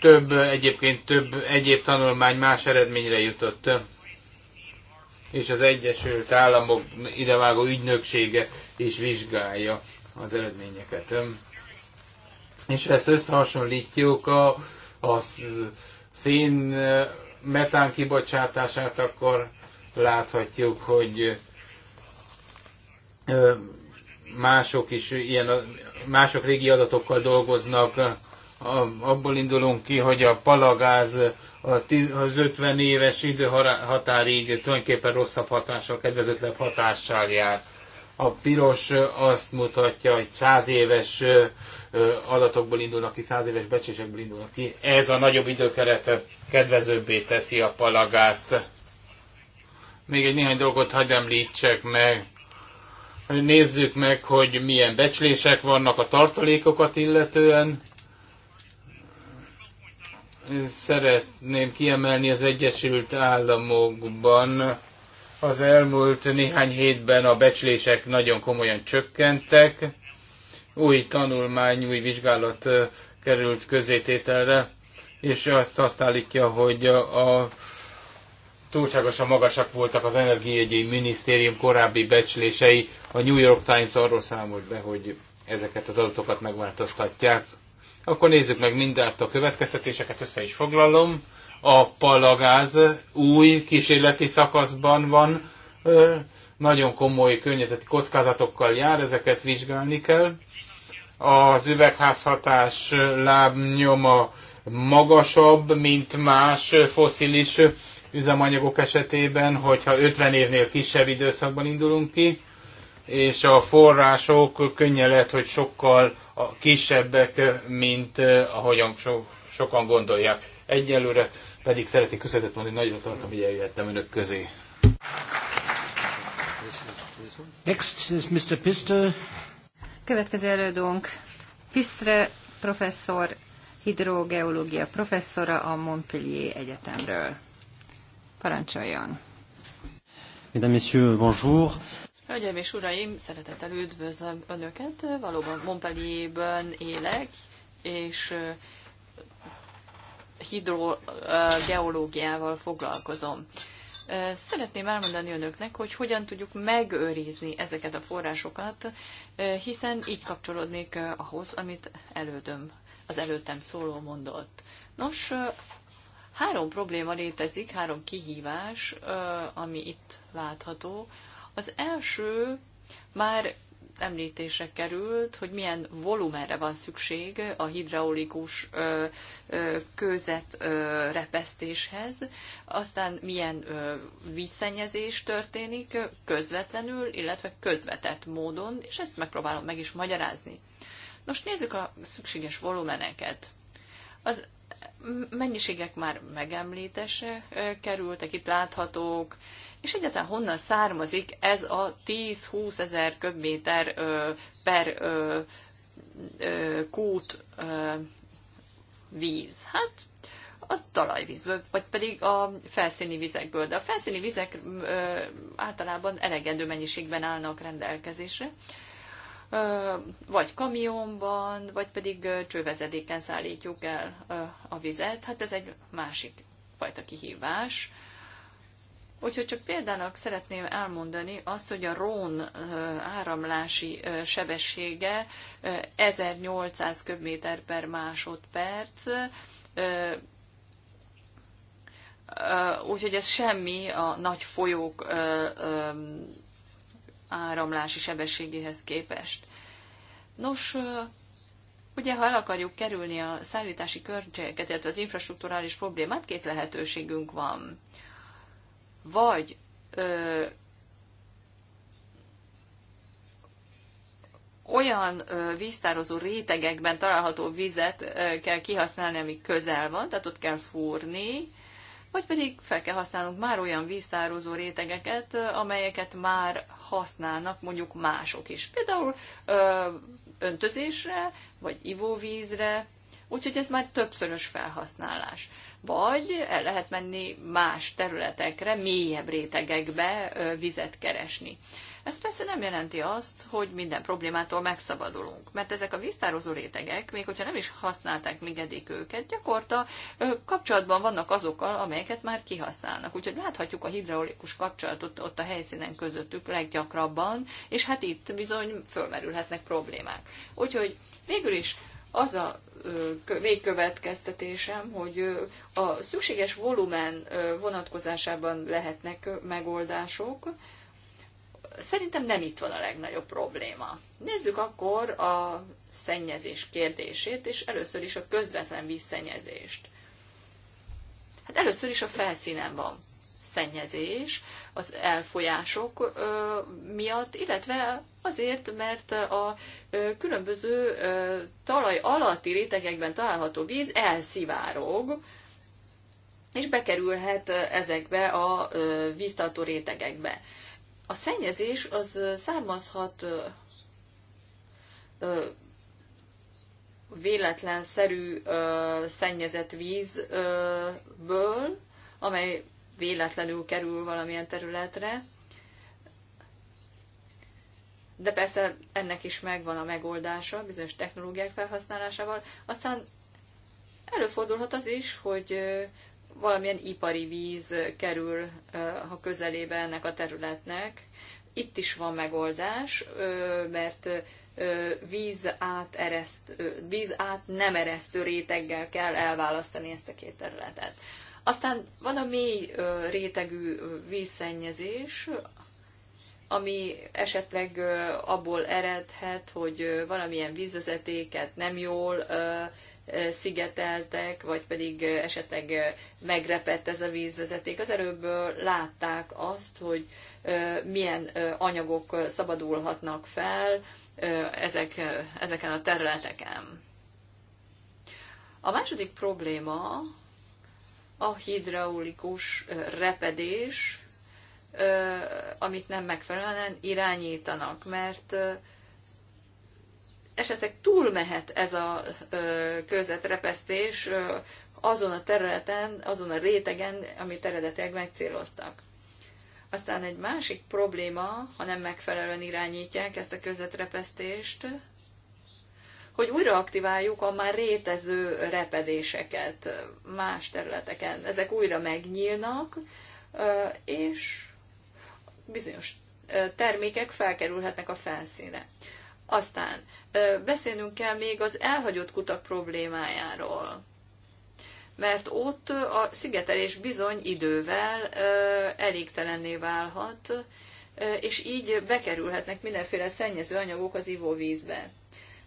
Több, egyébként több egyéb tanulmány más eredményre jutott és az Egyesült Államok idevágó ügynöksége is vizsgálja az eredményeket. És ezt összehasonlítjuk a, a szén metán kibocsátását, akkor láthatjuk, hogy mások is ilyen, mások régi adatokkal dolgoznak, abból indulunk ki, hogy a palagáz az 50 éves időhatárig tulajdonképpen rosszabb hatással, kedvezőtlenebb hatással jár. A piros azt mutatja, hogy 100 éves adatokból indulnak ki, 100 éves becsésekből indulnak ki. Ez a nagyobb időkeret kedvezőbbé teszi a palagázt. Még egy néhány dolgot hagyd említsek meg. Nézzük meg, hogy milyen becslések vannak a tartalékokat illetően szeretném kiemelni az Egyesült Államokban az elmúlt néhány hétben a becslések nagyon komolyan csökkentek. Új tanulmány, új vizsgálat került közétételre, és azt azt állítja, hogy a túlságosan magasak voltak az energiaügyi minisztérium korábbi becslései. A New York Times arról számolt be, hogy ezeket az adatokat megváltoztatják. Akkor nézzük meg mindjárt a következtetéseket, össze is foglalom. A palagáz új kísérleti szakaszban van, nagyon komoly környezeti kockázatokkal jár, ezeket vizsgálni kell. Az üvegházhatás lábnyoma magasabb, mint más foszilis üzemanyagok esetében, hogyha 50 évnél kisebb időszakban indulunk ki és a források könnyen lehet, hogy sokkal kisebbek, mint eh, ahogyan so, sokan gondolják. Egyelőre pedig szeretnék köszönetet mondani, nagyra tartom, hogy eljöttem önök közé. Next is Mr. Pistol. Következő előadónk Pistre professzor, hidrogeológia professzora a Montpellier Egyetemről. Parancsoljon! Mesdames, Messieurs, bonjour. Hölgyeim és uraim, szeretettel üdvözlöm Önöket. Valóban Montpellierben élek, és hidrogeológiával foglalkozom. Szeretném elmondani önöknek, hogy hogyan tudjuk megőrizni ezeket a forrásokat, hiszen így kapcsolódnék ahhoz, amit elődöm, az előttem szóló mondott. Nos, három probléma létezik, három kihívás, ami itt látható, az első már említésre került, hogy milyen volumenre van szükség a hidraulikus ö, ö, kőzet ö, repesztéshez, aztán milyen ö, vízszennyezés történik közvetlenül, illetve közvetett módon, és ezt megpróbálom meg is magyarázni. Most nézzük a szükséges volumeneket. Az mennyiségek már megemlítése kerültek, itt láthatók, és egyáltalán honnan származik ez a 10-20 ezer köbméter ö, per ö, ö, kút ö, víz? Hát a talajvízből, vagy pedig a felszíni vizekből. De a felszíni vizek ö, általában elegendő mennyiségben állnak rendelkezésre, ö, vagy kamionban, vagy pedig csővezedéken csővezetéken szállítjuk el ö, a vizet. Hát ez egy másik fajta kihívás. Ö, Úgyhogy csak példának szeretném elmondani azt, hogy a Rón áramlási sebessége 1800 köbméter per másodperc, úgyhogy ez semmi a nagy folyók áramlási sebességéhez képest. Nos, Ugye, ha el akarjuk kerülni a szállítási költségeket, illetve az infrastruktúrális problémát, két lehetőségünk van vagy ö, olyan ö, víztározó rétegekben található vizet ö, kell kihasználni, ami közel van, tehát ott kell fúrni, vagy pedig fel kell használnunk már olyan víztározó rétegeket, ö, amelyeket már használnak mondjuk mások is. Például ö, öntözésre, vagy ivóvízre, úgyhogy ez már többszörös felhasználás vagy el lehet menni más területekre, mélyebb rétegekbe vizet keresni. Ez persze nem jelenti azt, hogy minden problémától megszabadulunk, mert ezek a víztározó rétegek, még hogyha nem is használták még eddig őket, gyakorta kapcsolatban vannak azokkal, amelyeket már kihasználnak. Úgyhogy láthatjuk a hidraulikus kapcsolatot ott a helyszínen közöttük leggyakrabban, és hát itt bizony fölmerülhetnek problémák. Úgyhogy végül is az a végkövetkeztetésem, hogy a szükséges volumen vonatkozásában lehetnek megoldások. Szerintem nem itt van a legnagyobb probléma. Nézzük akkor a szennyezés kérdését, és először is a közvetlen vízszennyezést. Hát először is a felszínen van szennyezés az elfolyások miatt, illetve Azért, mert a különböző talaj alatti rétegekben található víz elszivárog, és bekerülhet ezekbe a víztartó rétegekbe. A szennyezés az származhat véletlenszerű szennyezett vízből, amely véletlenül kerül valamilyen területre, de persze ennek is megvan a megoldása bizonyos technológiák felhasználásával. Aztán előfordulhat az is, hogy valamilyen ipari víz kerül a közelébe ennek a területnek. Itt is van megoldás, mert víz át, ereszt, víz át nem eresztő réteggel kell elválasztani ezt a két területet. Aztán van a mély rétegű vízszennyezés, ami esetleg abból eredhet, hogy valamilyen vízvezetéket nem jól szigeteltek, vagy pedig esetleg megrepett ez a vízvezeték. Az előbb látták azt, hogy milyen anyagok szabadulhatnak fel ezek, ezeken a területeken. A második probléma a hidraulikus repedés, amit nem megfelelően irányítanak, mert esetleg túlmehet ez a közvetrepesztés azon a területen, azon a rétegen, amit eredetileg megcéloztak. Aztán egy másik probléma, ha nem megfelelően irányítják ezt a közvetrepesztést, hogy újra aktiváljuk a már rétező repedéseket más területeken. Ezek újra megnyílnak, és bizonyos termékek felkerülhetnek a felszínre. Aztán beszélnünk kell még az elhagyott kutak problémájáról, mert ott a szigetelés bizony idővel elégtelenné válhat, és így bekerülhetnek mindenféle szennyező anyagok az ivóvízbe.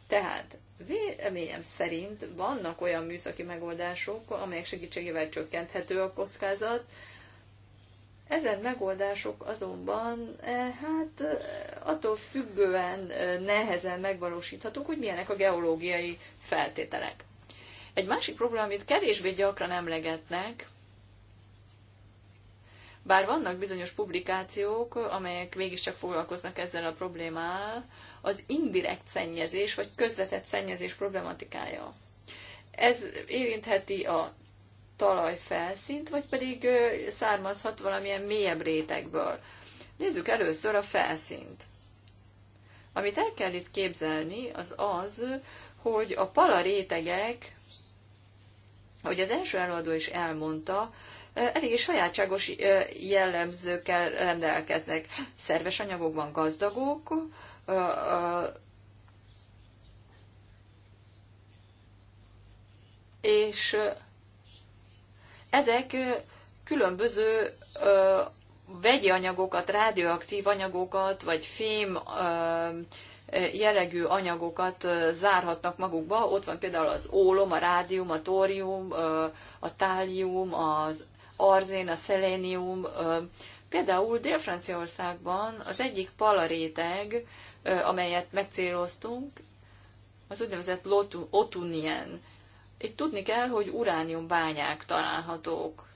Tehát véleményem szerint vannak olyan műszaki megoldások, amelyek segítségével csökkenthető a kockázat, ezen megoldások azonban eh, hát eh, attól függően eh, nehezen megvalósíthatók, hogy milyenek a geológiai feltételek. Egy másik probléma, amit kevésbé gyakran emlegetnek, bár vannak bizonyos publikációk, amelyek mégiscsak foglalkoznak ezzel a problémával, az indirekt szennyezés vagy közvetett szennyezés problematikája. Ez érintheti a talajfelszínt, vagy pedig származhat valamilyen mélyebb rétegből. Nézzük először a felszínt. Amit el kell itt képzelni, az az, hogy a pala rétegek, ahogy az első előadó is elmondta, eléggé sajátságos jellemzőkkel rendelkeznek. Szerves anyagokban gazdagok, és ezek különböző vegyi anyagokat, rádióaktív anyagokat, vagy fém jellegű anyagokat zárhatnak magukba. Ott van például az ólom, a rádium, a tórium, a tálium, az arzén, a szelénium. Például Dél-Franciaországban az egyik palaréteg, amelyet megcéloztunk, az úgynevezett otunien itt tudni kell, hogy uránium bányák találhatók.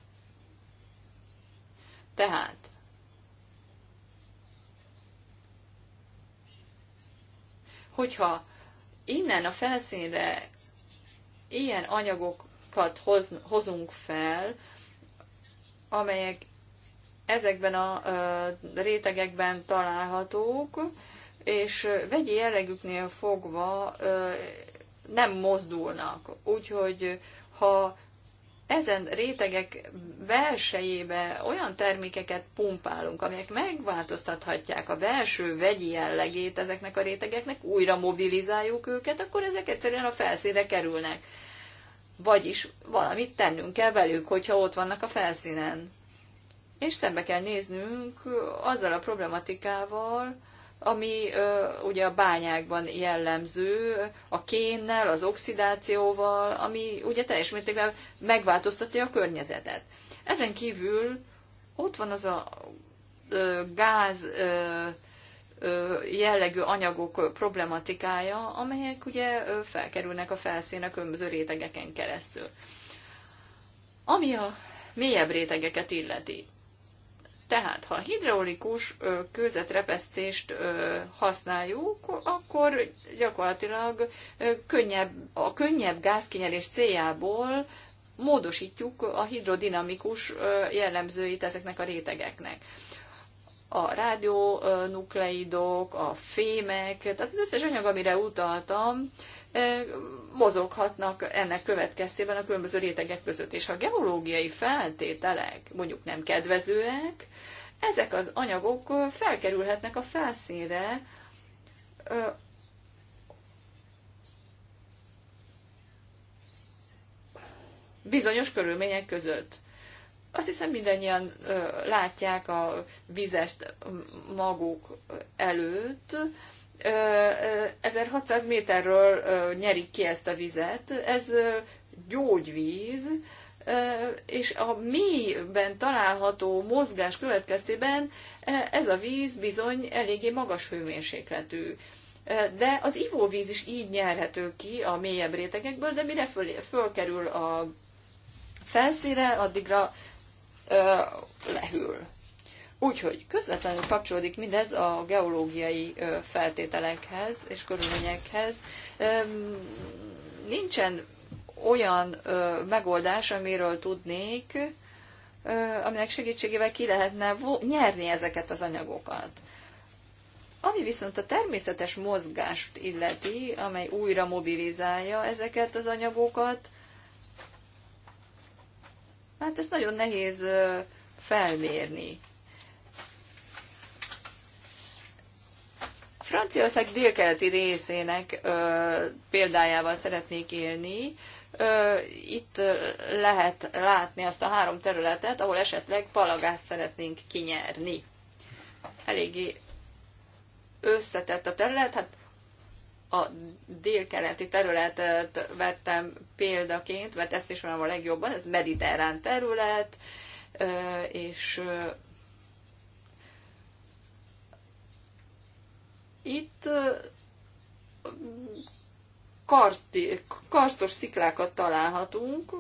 Tehát hogyha innen a felszínre ilyen anyagokat hoz, hozunk fel, amelyek ezekben a ö, rétegekben találhatók, és vegyi jellegüknél fogva ö, nem mozdulnak. Úgyhogy ha ezen rétegek belsejébe olyan termékeket pumpálunk, amelyek megváltoztathatják a belső vegyi jellegét ezeknek a rétegeknek, újra mobilizáljuk őket, akkor ezek egyszerűen a felszínre kerülnek. Vagyis valamit tennünk kell velük, hogyha ott vannak a felszínen. És szembe kell néznünk azzal a problematikával, ami ugye a bányákban jellemző, a kénnel, az oxidációval, ami ugye teljes mértékben megváltoztatja a környezetet. Ezen kívül ott van az a gáz jellegű anyagok problematikája, amelyek ugye felkerülnek a felszínre különböző rétegeken keresztül. Ami a mélyebb rétegeket illeti. Tehát, ha hidraulikus kőzetrepesztést használjuk, akkor gyakorlatilag könnyebb, a könnyebb gázkinyerés céljából módosítjuk a hidrodinamikus jellemzőit ezeknek a rétegeknek a rádiónukleidok, a fémek, tehát az összes anyag, amire utaltam, mozoghatnak ennek következtében a különböző rétegek között. És ha a geológiai feltételek mondjuk nem kedvezőek, ezek az anyagok felkerülhetnek a felszínre, bizonyos körülmények között. Azt hiszem mindannyian látják a vizest maguk előtt, 1600 méterről nyerik ki ezt a vizet, ez gyógyvíz, és a mélyben található mozgás következtében ez a víz bizony eléggé magas hőmérsékletű. De az ivóvíz is így nyerhető ki a mélyebb rétegekből, de mire föl, fölkerül a felszíre, addigra lehűl. Úgyhogy közvetlenül kapcsolódik mindez a geológiai feltételekhez és körülményekhez. Nincsen olyan megoldás, amiről tudnék, aminek segítségével ki lehetne nyerni ezeket az anyagokat. Ami viszont a természetes mozgást illeti, amely újra mobilizálja ezeket az anyagokat, Hát ezt nagyon nehéz felmérni. Franciaország délkeleti részének ö, példájával szeretnék élni. Ö, itt lehet látni azt a három területet, ahol esetleg palagást szeretnénk kinyerni. Eléggé összetett a terület, hát a délkeleti területet vettem példaként, mert ezt van a legjobban, ez mediterrán terület, és itt karsti, karstos sziklákat találhatunk,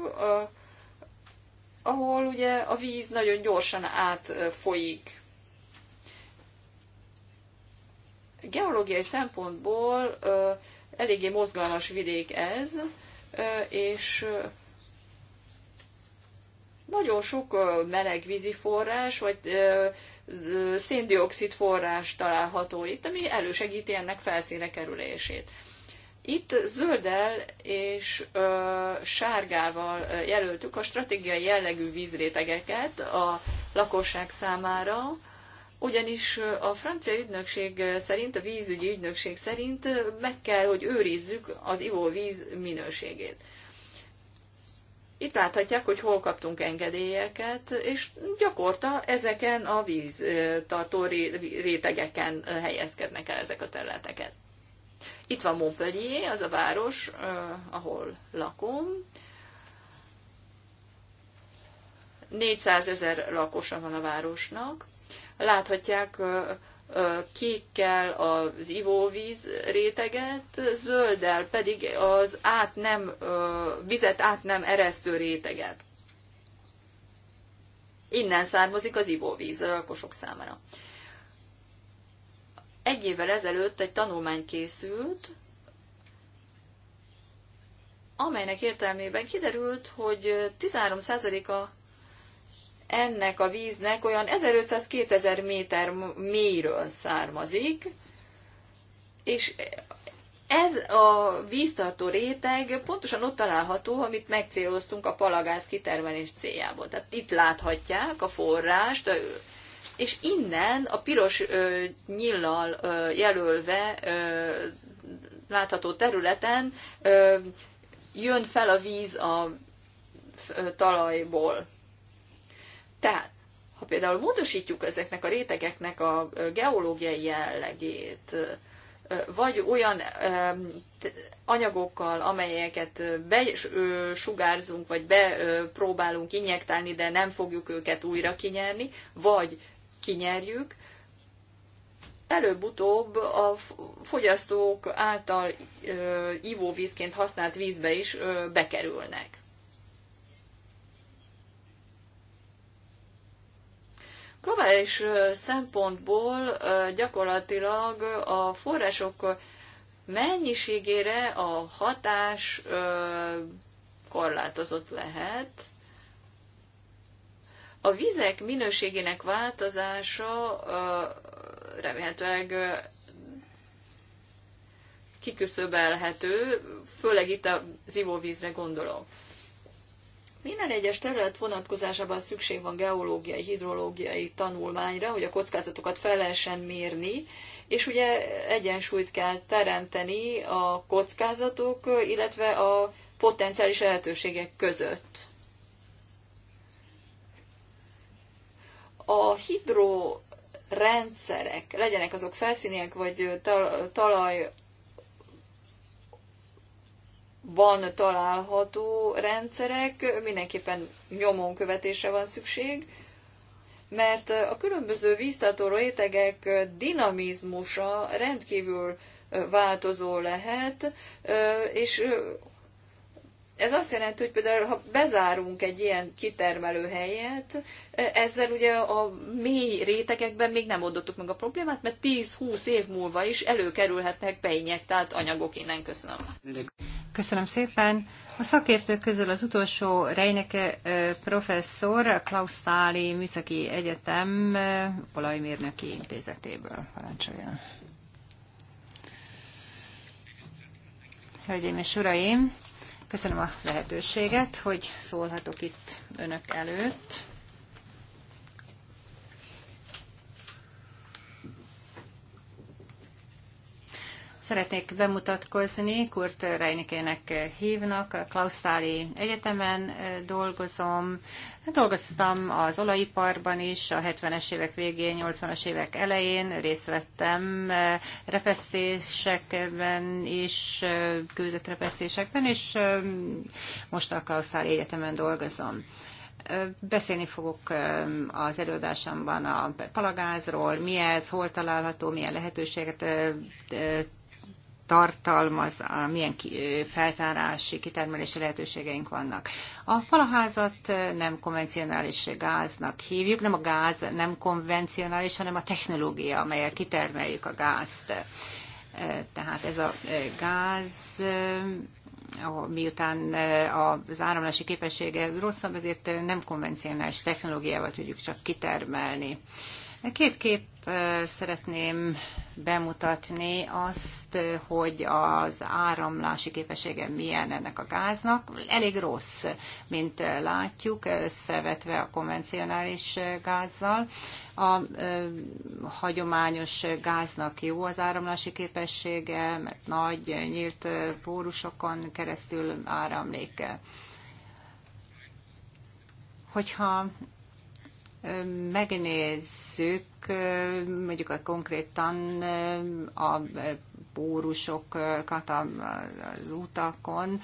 ahol ugye a víz nagyon gyorsan átfolyik geológiai szempontból eléggé mozgalmas vidék ez, és nagyon sok vízi forrás, vagy széndiokszid forrás található itt, ami elősegíti ennek felszíne kerülését. Itt zölddel és ö, sárgával jelöltük a stratégiai jellegű vízrétegeket a lakosság számára, ugyanis a francia ügynökség szerint, a vízügyi ügynökség szerint meg kell, hogy őrizzük az ivóvíz minőségét. Itt láthatják, hogy hol kaptunk engedélyeket, és gyakorta ezeken a víztartó rétegeken helyezkednek el ezek a területeket. Itt van Montpellier, az a város, ahol lakom. 400 ezer lakosa van a városnak, Láthatják kékkel az ivóvíz réteget, zölddel pedig az át nem, vizet át nem eresztő réteget. Innen származik az ivóvíz a lakosok számára. Egy évvel ezelőtt egy tanulmány készült, amelynek értelmében kiderült, hogy 13% a ennek a víznek olyan 1500-2000 méter mélyről származik, és ez a víztartó réteg pontosan ott található, amit megcéloztunk a palagáz kitermelés céljából. Tehát itt láthatják a forrást, és innen a piros ö, nyillal ö, jelölve ö, látható területen ö, jön fel a víz a talajból. Tehát, ha például módosítjuk ezeknek a rétegeknek a geológiai jellegét, vagy olyan anyagokkal, amelyeket besugárzunk, vagy bepróbálunk injektálni, de nem fogjuk őket újra kinyerni, vagy kinyerjük, előbb-utóbb a fogyasztók által ivóvízként használt vízbe is bekerülnek. Globális szempontból gyakorlatilag a források mennyiségére a hatás korlátozott lehet. A vizek minőségének változása remélhetőleg kiküszöbelhető, főleg itt a zivóvízre gondolok. Minden egyes terület vonatkozásában szükség van geológiai, hidrológiai tanulmányra, hogy a kockázatokat fel lehessen mérni, és ugye egyensúlyt kell teremteni a kockázatok, illetve a potenciális lehetőségek között. A hidrorendszerek, legyenek azok felszíniek vagy talaj van található rendszerek, mindenképpen nyomon követésre van szükség, mert a különböző víztató rétegek dinamizmusa rendkívül változó lehet, és ez azt jelenti, hogy például, ha bezárunk egy ilyen kitermelő helyet, ezzel ugye a mély rétegekben még nem oldottuk meg a problémát, mert 10-20 év múlva is előkerülhetnek beinjektált anyagok innen. Köszönöm. Köszönöm szépen. A szakértők közül az utolsó Reineke professzor, a Klaus Száli Műszaki Egyetem olajmérnöki intézetéből parancsoljon. Hölgyeim és Uraim, köszönöm a lehetőséget, hogy szólhatok itt Önök előtt. Szeretnék bemutatkozni, Kurt Reinikének hívnak, a Klausztáli Egyetemen eh, dolgozom. Dolgoztam az olajiparban is, a 70-es évek végén, 80-as évek elején részt vettem eh, repesztésekben is, eh, kőzetrepesztésekben, és most a Klausztáli Egyetemen dolgozom. Beszélni fogok az előadásomban a palagázról, mi ez, hol található, milyen lehetőséget tartalmaz, milyen feltárási, kitermelési lehetőségeink vannak. A palaházat nem konvencionális gáznak hívjuk, nem a gáz nem konvencionális, hanem a technológia, amelyel kitermeljük a gázt. Tehát ez a gáz miután az áramlási képessége rosszabb, ezért nem konvencionális technológiával tudjuk csak kitermelni. Két kép szeretném bemutatni azt, hogy az áramlási képessége milyen ennek a gáznak. Elég rossz, mint látjuk, összevetve a konvencionális gázzal. A hagyományos gáznak jó az áramlási képessége, mert nagy, nyílt pórusokon keresztül áramlik hogyha megnézzük mondjuk a konkrétan a pórusokat az utakon,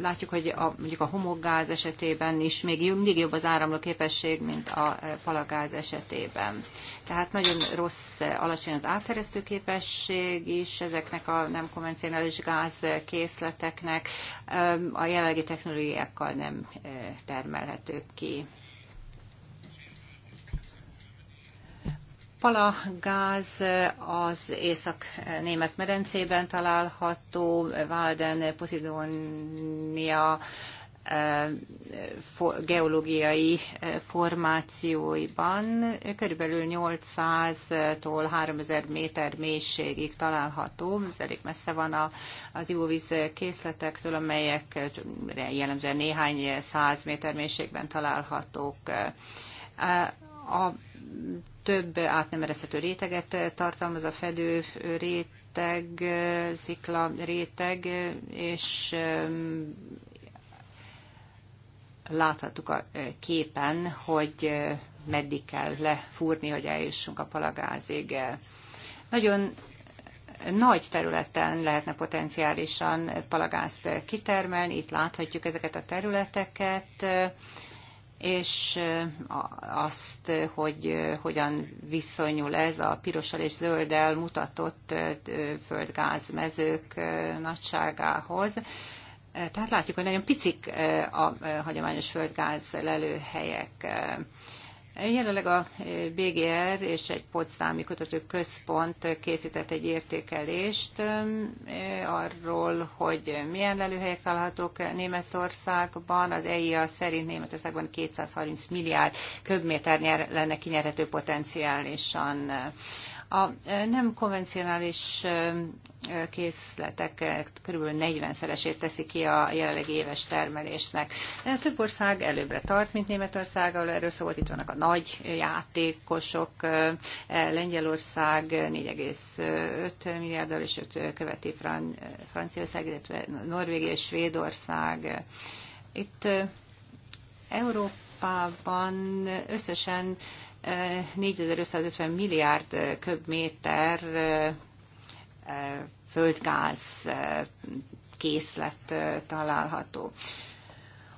látjuk, hogy a, mondjuk a homogáz esetében is még mindig jobb az áramló képesség, mint a palagáz esetében. Tehát nagyon rossz, alacsony az átteresztő képesség is ezeknek a nem konvencionális gázkészleteknek, a jelenlegi technológiákkal nem eh, termelhetők ki. palagáz az észak-német medencében található, Walden, Posidonia eh, geológiai eh, formációiban körülbelül 800-tól 3000 méter mélységig található. Ez elég messze van az ivóvíz készletektől, amelyek jellemzően néhány száz méter mélységben találhatók. Eh, a több átnemerezhető réteget tartalmaz a fedő réteg, szikla réteg, és um, láthattuk a képen, hogy uh, meddig kell lefúrni, hogy eljussunk a palagázig. Nagyon nagy területen lehetne potenciálisan palagázt kitermelni, itt láthatjuk ezeket a területeket, és azt, hogy hogyan viszonyul ez a pirossal és zölddel mutatott földgázmezők nagyságához. Tehát látjuk, hogy nagyon picik a hagyományos földgáz lelőhelyek. Jelenleg a BGR és egy Potsdami Központ készített egy értékelést um, arról, hogy milyen lelőhelyek találhatók Németországban. Az EIA szerint Németországban 230 milliárd köbméternyel lenne kinyerhető potenciálisan. A nem konvencionális készletek kb. 40-szeresét teszi ki a jelenlegi éves termelésnek. Több ország előbbre tart, mint Németország, ahol erről szólt, itt vannak a nagy játékosok, e, Lengyelország 4,5 milliárddal, és őt követi Fran- Franciaország, illetve Norvégia és Svédország. Itt Európában összesen 4550 milliárd köbméter földgáz készlet található.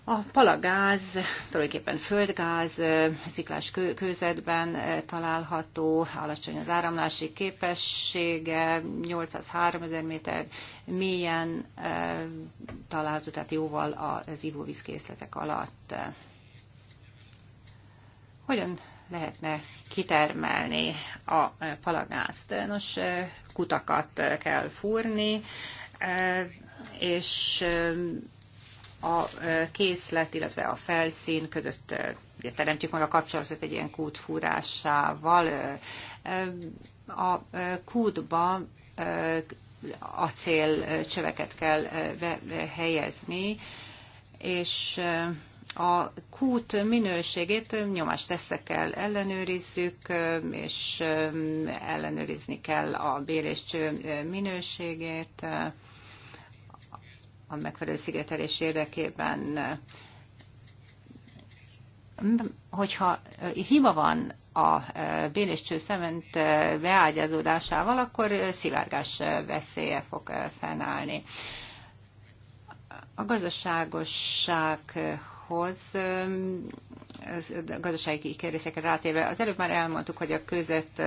A palagáz tulajdonképpen földgáz, sziklás kőzetben található, alacsony az áramlási képessége, 803 ezer méter mélyen található, tehát jóval az ivóvízkészletek alatt. Hogyan lehetne kitermelni a palagázt. Nos, eh, kutakat kell fúrni, eh, és eh, a készlet, illetve a felszín között ugye, teremtjük meg a kapcsolatot egy ilyen kútfúrásával A kútba acélcsöveket kell helyezni, és a kút minőségét nyomásteszre kell ellenőrizzük, és eh, ellenőrizni kell a béléscső eh, minőségét eh, a megfelelő szigetelés érdekében. Hogyha hiba van a béléscső szement beágyazódásával, akkor szivárgás veszélye fog fennállni. A gazdaságosság gazdasághoz, gazdasági kérdésekre rátérve, az előbb már elmondtuk, hogy a között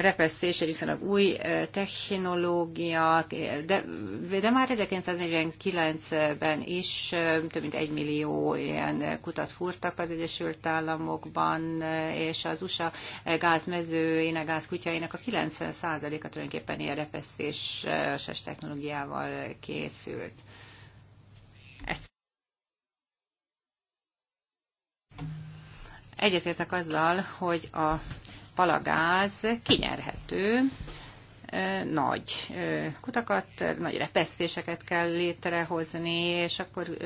repesztés egy viszonylag új technológia, de, de már 1949-ben is több mint egy millió ilyen kutat fúrtak az Egyesült Államokban, és az USA gázmezőjének, gázkutyainak a 90%-a tulajdonképpen ilyen repesztéses technológiával készült. Egyetértek azzal, hogy a palagáz kinyerhető, nagy kutakat, nagy repesztéseket kell létrehozni, és akkor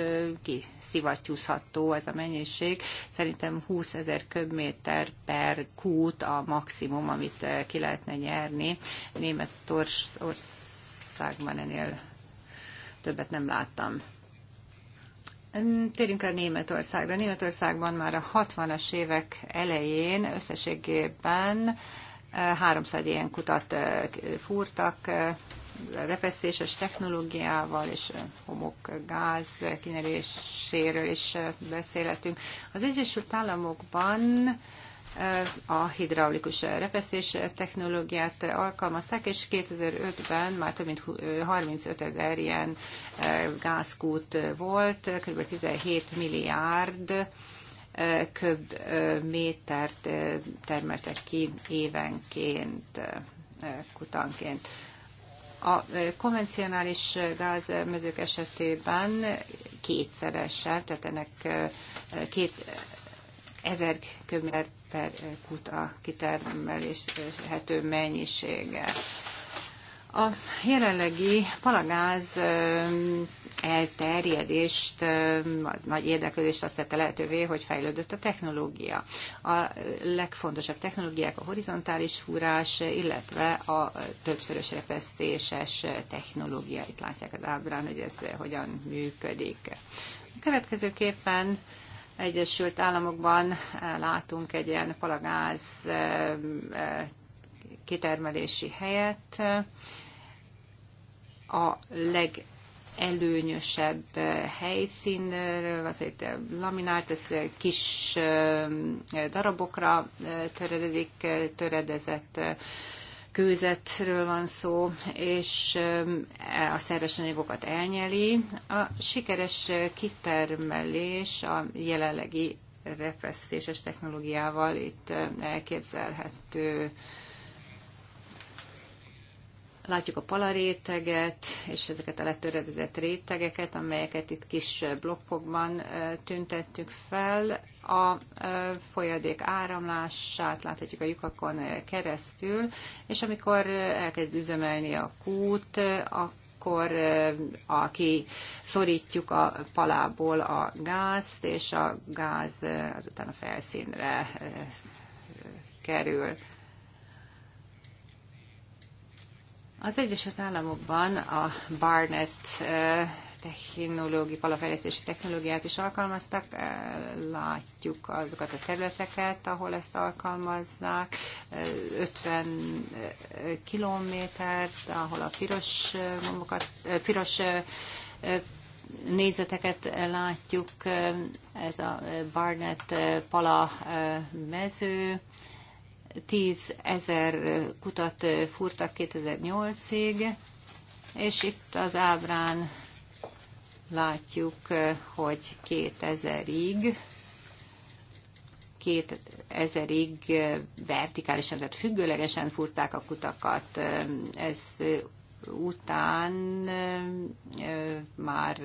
kiszivattyúzható ez a mennyiség. Szerintem 20 ezer köbméter per kút a maximum, amit ki lehetne nyerni. Németországban ennél többet nem láttam. Térjünk el Németországra. Németországban már a 60-as évek elején összességében 300 eh, ilyen kutat eh, fúrtak, eh, repesztéses technológiával és homokgáz kinyeréséről is beszélhetünk. Az Egyesült Államokban a hidraulikus repesztés technológiát alkalmazták, és 2005-ben már több mint 35 ezer ilyen e, gázkút volt, kb. 17 milliárd e, köbmétert e, termeltek ki évenként, kutanként. A konvencionális gázmezők esetében kétszeresen, tehát ennek két ezer köbmétert per kuta kitermeléshető mennyisége. A jelenlegi palagáz elterjedést, nagy érdeklődést azt tette lehetővé, hogy fejlődött a technológia. A legfontosabb technológiák a horizontális fúrás, illetve a többszörös repesztéses technológia. Itt látják az ábrán, hogy ez hogyan működik. Következőképpen Egyesült Államokban eh, látunk egy ilyen palagáz eh, eh, kitermelési helyet. A leg előnyösebb helyszínről, az egy laminált, ez kis darabokra töredezik, töredezett kőzetről van szó, és a szerves anyagokat elnyeli. A sikeres kitermelés a jelenlegi repesztéses technológiával itt elképzelhető Látjuk a palaréteget és ezeket a letöredezett rétegeket, amelyeket itt kis blokkokban tüntettük fel. A folyadék áramlását láthatjuk a lyukakon keresztül, és amikor elkezd üzemelni a kút, akkor aki szorítjuk a palából a gázt, és a gáz azután a felszínre kerül. Az Egyesült Államokban a Barnett technológiai, palafejlesztési technológiát is alkalmaztak. Látjuk azokat a területeket, ahol ezt alkalmazzák. 50 kilométert, ahol a piros, gombokat, piros nézeteket látjuk. Ez a Barnett pala mező 10 ezer kutat furtak 2008-ig, és itt az ábrán látjuk, hogy 2000-ig 2000-ig vertikálisan, tehát függőlegesen furták a kutakat. Ez után már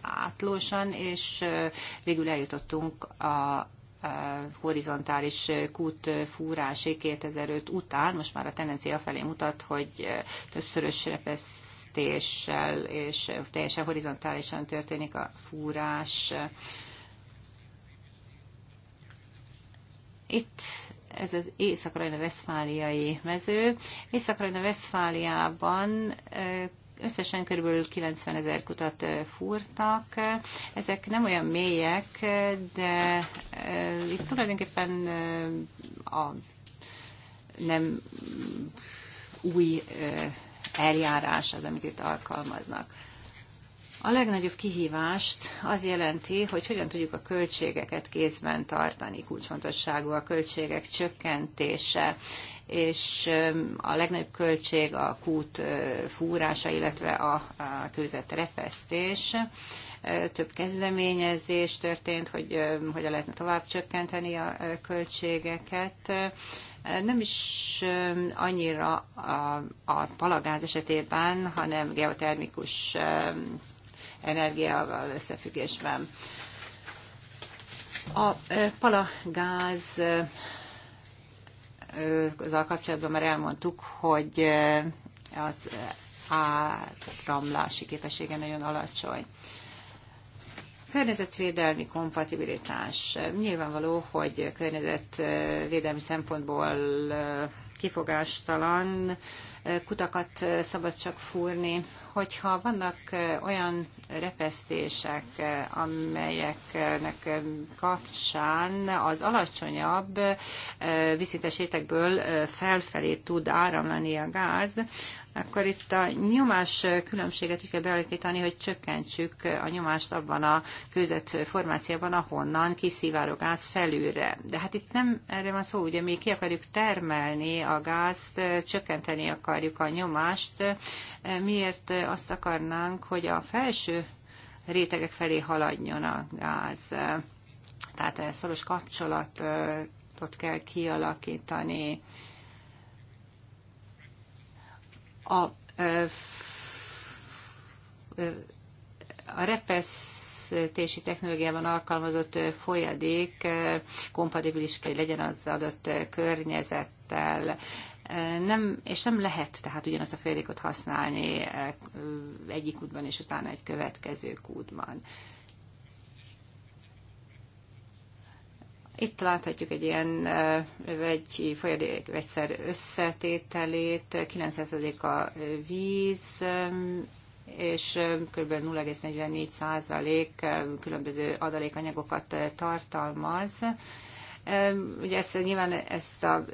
átlósan, és végül eljutottunk a horizontális kútfúrásé 2005 után, most már a tendencia felé mutat, hogy többszörös repesztéssel és teljesen horizontálisan történik a fúrás. Itt ez az észak rajna veszfáliai mező. észak rajna veszfáliában eh, Összesen kb. 90 ezer kutat fúrtak. Ezek nem olyan mélyek, de itt tulajdonképpen a nem új eljárás az, amit itt alkalmaznak. A legnagyobb kihívást az jelenti, hogy hogyan tudjuk a költségeket kézben tartani, kulcsfontosságú a költségek csökkentése, és a legnagyobb költség a kút fúrása, illetve a, kőzet repesztés. Több kezdeményezés történt, hogy hogyan lehetne tovább csökkenteni a költségeket. Nem is annyira a, a palagáz esetében, hanem geotermikus energiával összefüggésben. A palagáz azzal kapcsolatban már elmondtuk, hogy az áramlási képessége nagyon alacsony. Környezetvédelmi kompatibilitás. Nyilvánvaló, hogy környezetvédelmi szempontból kifogástalan, kutakat szabad csak fúrni. Hogyha vannak olyan repesztések, amelyeknek kapcsán az alacsonyabb viszintes felfelé tud áramlani a gáz, akkor itt a nyomás különbséget is kell beállítani, hogy csökkentsük a nyomást abban a kőzet formációban, ahonnan kiszivárog gáz felülre. De hát itt nem erre van szó, ugye mi ki akarjuk termelni a gázt, csökkenteni akarjuk a nyomást. Miért azt akarnánk, hogy a felső rétegek felé haladjon a gáz? Tehát szoros kapcsolatot kell kialakítani a, a repesztési technológiában alkalmazott folyadék kompatibilis kell legyen az adott környezettel nem, és nem lehet tehát ugyanazt a folyadékot használni egyik útban és utána egy következő útban. Itt láthatjuk egy ilyen vegyi folyadék vegyszer összetételét, 9% a víz, és kb. 0,44% különböző adalékanyagokat tartalmaz, Ugye ezt, nyilván ezt a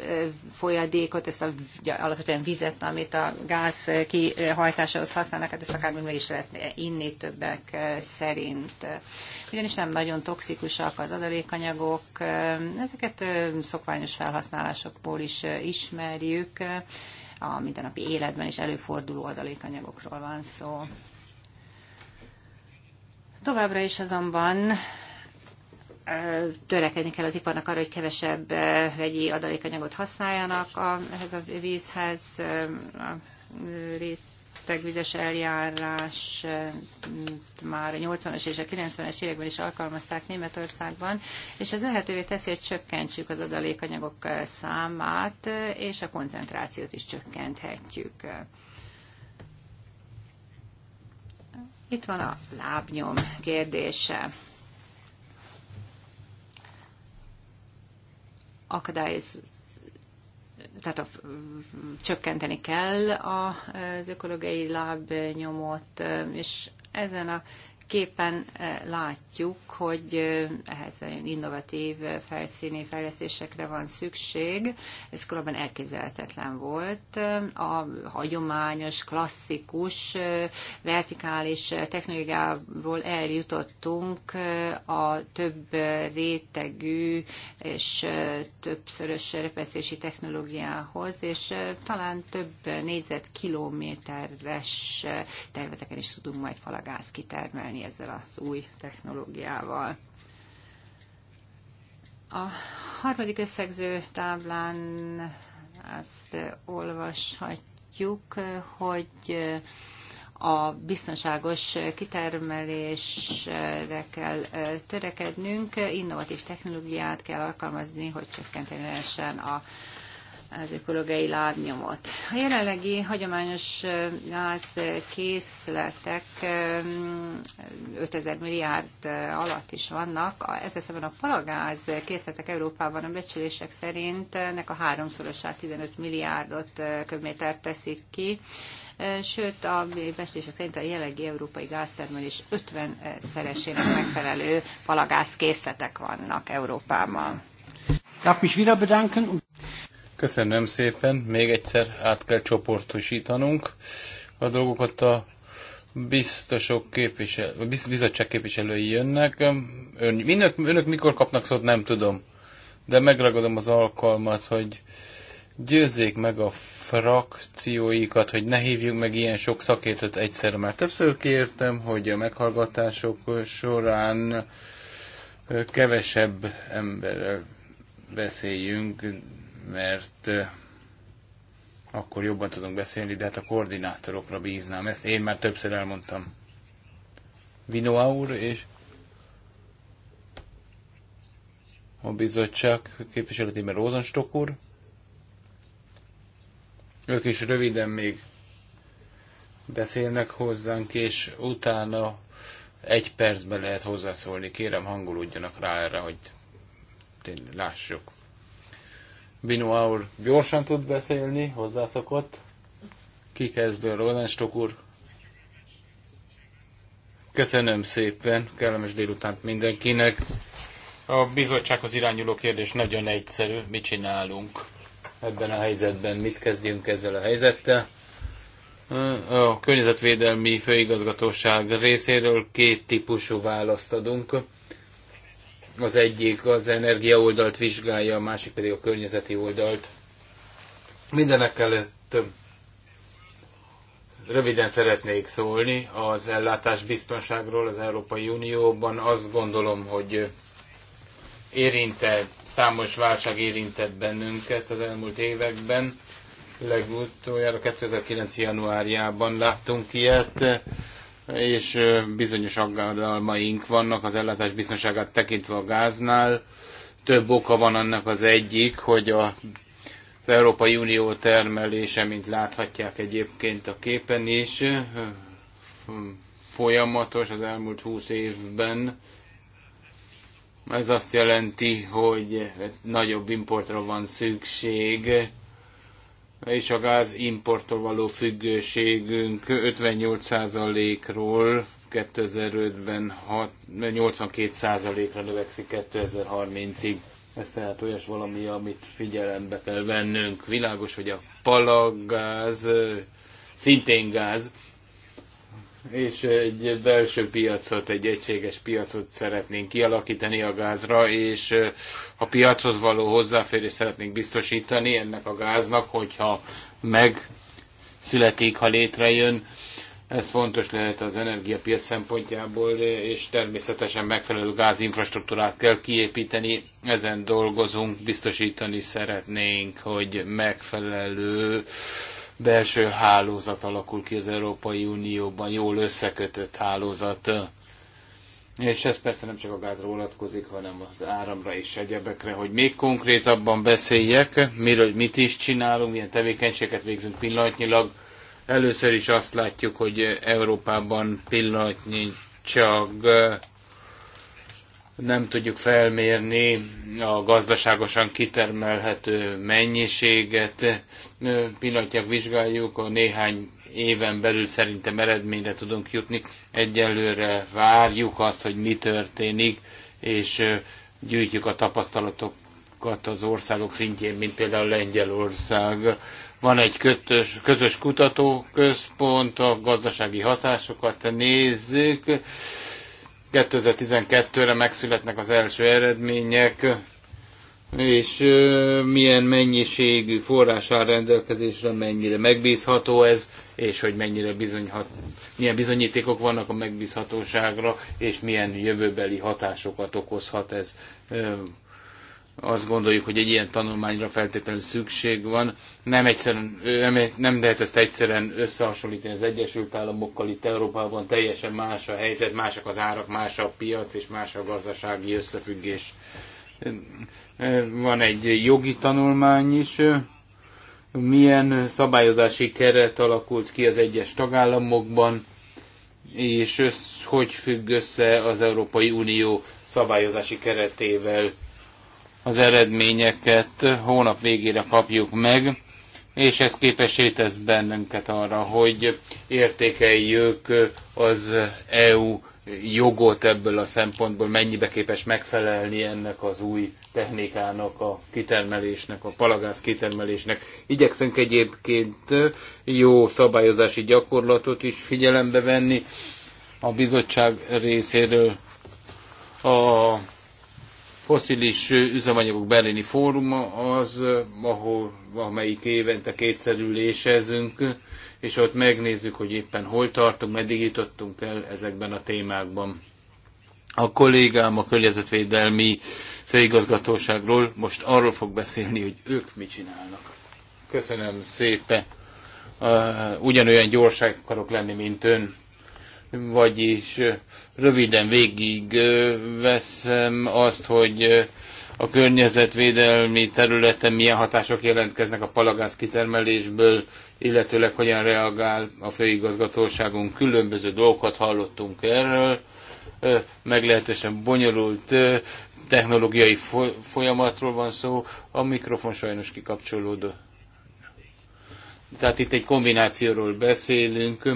folyadékot, ezt a alapvetően vizet, amit a gáz kihajtásához használnak, hát ezt akár meg is lehet inni többek szerint. Ugyanis nem nagyon toxikusak az adalékanyagok, ezeket szokványos felhasználásokból is ismerjük, a mindennapi életben is előforduló adalékanyagokról van szó. Továbbra is azonban törekedni kell az iparnak arra, hogy kevesebb eh, vegyi adalékanyagot használjanak a, ehhez a vízhez, eh, a rétegvizes eljárás eh, már a 80-as és a 90-es években is alkalmazták Németországban, és ez lehetővé teszi, hogy csökkentsük az adalékanyagok számát, és a koncentrációt is csökkenthetjük. Itt van a lábnyom kérdése. akadályoz, tehát a, csökkenteni kell az ökológiai lábnyomot, és ezen a képen eh, látjuk, hogy eh, ehhez nagyon innovatív eh, felszíni fejlesztésekre van szükség. Ez korábban elképzelhetetlen volt. A hagyományos, klasszikus, vertikális technológiából eljutottunk a több rétegű és többszörös repesztési technológiához, és talán több négyzetkilométeres területeken is tudunk majd falagáz kitermelni tenni ezzel az új technológiával. A harmadik összegző táblán azt olvashatjuk, hogy a biztonságos kitermelésre kell törekednünk, innovatív technológiát kell alkalmazni, hogy csökkenteni lehessen a az ökológiai lábnyomot. A jelenlegi hagyományos az készletek 5000 milliárd alatt is vannak. Ez eszemben a palagáz készletek Európában a becsülések szerint ennek a háromszorosát 15 milliárdot köbmétert teszik ki. Sőt, a becslések szerint a jelenlegi európai gáztermelés 50 szeresének megfelelő palagáz készletek vannak Európában. Darf mich wieder bedanken. Köszönöm szépen. Még egyszer át kell csoportosítanunk a dolgokat a biztosok képvisel, biz, bizottság képviselői jönnek. Ön, önök, önök mikor kapnak szót, nem tudom. De megragadom az alkalmat, hogy győzzék meg a frakcióikat, hogy ne hívjuk meg ilyen sok szakértőt egyszerre. Már többször kértem, hogy a meghallgatások során kevesebb emberrel beszéljünk, mert akkor jobban tudunk beszélni, de hát a koordinátorokra bíznám. Ezt én már többször elmondtam. Vinoa úr és a bizottság képviseletében Rózanstok úr. Ők is röviden még beszélnek hozzánk, és utána egy percben lehet hozzászólni. Kérem, hangolódjanak rá erre, hogy lássuk. Bino úr gyorsan tud beszélni, hozzászokott. Ki kezdő, Rolandstock úr? Köszönöm szépen, kellemes délutánt mindenkinek. A bizottsághoz irányuló kérdés nagyon egyszerű, mit csinálunk ebben a helyzetben, mit kezdjünk ezzel a helyzettel. A Környezetvédelmi Főigazgatóság részéről két típusú választ adunk. Az egyik az energia oldalt vizsgálja, a másik pedig a környezeti oldalt. Mindenek előtt röviden szeretnék szólni az ellátás biztonságról az Európai Unióban. Azt gondolom, hogy érintett, számos válság érintett bennünket az elmúlt években. Legutoljára 2009. januárjában láttunk ilyet és bizonyos aggodalmaink vannak az ellátás biztonságát tekintve a gáznál. Több oka van annak az egyik, hogy a, az Európai Unió termelése, mint láthatják egyébként a képen is, folyamatos az elmúlt húsz évben. Ez azt jelenti, hogy nagyobb importra van szükség, és a gáz importtól való függőségünk 58%-ról 2005-ben 82%-ra növekszik 2030-ig. Ez tehát olyas valami, amit figyelembe kell vennünk. Világos, hogy a palaggáz szintén gáz, és egy belső piacot, egy egységes piacot szeretnénk kialakítani a gázra, és a piachoz való hozzáférést szeretnénk biztosítani ennek a gáznak, hogyha meg születik, ha létrejön. Ez fontos lehet az energiapiac szempontjából, és természetesen megfelelő gázinfrastruktúrát kell kiépíteni. Ezen dolgozunk, biztosítani szeretnénk, hogy megfelelő belső hálózat alakul ki az Európai Unióban, jól összekötött hálózat. És ez persze nem csak a gázra vonatkozik, hanem az áramra és egyebekre, hogy még konkrétabban beszéljek, miről, hogy mit is csinálunk, milyen tevékenységet végzünk pillanatnyilag. Először is azt látjuk, hogy Európában pillanatnyi csak nem tudjuk felmérni a gazdaságosan kitermelhető mennyiséget. Pillanatják vizsgáljuk, a néhány éven belül szerintem eredményre tudunk jutni. Egyelőre várjuk azt, hogy mi történik, és gyűjtjük a tapasztalatokat az országok szintjén, mint például Lengyelország. Van egy kötös, közös kutatóközpont, a gazdasági hatásokat nézzük 2012-re megszületnek az első eredmények, és milyen mennyiségű forrás áll rendelkezésre, mennyire megbízható ez, és hogy mennyire bizonyhat, milyen bizonyítékok vannak a megbízhatóságra, és milyen jövőbeli hatásokat okozhat ez azt gondoljuk, hogy egy ilyen tanulmányra feltétlenül szükség van. Nem, egyszerűen, nem, nem lehet ezt egyszerűen összehasonlítani az Egyesült Államokkal, itt Európában teljesen más a helyzet, másak az árak, más a piac és más a gazdasági összefüggés. Van egy jogi tanulmány is, milyen szabályozási keret alakult ki az egyes tagállamokban, és össz, hogy függ össze az Európai Unió szabályozási keretével az eredményeket hónap végére kapjuk meg, és ez képesé tesz bennünket arra, hogy értékeljük az EU jogot ebből a szempontból, mennyibe képes megfelelni ennek az új technikának, a kitermelésnek, a palagáz kitermelésnek. Igyekszünk egyébként jó szabályozási gyakorlatot is figyelembe venni a bizottság részéről. A foszilis üzemanyagok berlini fóruma az, ahol, amelyik évente kétszerül ülésezünk, és ott megnézzük, hogy éppen hol tartunk, meddig jutottunk el ezekben a témákban. A kollégám a környezetvédelmi főigazgatóságról most arról fog beszélni, hogy ők mit csinálnak. Köszönöm szépen. Uh, ugyanolyan gyors akarok lenni, mint ön vagyis röviden végig veszem azt, hogy a környezetvédelmi területen milyen hatások jelentkeznek a palagáz kitermelésből, illetőleg hogyan reagál a főigazgatóságunk. Különböző dolgokat hallottunk erről, meglehetősen bonyolult technológiai folyamatról van szó, a mikrofon sajnos kikapcsolódott. Tehát itt egy kombinációról beszélünk,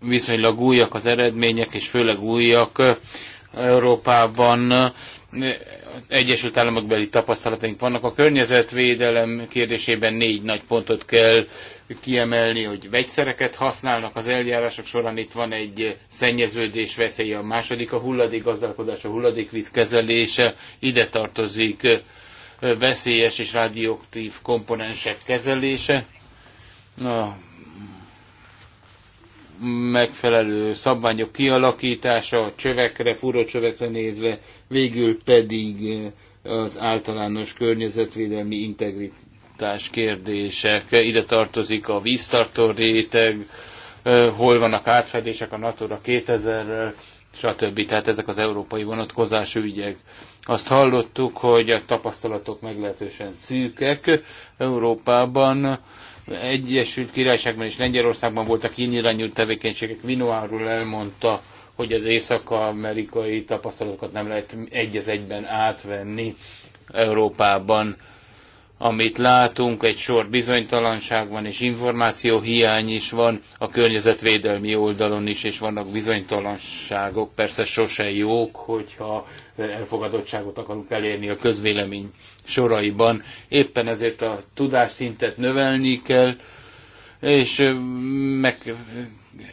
viszonylag újak az eredmények, és főleg újak Európában. Egyesült Államokbeli tapasztalataink vannak. A környezetvédelem kérdésében négy nagy pontot kell kiemelni, hogy vegyszereket használnak az eljárások során. Itt van egy szennyeződés veszélye, a második a gazdálkodás, a hulladékvíz kezelése. Ide tartozik veszélyes és radioaktív komponensek kezelése. Na, megfelelő szabványok kialakítása, a csövekre, csövekre nézve, végül pedig eh, az általános környezetvédelmi integritás kérdések. Ide tartozik a víztartó réteg, eh, hol vannak átfedések a Natura 2000-rel, stb. Tehát ezek az európai vonatkozású ügyek. Azt hallottuk, hogy a tapasztalatok meglehetősen szűkek Európában, Egyesült Királyságban és Lengyelországban voltak ilyen irányú tevékenységek. Vinoáról elmondta, hogy az észak-amerikai tapasztalatokat nem lehet egy egyben átvenni Európában amit látunk, egy sor bizonytalanság van, és információhiány is van a környezetvédelmi oldalon is, és vannak bizonytalanságok, persze sose jók, hogyha elfogadottságot akarunk elérni a közvélemény soraiban. Éppen ezért a tudásszintet növelni kell, és meg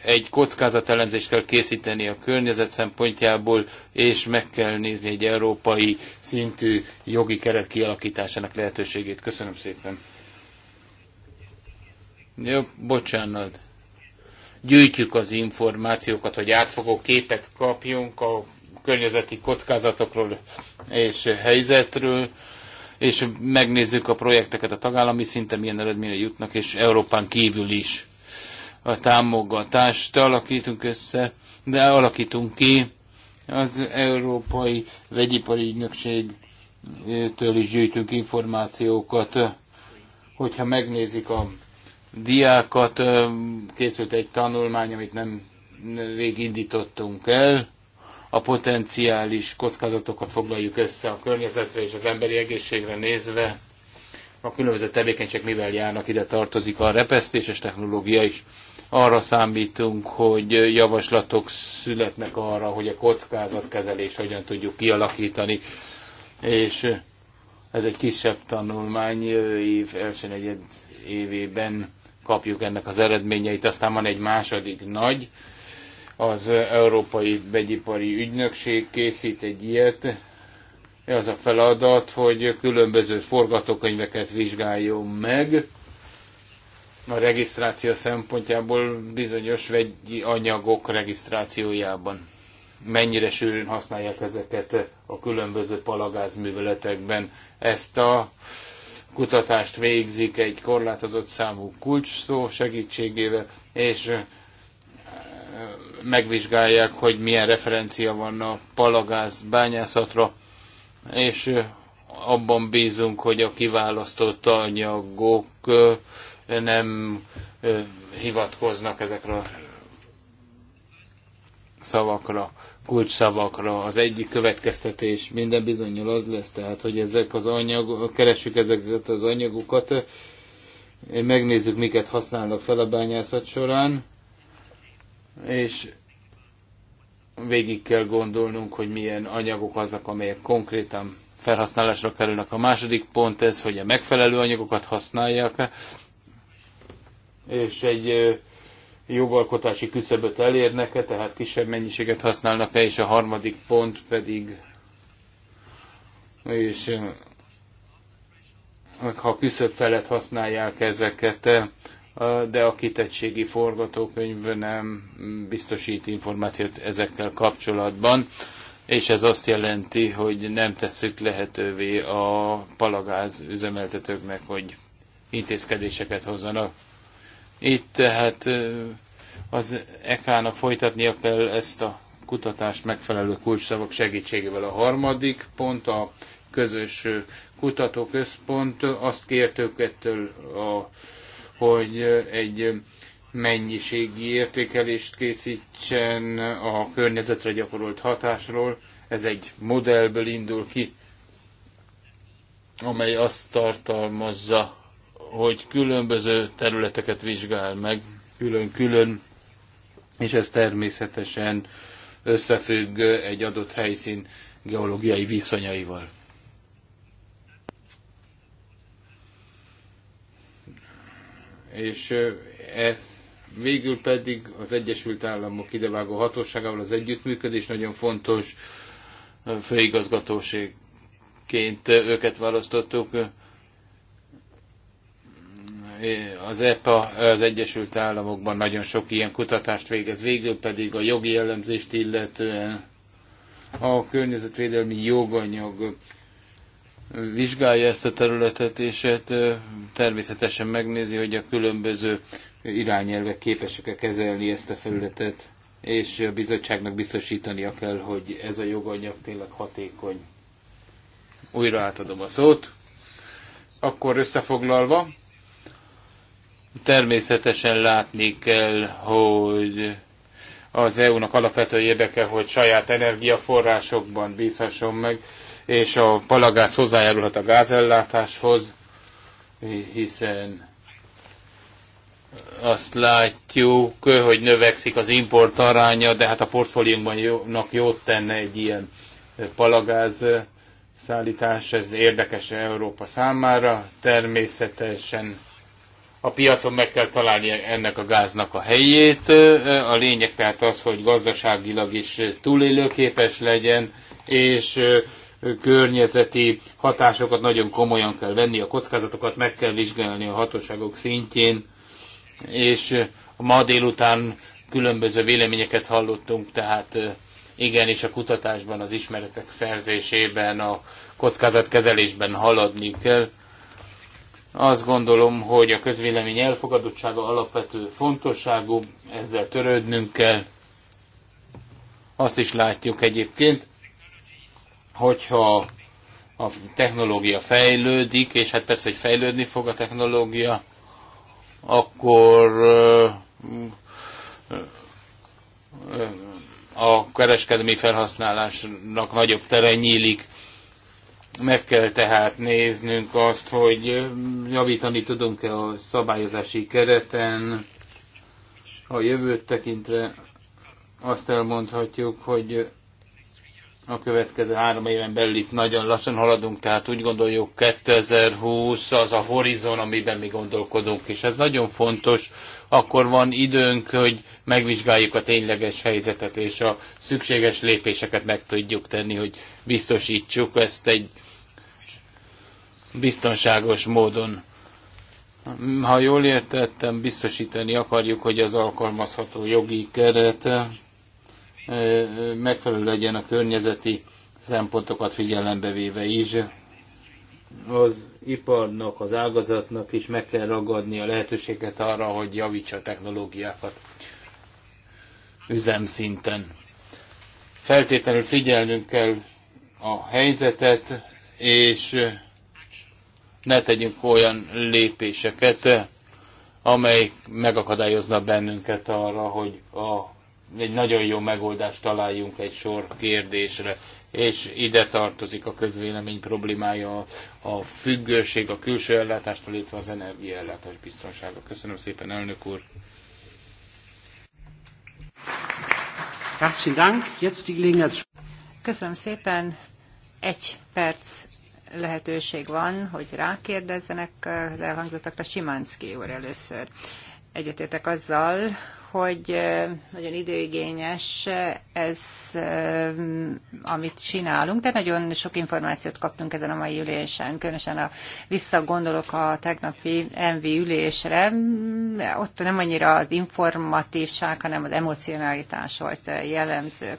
egy kockázatelemzést kell készíteni a környezet szempontjából, és meg kell nézni egy európai szintű jogi keret kialakításának lehetőségét. Köszönöm szépen. Jó, bocsánat. Gyűjtjük az információkat, hogy átfogó képet kapjunk a környezeti kockázatokról és helyzetről és megnézzük a projekteket a tagállami szinten, milyen eredményre jutnak, és Európán kívül is a támogatást alakítunk össze, de alakítunk ki az Európai Vegyipari Ügynökségtől is gyűjtünk információkat, hogyha megnézik a diákat, készült egy tanulmány, amit nem végindítottunk indítottunk el, a potenciális kockázatokat foglaljuk össze a környezetre és az emberi egészségre nézve. A különböző tevékenységek mivel járnak, ide tartozik a repesztéses technológia is. Arra számítunk, hogy javaslatok születnek arra, hogy a kockázatkezelést hogyan tudjuk kialakítani, és ez egy kisebb tanulmány, év első negyed évében kapjuk ennek az eredményeit, aztán van egy második nagy az Európai Vegyipari Ügynökség készít egy ilyet. Az a feladat, hogy különböző forgatókönyveket vizsgáljon meg. A regisztráció szempontjából bizonyos vegyi anyagok regisztrációjában. Mennyire sűrűn használják ezeket a különböző palagázműveletekben. Ezt a kutatást végzik egy korlátozott számú kulcsszó segítségével, és megvizsgálják, hogy milyen referencia van a palagáz bányászatra, és abban bízunk, hogy a kiválasztott anyagok nem hivatkoznak ezekre a szavakra, kulcsszavakra. Az egyik következtetés minden bizonyul az lesz, tehát, hogy ezek az anyagok, keressük ezeket az anyagokat, megnézzük, miket használnak fel a bányászat során, és végig kell gondolnunk, hogy milyen anyagok azok, amelyek konkrétan felhasználásra kerülnek. A második pont ez, hogy a megfelelő anyagokat használják, és egy jogalkotási küszöböt elérnek-e, tehát kisebb mennyiséget használnak-e, és a harmadik pont pedig, és ha küszöb felett használják ezeket, de a kitettségi forgatókönyv nem biztosít információt ezekkel kapcsolatban, és ez azt jelenti, hogy nem tesszük lehetővé a palagáz üzemeltetőknek, hogy intézkedéseket hozzanak. Itt tehát az EK-nak folytatnia kell ezt a kutatást megfelelő kulcsszavak segítségével. A harmadik pont a közös kutatóközpont. Azt kértük ettől a hogy egy mennyiségi értékelést készítsen a környezetre gyakorolt hatásról. Ez egy modellből indul ki, amely azt tartalmazza, hogy különböző területeket vizsgál meg, külön-külön, és ez természetesen összefügg egy adott helyszín geológiai viszonyaival. és ez végül pedig az Egyesült Államok idevágó hatóságával az együttműködés nagyon fontos főigazgatóségként őket választottuk. Az EPA az Egyesült Államokban nagyon sok ilyen kutatást végez, végül pedig a jogi jellemzést illetően a környezetvédelmi joganyag vizsgálja ezt a területet, és hát, természetesen megnézi, hogy a különböző irányelvek képesek-e kezelni ezt a felületet, és a bizottságnak biztosítania kell, hogy ez a joganyag tényleg hatékony. Újra átadom a szót. Akkor összefoglalva, természetesen látni kell, hogy az EU-nak alapvető érdeke, hogy saját energiaforrásokban bízhasson meg, és a palagáz hozzájárulhat a gázellátáshoz, hiszen azt látjuk, hogy növekszik az import aránya, de hát a portfóliumban jónak jót tenne egy ilyen palagáz szállítás, ez érdekes Európa számára. Természetesen a piacon meg kell találni ennek a gáznak a helyét. A lényeg tehát az, hogy gazdaságilag is túlélőképes legyen, és környezeti hatásokat nagyon komolyan kell venni, a kockázatokat meg kell vizsgálni a hatóságok szintjén, és ma délután különböző véleményeket hallottunk, tehát igenis a kutatásban, az ismeretek szerzésében, a kockázatkezelésben haladni kell. Azt gondolom, hogy a közvélemény elfogadottsága alapvető fontosságú, ezzel törődnünk kell. Azt is látjuk egyébként, hogyha a technológia fejlődik, és hát persze, hogy fejlődni fog a technológia, akkor a kereskedelmi felhasználásnak nagyobb tere nyílik. Meg kell tehát néznünk azt, hogy javítani tudunk-e a szabályozási kereten. A jövőt tekintve azt elmondhatjuk, hogy a következő három éven belül itt nagyon lassan haladunk, tehát úgy gondoljuk 2020 az a horizon, amiben mi gondolkodunk, és ez nagyon fontos, akkor van időnk, hogy megvizsgáljuk a tényleges helyzetet, és a szükséges lépéseket meg tudjuk tenni, hogy biztosítsuk ezt egy biztonságos módon. Ha jól értettem, biztosítani akarjuk, hogy az alkalmazható jogi keret megfelelő legyen a környezeti szempontokat figyelembe véve is. Az iparnak, az ágazatnak is meg kell ragadni a lehetőséget arra, hogy javítsa a technológiákat üzemszinten. Feltétlenül figyelnünk kell a helyzetet, és ne tegyünk olyan lépéseket, amely megakadályozna bennünket arra, hogy a egy nagyon jó megoldást találjunk egy sor kérdésre, és ide tartozik a közvélemény problémája, a a függőség, a külső ellátástól, illetve az energiaellátás biztonsága. Köszönöm szépen, elnök úr! Köszönöm szépen. Egy perc lehetőség van, hogy rákérdezzenek az elhangzottakra. Simánszki úr először. Egyetértek azzal, hogy nagyon időigényes ez, amit csinálunk, de nagyon sok információt kaptunk ezen a mai ülésen, különösen a visszagondolok a tegnapi MV ülésre, ott nem annyira az informatívság, hanem az emocionalitás volt jellemző.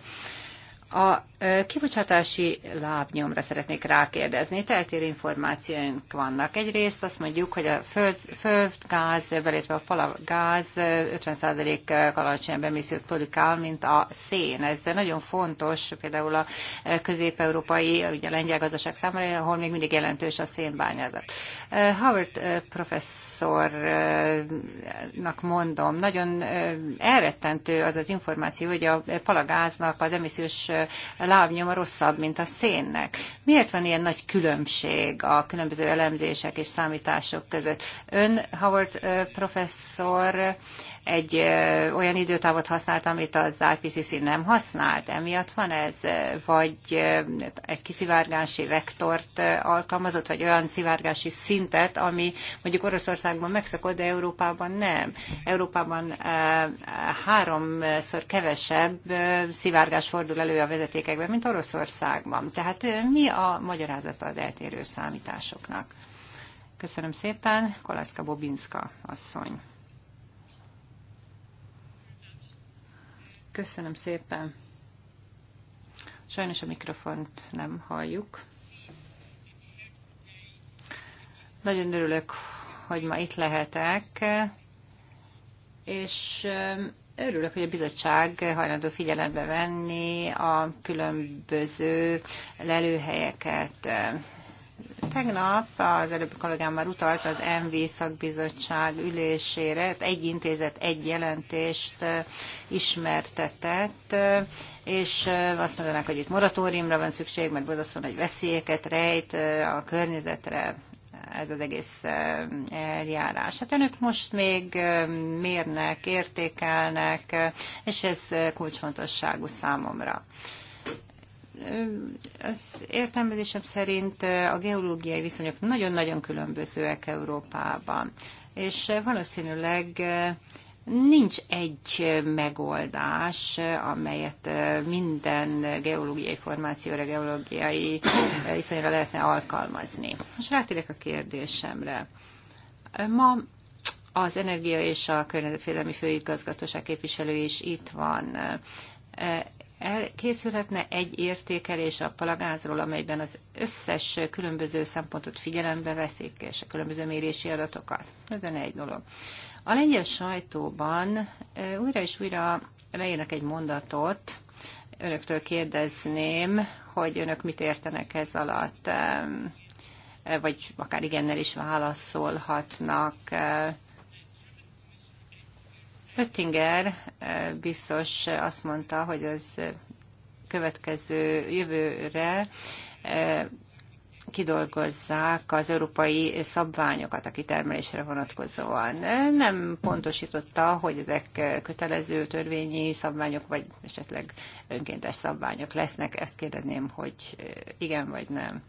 A kibocsátási lábnyomra szeretnék rákérdezni. Teltér információink vannak. Egyrészt azt mondjuk, hogy a föld, földgáz, belétve a palagáz 50%-kal alacsonyabb emissziót produkál, mint a szén. Ez nagyon fontos, például a közép-európai, ugye a lengyel gazdaság számára, ahol még mindig jelentős a szénbányázat. Howard professzornak mondom, nagyon elrettentő az az információ, hogy a palagáznak az emissziós lábnyoma rosszabb, mint a szénnek. Miért van ilyen nagy különbség a különböző elemzések és számítások között? Ön, Howard professzor, egy olyan időtávot használt, amit az IPCC nem használt, emiatt van ez, vagy egy kiszivárgási vektort alkalmazott, vagy olyan szivárgási szintet, ami mondjuk Oroszországban megszokott, de Európában nem. Európában háromszor kevesebb szivárgás fordul elő a vezetékekben, mint Oroszországban. Tehát mi a magyarázata az eltérő számításoknak? Köszönöm szépen, Kolaszka Bobinska asszony. Köszönöm szépen. Sajnos a mikrofont nem halljuk. Nagyon örülök, hogy ma itt lehetek, és um, örülök, hogy a bizottság hajlandó figyelembe venni a különböző lelőhelyeket Tegnap az előbb kollégám már utalt az MV szakbizottság ülésére, egy intézet egy jelentést ismertetett, és azt mondanák, hogy itt moratóriumra van szükség, mert borzasztóan egy veszélyeket rejt a környezetre, ez az egész eljárás. Hát önök most még mérnek, értékelnek, és ez kulcsfontosságú számomra az értelmezésem szerint a geológiai viszonyok nagyon-nagyon különbözőek Európában, és valószínűleg nincs egy megoldás, amelyet minden geológiai formációra, geológiai viszonyra lehetne alkalmazni. Most rátérek a kérdésemre. Ma az Energia és a Környezetvédelmi Főigazgatóság képviselő is itt van Elkészülhetne egy értékelés a palagázról, amelyben az összes különböző szempontot figyelembe veszik, és a különböző mérési adatokat. Ez egy dolog. A lengyel sajtóban újra és újra leírnak egy mondatot, önöktől kérdezném, hogy önök mit értenek ez alatt, vagy akár igennel is válaszolhatnak Öttinger eh, biztos azt mondta, hogy az következő jövőre eh, kidolgozzák az európai szabványokat a kitermelésre vonatkozóan. Nem pontosította, hogy ezek kötelező törvényi szabványok, vagy esetleg önkéntes szabványok lesznek. Ezt kérdezném, hogy igen vagy nem.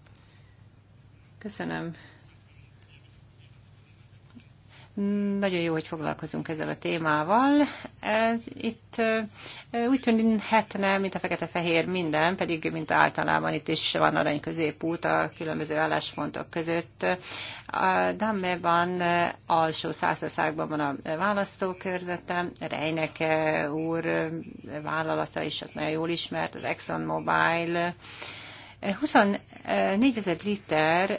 Köszönöm. Nagyon jó, hogy foglalkozunk ezzel a témával. E, itt e, úgy tűnhetne, mint a fekete-fehér minden, pedig mint általában itt is van arany középút a különböző álláspontok között. A van e, alsó százországban van a választókörzete, Reineke úr vállalata is ott nagyon jól ismert, az ExxonMobil, Mobile, 24 ezer liter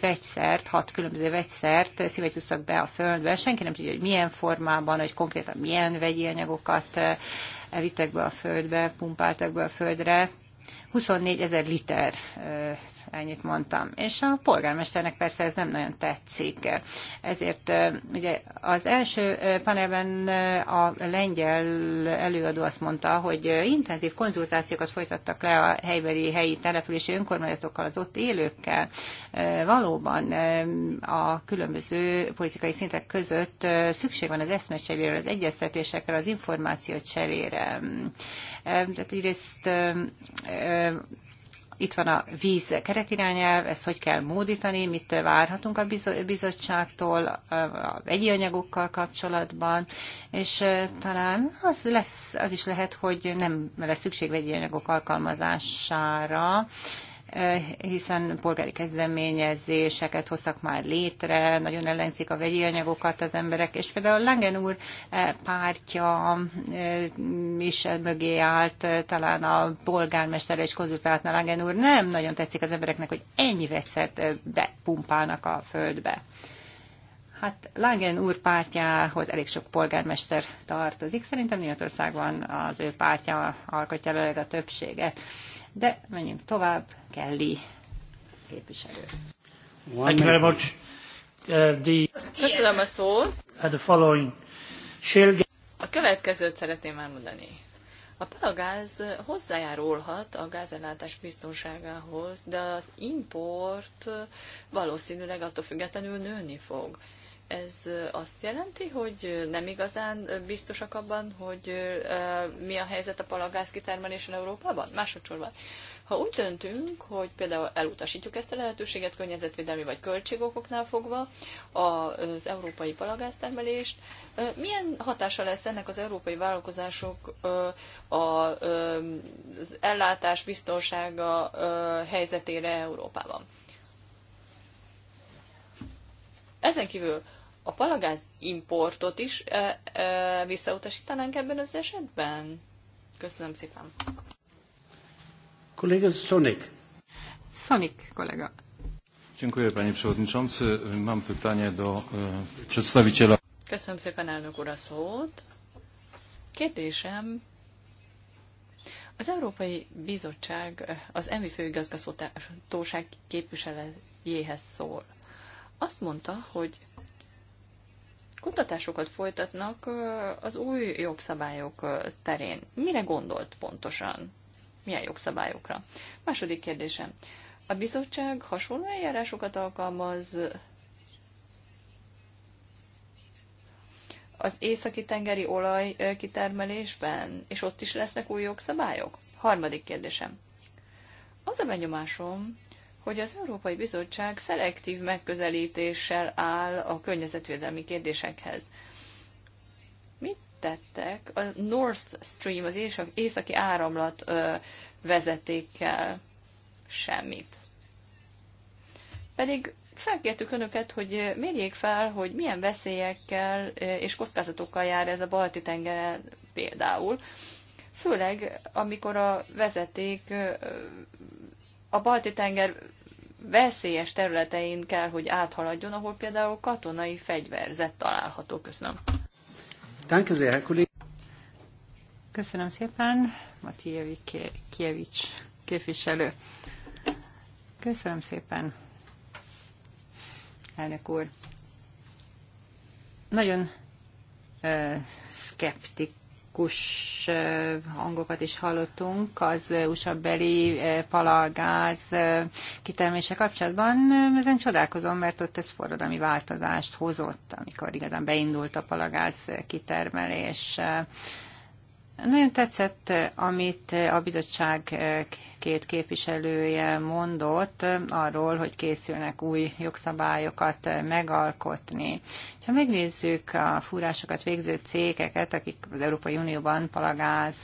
vegyszert, hat különböző vegyszert szivattyúztak be a földbe. Senki nem tudja, hogy milyen formában, hogy konkrétan milyen vegyi anyagokat vittek be a földbe, pumpáltak be a földre. 24 ezer liter, ennyit mondtam. És a polgármesternek persze ez nem nagyon tetszik. Ezért ugye az első panelben a lengyel előadó azt mondta, hogy intenzív konzultációkat folytattak le a helybeli helyi települési önkormányzatokkal, az ott élőkkel. Valóban a különböző politikai szintek között szükség van az eszmecserére, az egyeztetésekre, az információt cserére. Tehát egyrészt itt van a víz keretirányelv, ezt hogy kell módítani, mit várhatunk a bizottságtól, a vegyi anyagokkal kapcsolatban, és talán az, lesz, az is lehet, hogy nem lesz szükség vegyi anyagok alkalmazására, hiszen polgári kezdeményezéseket hoztak már létre, nagyon ellenzik a vegyi anyagokat az emberek, és például Langen úr e, pártja e, is e, mögé állt, talán a polgármesterre is konzultáltna Langen úr, nem nagyon tetszik az embereknek, hogy ennyi vegyszert bepumpálnak a földbe. Hát Langen úr pártjához elég sok polgármester tartozik. Szerintem Németországban az ő pártja alkotja előleg a többséget. De menjünk tovább, Kelly képviselő. Thank you very much. Uh, the... Köszönöm a szót. Uh, the following. A következőt szeretném elmondani. A palagáz hozzájárulhat a gázellátás biztonságához, de az import valószínűleg attól függetlenül nőni fog ez azt jelenti, hogy nem igazán biztosak abban, hogy mi a helyzet a palagáz kitermelésen Európában? Másodszorban. Ha úgy döntünk, hogy például elutasítjuk ezt a lehetőséget környezetvédelmi vagy költségokoknál fogva az európai palagáztermelést, milyen hatása lesz ennek az európai vállalkozások az ellátás biztonsága helyzetére Európában? Ezen kívül a palagáz importot is e, e, visszautasítanánk ebben az esetben? Köszönöm szépen. Kolléga Sonik. Sonik, kollega. Dziękuję panie przewodniczący. Mam pytanie do e, przedstawiciela. Köszönöm szépen elnök ura szót. Kérdésem az Európai Bizottság az EMI főigazgatóság képviselőjéhez szól. Azt mondta, hogy kutatásokat folytatnak az új jogszabályok terén. Mire gondolt pontosan? Milyen jogszabályokra? Második kérdésem. A bizottság hasonló eljárásokat alkalmaz az északi tengeri olaj kitermelésben, és ott is lesznek új jogszabályok? Harmadik kérdésem. Az a benyomásom, hogy az Európai Bizottság szelektív megközelítéssel áll a környezetvédelmi kérdésekhez. Mit tettek a North Stream, az északi áramlat vezetékkel? Semmit. Pedig felkértük önöket, hogy mérjék fel, hogy milyen veszélyekkel és kockázatokkal jár ez a balti tengeren például. Főleg, amikor a vezeték a balti tenger veszélyes területein kell, hogy áthaladjon, ahol például katonai fegyverzet található. Köszönöm. Köszönöm szépen, Matijevi Kievics képviselő. Köszönöm szépen, elnök úr. Nagyon uh, szkeptik kritikus eh, hangokat is hallottunk az USA beli eh, palagáz eh, kitermése kapcsolatban. Ezen csodálkozom, mert ott ez forradalmi változást hozott, amikor igazán beindult a palagáz kitermelés nagyon tetszett, amit a bizottság két képviselője mondott arról, hogy készülnek új jogszabályokat megalkotni. Ha megnézzük a fúrásokat végző cégeket, akik az Európai Unióban palagáz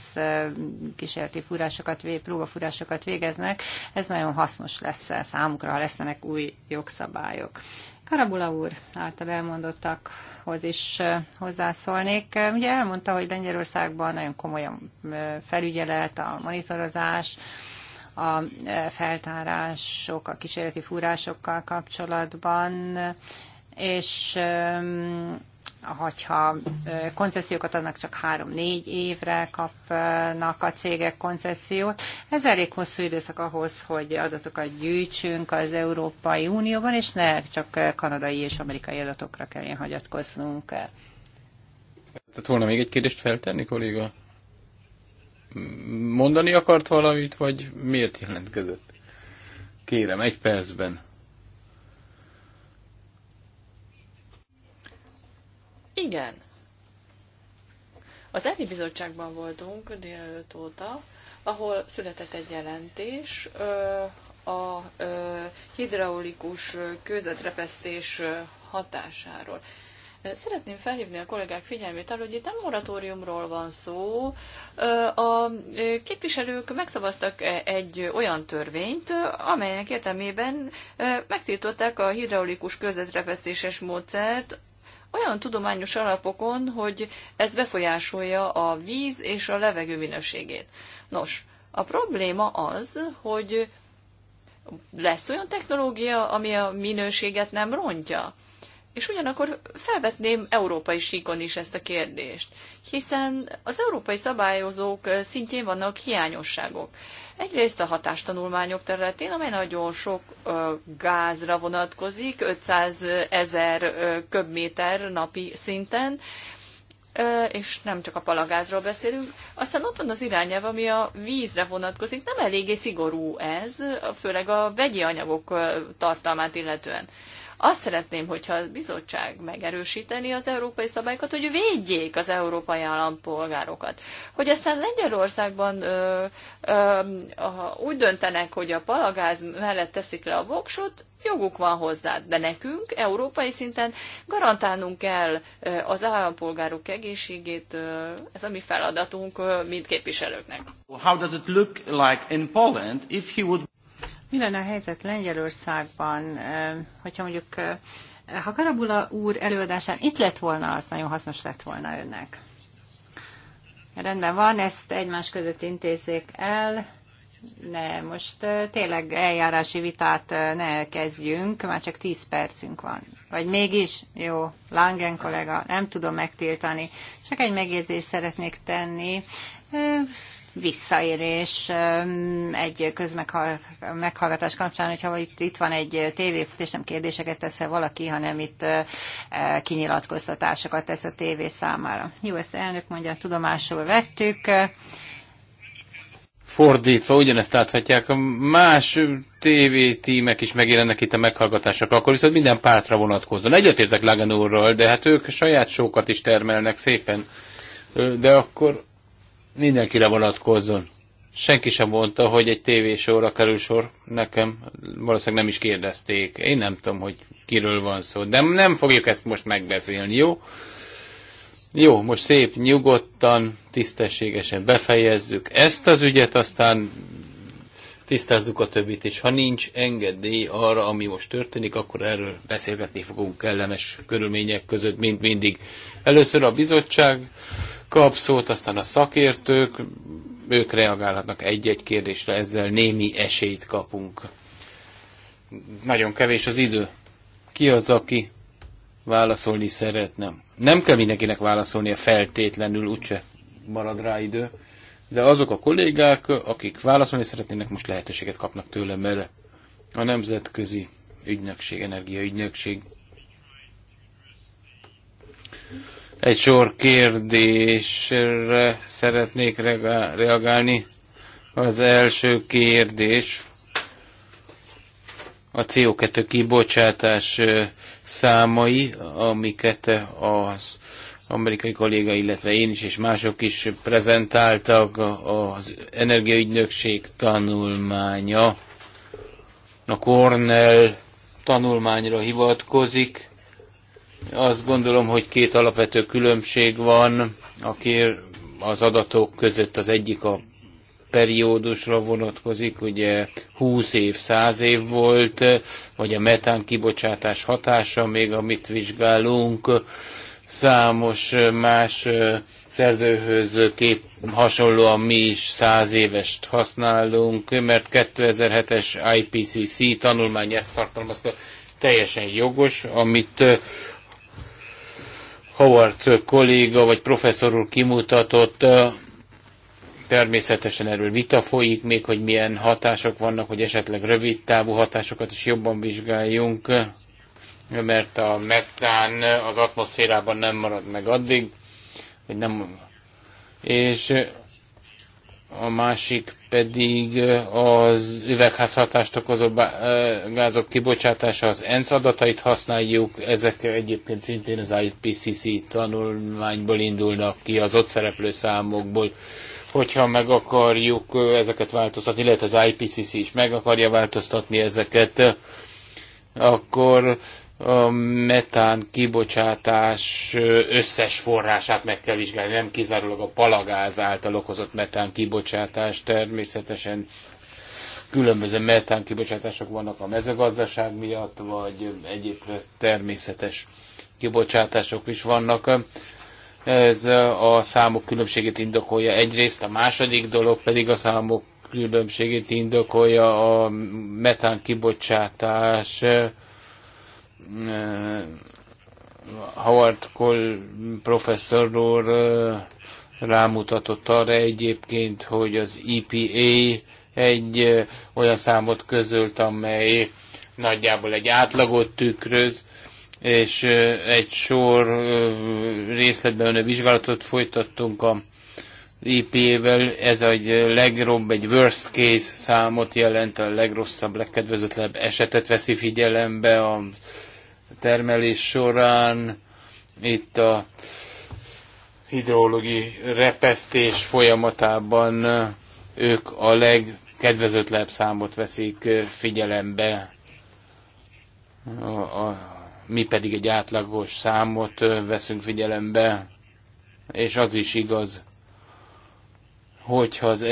kísérleti fúrásokat, próbafúrásokat végeznek, ez nagyon hasznos lesz számukra, ha lesznek új jogszabályok. Karabula úr által elmondottak hoz is hozzászólnék. Ugye elmondta, hogy Lengyelországban nagyon komolyan felügyelet, a monitorozás, a feltárások, a kísérleti fúrásokkal kapcsolatban, és hogyha koncesziókat adnak, csak három-négy évre kapnak a cégek koncesziót. Ez elég hosszú időszak ahhoz, hogy adatokat gyűjtsünk az Európai Unióban, és ne csak kanadai és amerikai adatokra kelljen hagyatkoznunk. Szeretett volna még egy kérdést feltenni, kolléga? Mondani akart valamit, vagy miért jelentkezett? Kérem, egy percben. Igen. Az Eri bizottságban voltunk délelőtt óta, ahol született egy jelentés a hidraulikus kőzetrepesztés hatásáról. Szeretném felhívni a kollégák figyelmét arra, hogy itt nem moratóriumról van szó. A képviselők megszavaztak egy olyan törvényt, amelynek értelmében megtiltották a hidraulikus közvetrepesztéses módszert olyan tudományos alapokon, hogy ez befolyásolja a víz és a levegő minőségét. Nos, a probléma az, hogy lesz olyan technológia, ami a minőséget nem rontja. És ugyanakkor felvetném európai síkon is ezt a kérdést, hiszen az európai szabályozók szintjén vannak hiányosságok. Egyrészt a hatástanulmányok területén, amely nagyon sok gázra vonatkozik, 500 ezer köbméter napi szinten, és nem csak a palagázról beszélünk. Aztán ott van az irányelv, ami a vízre vonatkozik. Nem eléggé szigorú ez, főleg a vegyi anyagok tartalmát illetően. Azt szeretném, hogyha a bizottság megerősíteni az európai szabályokat, hogy védjék az európai állampolgárokat. Hogy aztán Lengyelországban ö, ö, úgy döntenek, hogy a palagáz mellett teszik le a voksot, joguk van hozzá, de nekünk európai szinten garantálnunk kell az állampolgárok egészségét, ez a mi feladatunk, mint képviselőknek. How does it look like in Poland if he would... Mi lenne a helyzet Lengyelországban, hogyha mondjuk, ha Karabula úr előadásán itt lett volna, az nagyon hasznos lett volna önnek. Rendben van, ezt egymás között intézzék el. Ne, most tényleg eljárási vitát ne kezdjünk, már csak 10 percünk van. Vagy mégis, jó, Langen kollega, nem tudom megtiltani. Csak egy megjegyzést szeretnék tenni visszaérés egy közmeghallgatás kapcsán, hogyha itt, itt van egy tévéfutés, nem kérdéseket tesz -e valaki, hanem itt e, kinyilatkoztatásokat tesz a tévé számára. Jó, ezt elnök mondja, tudomásul vettük. Fordítva ugyanezt láthatják, más TV tímek is megjelennek itt a meghallgatásokra, akkor viszont minden pártra vonatkozóan. Egyetértek Lagan úrral, de hát ők saját sokat is termelnek szépen. De akkor mindenkire vonatkozzon. Senki sem mondta, hogy egy tévésóra kerül sor. Nekem valószínűleg nem is kérdezték. Én nem tudom, hogy kiről van szó. De nem fogjuk ezt most megbeszélni, jó? Jó, most szép, nyugodtan, tisztességesen befejezzük ezt az ügyet, aztán tisztázzuk a többit, és ha nincs engedély arra, ami most történik, akkor erről beszélgetni fogunk kellemes körülmények között, mint mindig. Először a bizottság kap szót, aztán a szakértők, ők reagálhatnak egy-egy kérdésre, ezzel némi esélyt kapunk. Nagyon kevés az idő. Ki az, aki válaszolni szeretne? Nem kell mindenkinek válaszolnia feltétlenül, úgyse marad rá idő. De azok a kollégák, akik válaszolni szeretnének, most lehetőséget kapnak tőlem mert A Nemzetközi Ügynökség, Energiaügynökség Egy sor kérdésre szeretnék reagálni. Az első kérdés a CO2 kibocsátás számai, amiket az amerikai kolléga, illetve én is, és mások is prezentáltak az energiaügynökség tanulmánya. A Cornell tanulmányra hivatkozik, azt gondolom, hogy két alapvető különbség van aki az adatok között. Az egyik a periódusra vonatkozik, ugye 20 év, 100 év volt, vagy a metán kibocsátás hatása, még amit vizsgálunk, számos más szerzőhöz kép hasonlóan mi is 100 évest használunk, mert 2007-es IPCC tanulmány ezt tartalmazta, teljesen jogos, amit Howard kolléga vagy professzor úr kimutatott, természetesen erről vita folyik még, hogy milyen hatások vannak, hogy esetleg rövid távú hatásokat is jobban vizsgáljunk, mert a metán az atmoszférában nem marad meg addig, hogy nem és a másik pedig az üvegházhatást okozó gázok kibocsátása, az ENSZ adatait használjuk, ezek egyébként szintén az IPCC tanulmányból indulnak ki, az ott szereplő számokból. Hogyha meg akarjuk ezeket változtatni, illetve az IPCC is meg akarja változtatni ezeket, akkor a metán kibocsátás összes forrását meg kell vizsgálni, nem kizárólag a palagáz által okozott metán kibocsátás. Természetesen különböző metán kibocsátások vannak a mezőgazdaság miatt, vagy egyéb természetes kibocsátások is vannak. Ez a számok különbségét indokolja egyrészt, a második dolog pedig a számok különbségét indokolja a metán kibocsátás Eh, Howard Cole professzor úr eh, rámutatott arra egyébként, hogy az EPA egy eh, olyan számot közölt, amely nagyjából egy átlagot tükröz, és egy sor részletben a vizsgálatot folytattunk a IP-vel, e ez egy legrobb, egy worst case számot jelent, a legrosszabb, legkedvezetlebb esetet veszi figyelembe, a termelés során itt a hidrológiai repesztés folyamatában ők a legkedvezőtlebb számot veszik figyelembe, a, a, mi pedig egy átlagos számot veszünk figyelembe, és az is igaz, hogyha az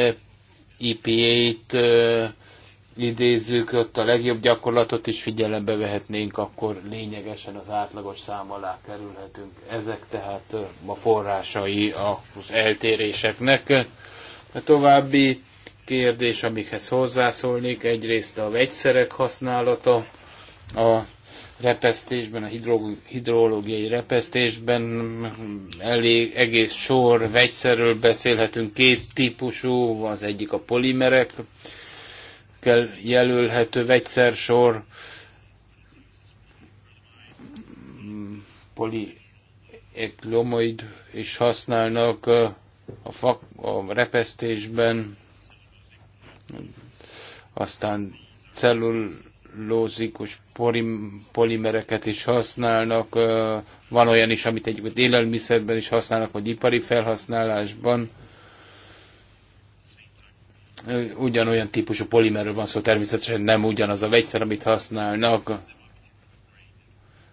EPA-t idézzük, ott a legjobb gyakorlatot is figyelembe vehetnénk, akkor lényegesen az átlagos szám alá kerülhetünk. Ezek tehát a forrásai az eltéréseknek. A további kérdés, amikhez hozzászólnék, egyrészt a vegyszerek használata a repesztésben, a hidrológiai repesztésben elég egész sor vegyszerről beszélhetünk, két típusú, az egyik a polimerek, kell jelölhető vegyszer polieklomoid is használnak a, fak, a repesztésben, aztán cellulózikus polimereket is használnak, van olyan is, amit egyébként élelmiszerben is használnak, vagy ipari felhasználásban ugyanolyan típusú polimerről van szó, természetesen nem ugyanaz a vegyszer, amit használnak,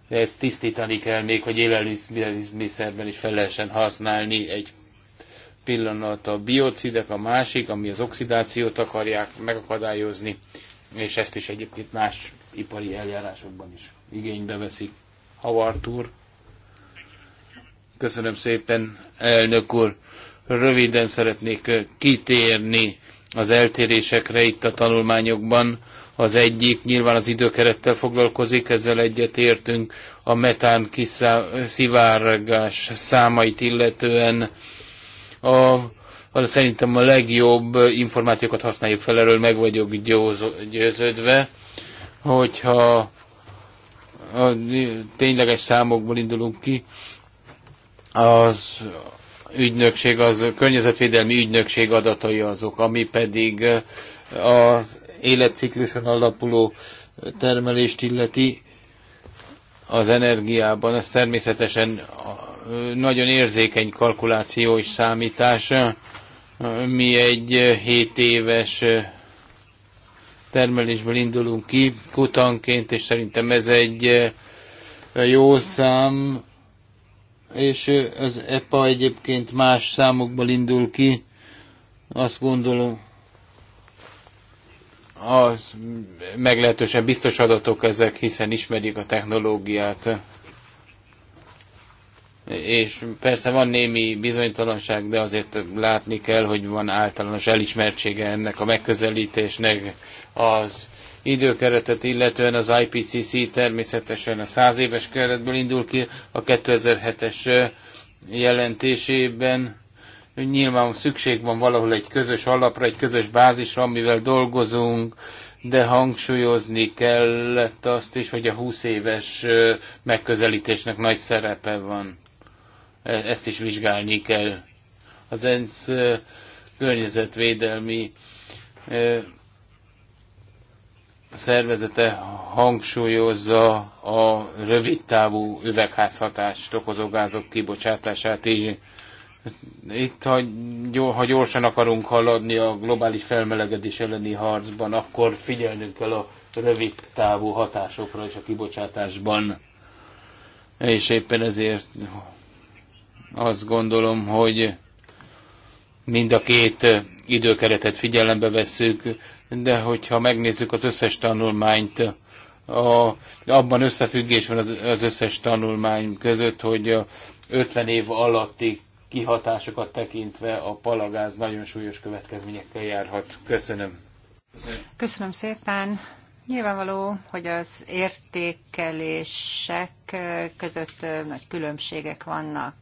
de ezt tisztítani kell még, hogy élelmiszerben is fel lehessen használni egy pillanat a biocidek, a másik, ami az oxidációt akarják megakadályozni, és ezt is egyébként más ipari eljárásokban is igénybe veszik. Howard úr. Köszönöm szépen, elnök úr. Röviden szeretnék kitérni az eltérésekre itt a tanulmányokban. Az egyik nyilván az időkerettel foglalkozik, ezzel egyetértünk a metán kiszivárgás számait illetően. A, a, szerintem a legjobb információkat használjuk fel, erről meg vagyok győződve, hogyha a tényleges számokból indulunk ki, az ügynökség, az környezetvédelmi ügynökség adatai azok, ami pedig eh, az életcikluson alapuló termelést illeti az energiában. Ez természetesen eh, nagyon érzékeny kalkuláció és számítás. Eh, mi egy 7 éves termelésből indulunk ki kutanként, és szerintem ez egy jó szám, és az EPA egyébként más számokból indul ki, azt gondolom, az meglehetősen biztos adatok ezek, hiszen ismerik a technológiát. És persze van némi bizonytalanság, de azért látni kell, hogy van általános elismertsége ennek a megközelítésnek az időkeretet illetően az IPCC természetesen a 100 éves keretből indul ki a 2007-es jelentésében. Nyilván szükség van valahol egy közös alapra, egy közös bázisra, amivel dolgozunk, de hangsúlyozni kellett azt is, hogy a 20 éves megközelítésnek nagy szerepe van. E-, ezt is vizsgálni kell. Az ENSZ környezetvédelmi szervezete hangsúlyozza a rövidtávú üvegházhatást okozó gázok kibocsátását is. Itt, ha, ha gyorsan akarunk haladni a globális felmelegedés elleni harcban, akkor figyelnünk kell a rövid távú hatásokra és a kibocsátásban. És éppen ezért azt gondolom, hogy mind a két időkeretet figyelembe vesszük, de hogyha megnézzük az összes tanulmányt, a, abban összefüggés van az, az összes tanulmány között, hogy 50 év alatti kihatásokat tekintve a palagáz nagyon súlyos következményekkel járhat. Köszönöm. Köszönöm szépen. Nyilvánvaló, hogy az értékelések között nagy különbségek vannak.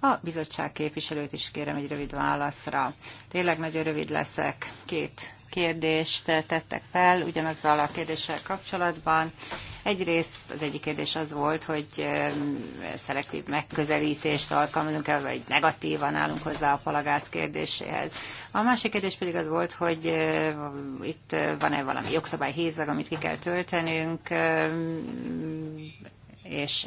A bizottság képviselőt is kérem egy rövid válaszra. Tényleg nagyon rövid leszek. Két kérdést tettek fel ugyanazzal a kérdéssel kapcsolatban, Egyrészt az egyik kérdés az volt, hogy szelektív megközelítést alkalmazunk el, vagy negatívan állunk hozzá a palagász kérdéséhez. A másik kérdés pedig az volt, hogy itt van-e valami hézag, amit ki kell töltenünk, és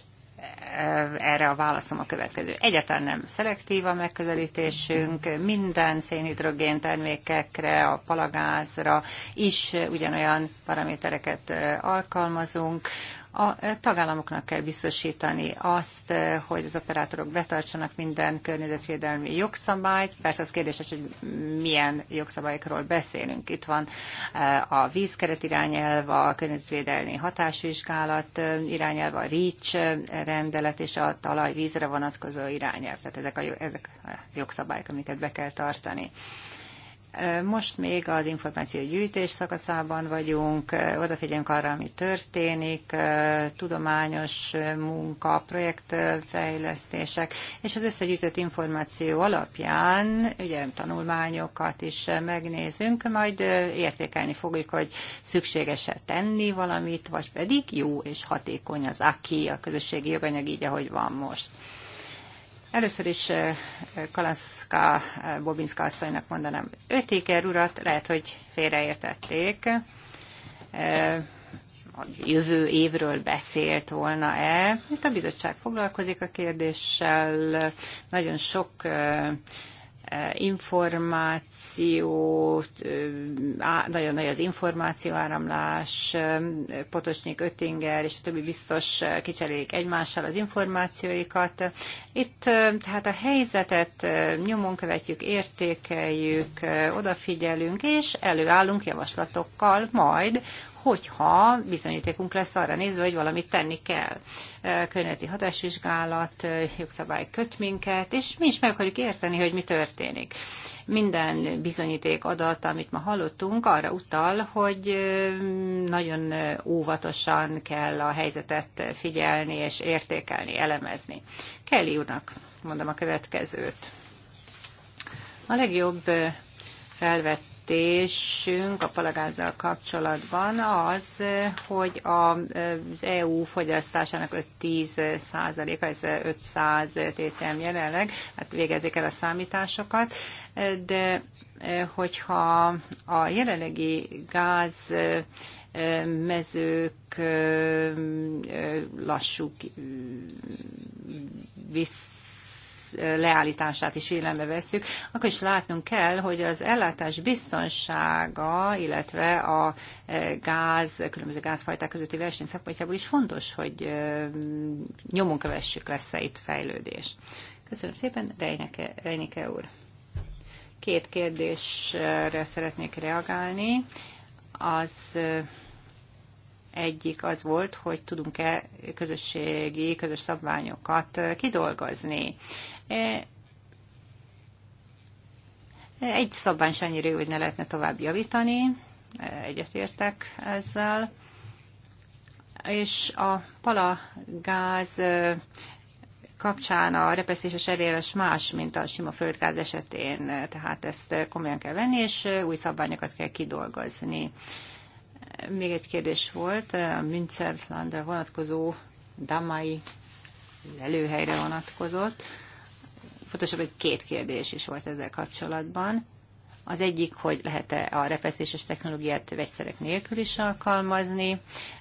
erre a válaszom a következő. Egyáltalán nem szelektív a megközelítésünk, minden szénhidrogén termékekre, a palagázra is ugyanolyan paramétereket alkalmazunk. A e, tagállamoknak kell biztosítani azt, e, hogy az operátorok betartsanak minden környezetvédelmi jogszabályt. Persze az kérdés hogy milyen jogszabályokról beszélünk. Itt van e, a vízkeret irányelv, a környezetvédelmi hatásvizsgálat irányelv, a REACH rendelet és a talajvízre vonatkozó irányelv. Tehát ezek a, ezek a jogszabályok, amiket be kell tartani. Most még az információ gyűjtés szakaszában vagyunk, odafigyelünk arra, ami történik, tudományos munka, projektfejlesztések, és az összegyűjtött információ alapján, ugye tanulmányokat is megnézünk, majd értékelni fogjuk, hogy szükséges-e tenni valamit, vagy pedig jó és hatékony az aki, a közösségi joganyag így, ahogy van most. Először is eh, Kalanszka eh, Bobinska asszonynak mondanám, Ötiker urat lehet, hogy félreértették. Eh, a jövő évről beszélt volna-e? Itt a bizottság foglalkozik a kérdéssel. Nagyon sok információ, nagyon nagy az információáramlás, Potosnyik, Ötinger és a többi biztos kicserélik egymással az információikat. Itt tehát a helyzetet nyomon követjük, értékeljük, odafigyelünk, és előállunk javaslatokkal majd, hogyha bizonyítékunk lesz arra nézve, hogy valamit tenni kell. Környezeti hatásvizsgálat, jogszabály köt minket, és mi is meg akarjuk érteni, hogy mi történik. Minden bizonyíték adat, amit ma hallottunk, arra utal, hogy nagyon óvatosan kell a helyzetet figyelni és értékelni, elemezni. Kelly úrnak mondom a következőt. A legjobb felvett jelentésünk a palagázzal kapcsolatban az, hogy az EU fogyasztásának 5-10 százaléka, ez 500 TCM jelenleg, hát végezzék el a számításokat, de hogyha a jelenlegi gáz e, mezők e, e, lassú vissza, leállítását is figyelembe vesszük, akkor is látnunk kell, hogy az ellátás biztonsága, illetve a e, gáz, különböző gázfajták közötti verseny szempontjából is fontos, hogy e, nyomon kövessük lesz -e itt fejlődés. Köszönöm szépen, Reineke, Reineke úr. Két kérdésre szeretnék reagálni. Az e, egyik az volt, hogy tudunk-e közösségi, közös szabványokat kidolgozni. E, egy szabvány sem annyira jó, hogy ne lehetne tovább javítani, e, egyetértek ezzel. És a palagáz e, kapcsán a repesztéses eljárás más, mint a sima földgáz esetén, tehát ezt komolyan kell venni, és új szabványokat kell kidolgozni. Még egy kérdés volt, a Münsterlandra vonatkozó damai lelőhelyre vonatkozott fontosabb, hogy két kérdés is volt ezzel kapcsolatban. Az egyik, hogy lehet-e a repeszéses technológiát vegyszerek nélkül is alkalmazni.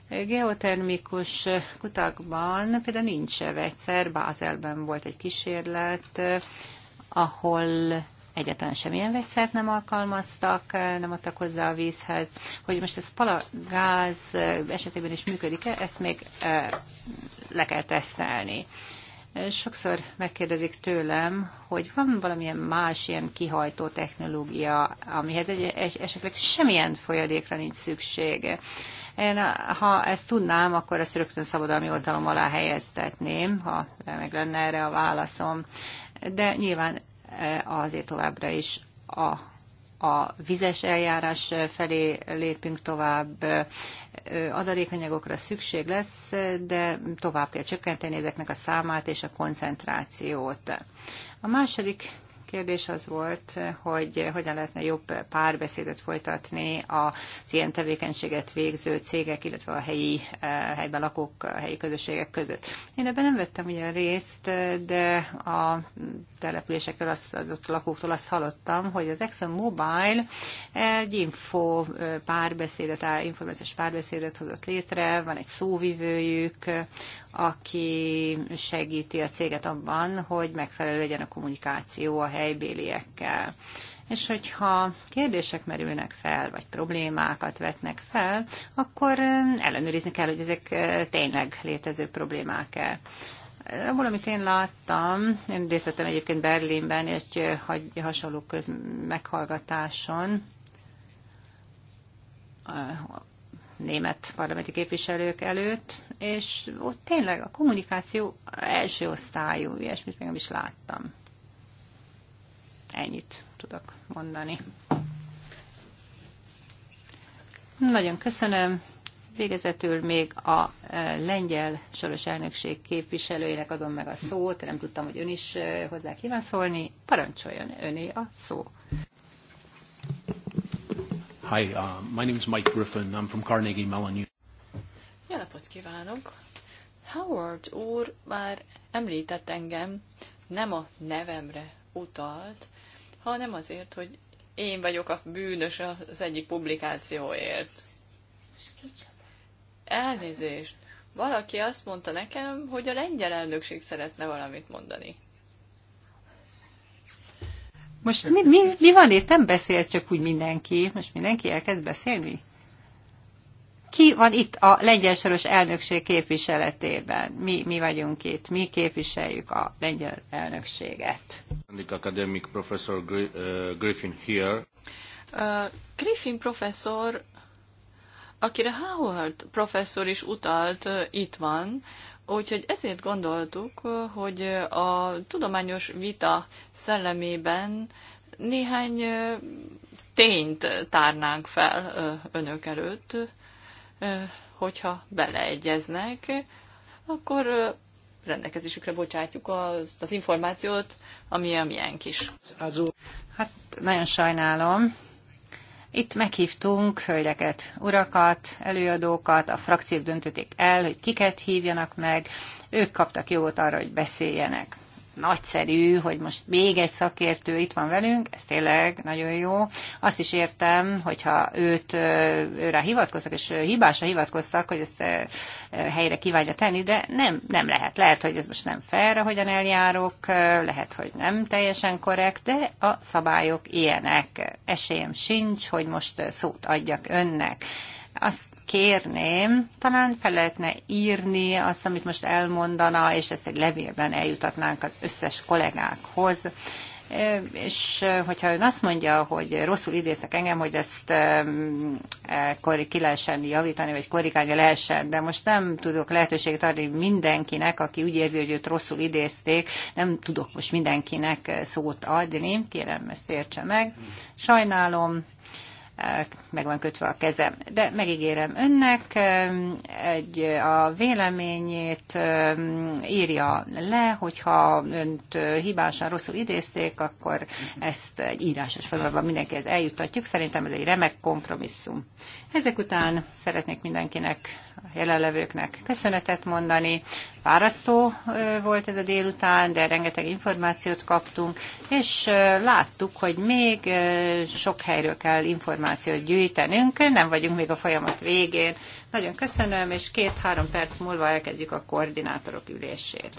Geotermikus kutakban például nincs vegyszer, Bázelben volt egy kísérlet, ahol egyáltalán semmilyen vegyszert nem alkalmaztak, nem adtak hozzá a vízhez. Hogy most ez palagáz esetében is működik-e, ezt még eh, le kell tesztelni. Sokszor megkérdezik tőlem, hogy van valamilyen más ilyen kihajtó technológia, amihez egy, esetleg semmilyen folyadékra nincs szükség. Én, ha ezt tudnám, akkor ezt rögtön szabadalmi oldalom alá helyeztetném, ha meg lenne erre a válaszom. De nyilván eh, azért továbbra is a a vizes eljárás felé lépünk tovább, adalékanyagokra szükség lesz, de tovább kell csökkenteni ezeknek a számát és a koncentrációt. A második kérdés az volt, hogy hogyan lehetne jobb párbeszédet folytatni az ilyen tevékenységet végző cégek, illetve a helyi, eh, helyben lakók, a helyi közösségek között. Én ebben nem vettem ugyan részt, de a településektől, az, az ott lakóktól azt hallottam, hogy az Exxon Mobile egy info eh, párbeszédet, információs párbeszédet hozott létre, van egy szóvivőjük, aki segíti a céget abban, hogy megfelelő legyen a kommunikáció a helybéliekkel. És hogyha kérdések merülnek fel, vagy problémákat vetnek fel, akkor ellenőrizni kell, hogy ezek tényleg létező problémák-e. Abból, amit én láttam, én részt vettem egyébként Berlinben egy hasonló köz meghallgatáson, német parlamenti képviselők előtt, és ott tényleg a kommunikáció első osztályú, ilyesmit még nem is láttam. Ennyit tudok mondani. Nagyon köszönöm. Végezetül még a e, lengyel soros elnökség képviselőjének adom meg a szót. Nem tudtam, hogy ön is e, hozzá kíván szólni. Parancsoljon öné a szó. Hi, uh, my name is Mike Griffin. I'm from Carnegie Mellon University. Jó napot kívánok! Howard úr már említett engem, nem a nevemre utalt, hanem azért, hogy én vagyok a bűnös az egyik publikációért. Elnézést! Valaki azt mondta nekem, hogy a lengyel elnökség szeretne valamit mondani. Most mi, mi, mi van itt? Nem beszél csak úgy mindenki. Most mindenki elkezd beszélni? ki van itt a lengyel soros elnökség képviseletében? Mi, mi vagyunk itt, mi képviseljük a lengyel elnökséget. Academic professor eh, Griffin here. Uh, Griffin professzor, akire Howard professzor is utalt, uh, itt van, úgyhogy ezért gondoltuk, uh, hogy a tudományos vita szellemében néhány uh, tényt tárnánk fel uh, önök előtt, hogyha beleegyeznek, akkor rendelkezésükre bocsátjuk az, az információt, ami a miénk is. Hát nagyon sajnálom. Itt meghívtunk hölgyeket, urakat, előadókat, a frakciók döntötték el, hogy kiket hívjanak meg, ők kaptak jogot arra, hogy beszéljenek nagyszerű, hogy most még egy szakértő itt van velünk, ez tényleg nagyon jó. Azt is értem, hogyha őt, őre hivatkoztak, és hibásra hivatkoztak, hogy ezt helyre kívánja tenni, de nem, nem lehet. Lehet, hogy ez most nem fair, ahogyan eljárok, lehet, hogy nem teljesen korrekt, de a szabályok ilyenek. Esélyem sincs, hogy most szót adjak önnek. Azt kérném, talán fel lehetne írni azt, amit most elmondana, és ezt egy levélben eljutatnánk az összes kollégákhoz. És hogyha ön azt mondja, hogy rosszul idéztek engem, hogy ezt ki lehessen javítani, vagy korrigálni lehessen, de most nem tudok lehetőséget adni mindenkinek, aki úgy érzi, hogy őt rosszul idézték, nem tudok most mindenkinek szót adni, kérem ezt értse meg. Sajnálom, meg van kötve a kezem. De megígérem önnek, egy a véleményét írja le, hogyha önt hibásan rosszul idézték, akkor ezt egy írásos formában mindenkihez eljutatjuk. Szerintem ez egy remek kompromisszum. Ezek után szeretnék mindenkinek a jelenlevőknek köszönetet mondani. Fárasztó volt ez a délután, de rengeteg információt kaptunk, és láttuk, hogy még sok helyről kell információt gyűjtenünk, nem vagyunk még a folyamat végén. Nagyon köszönöm, és két-három perc múlva elkezdjük a koordinátorok ülését.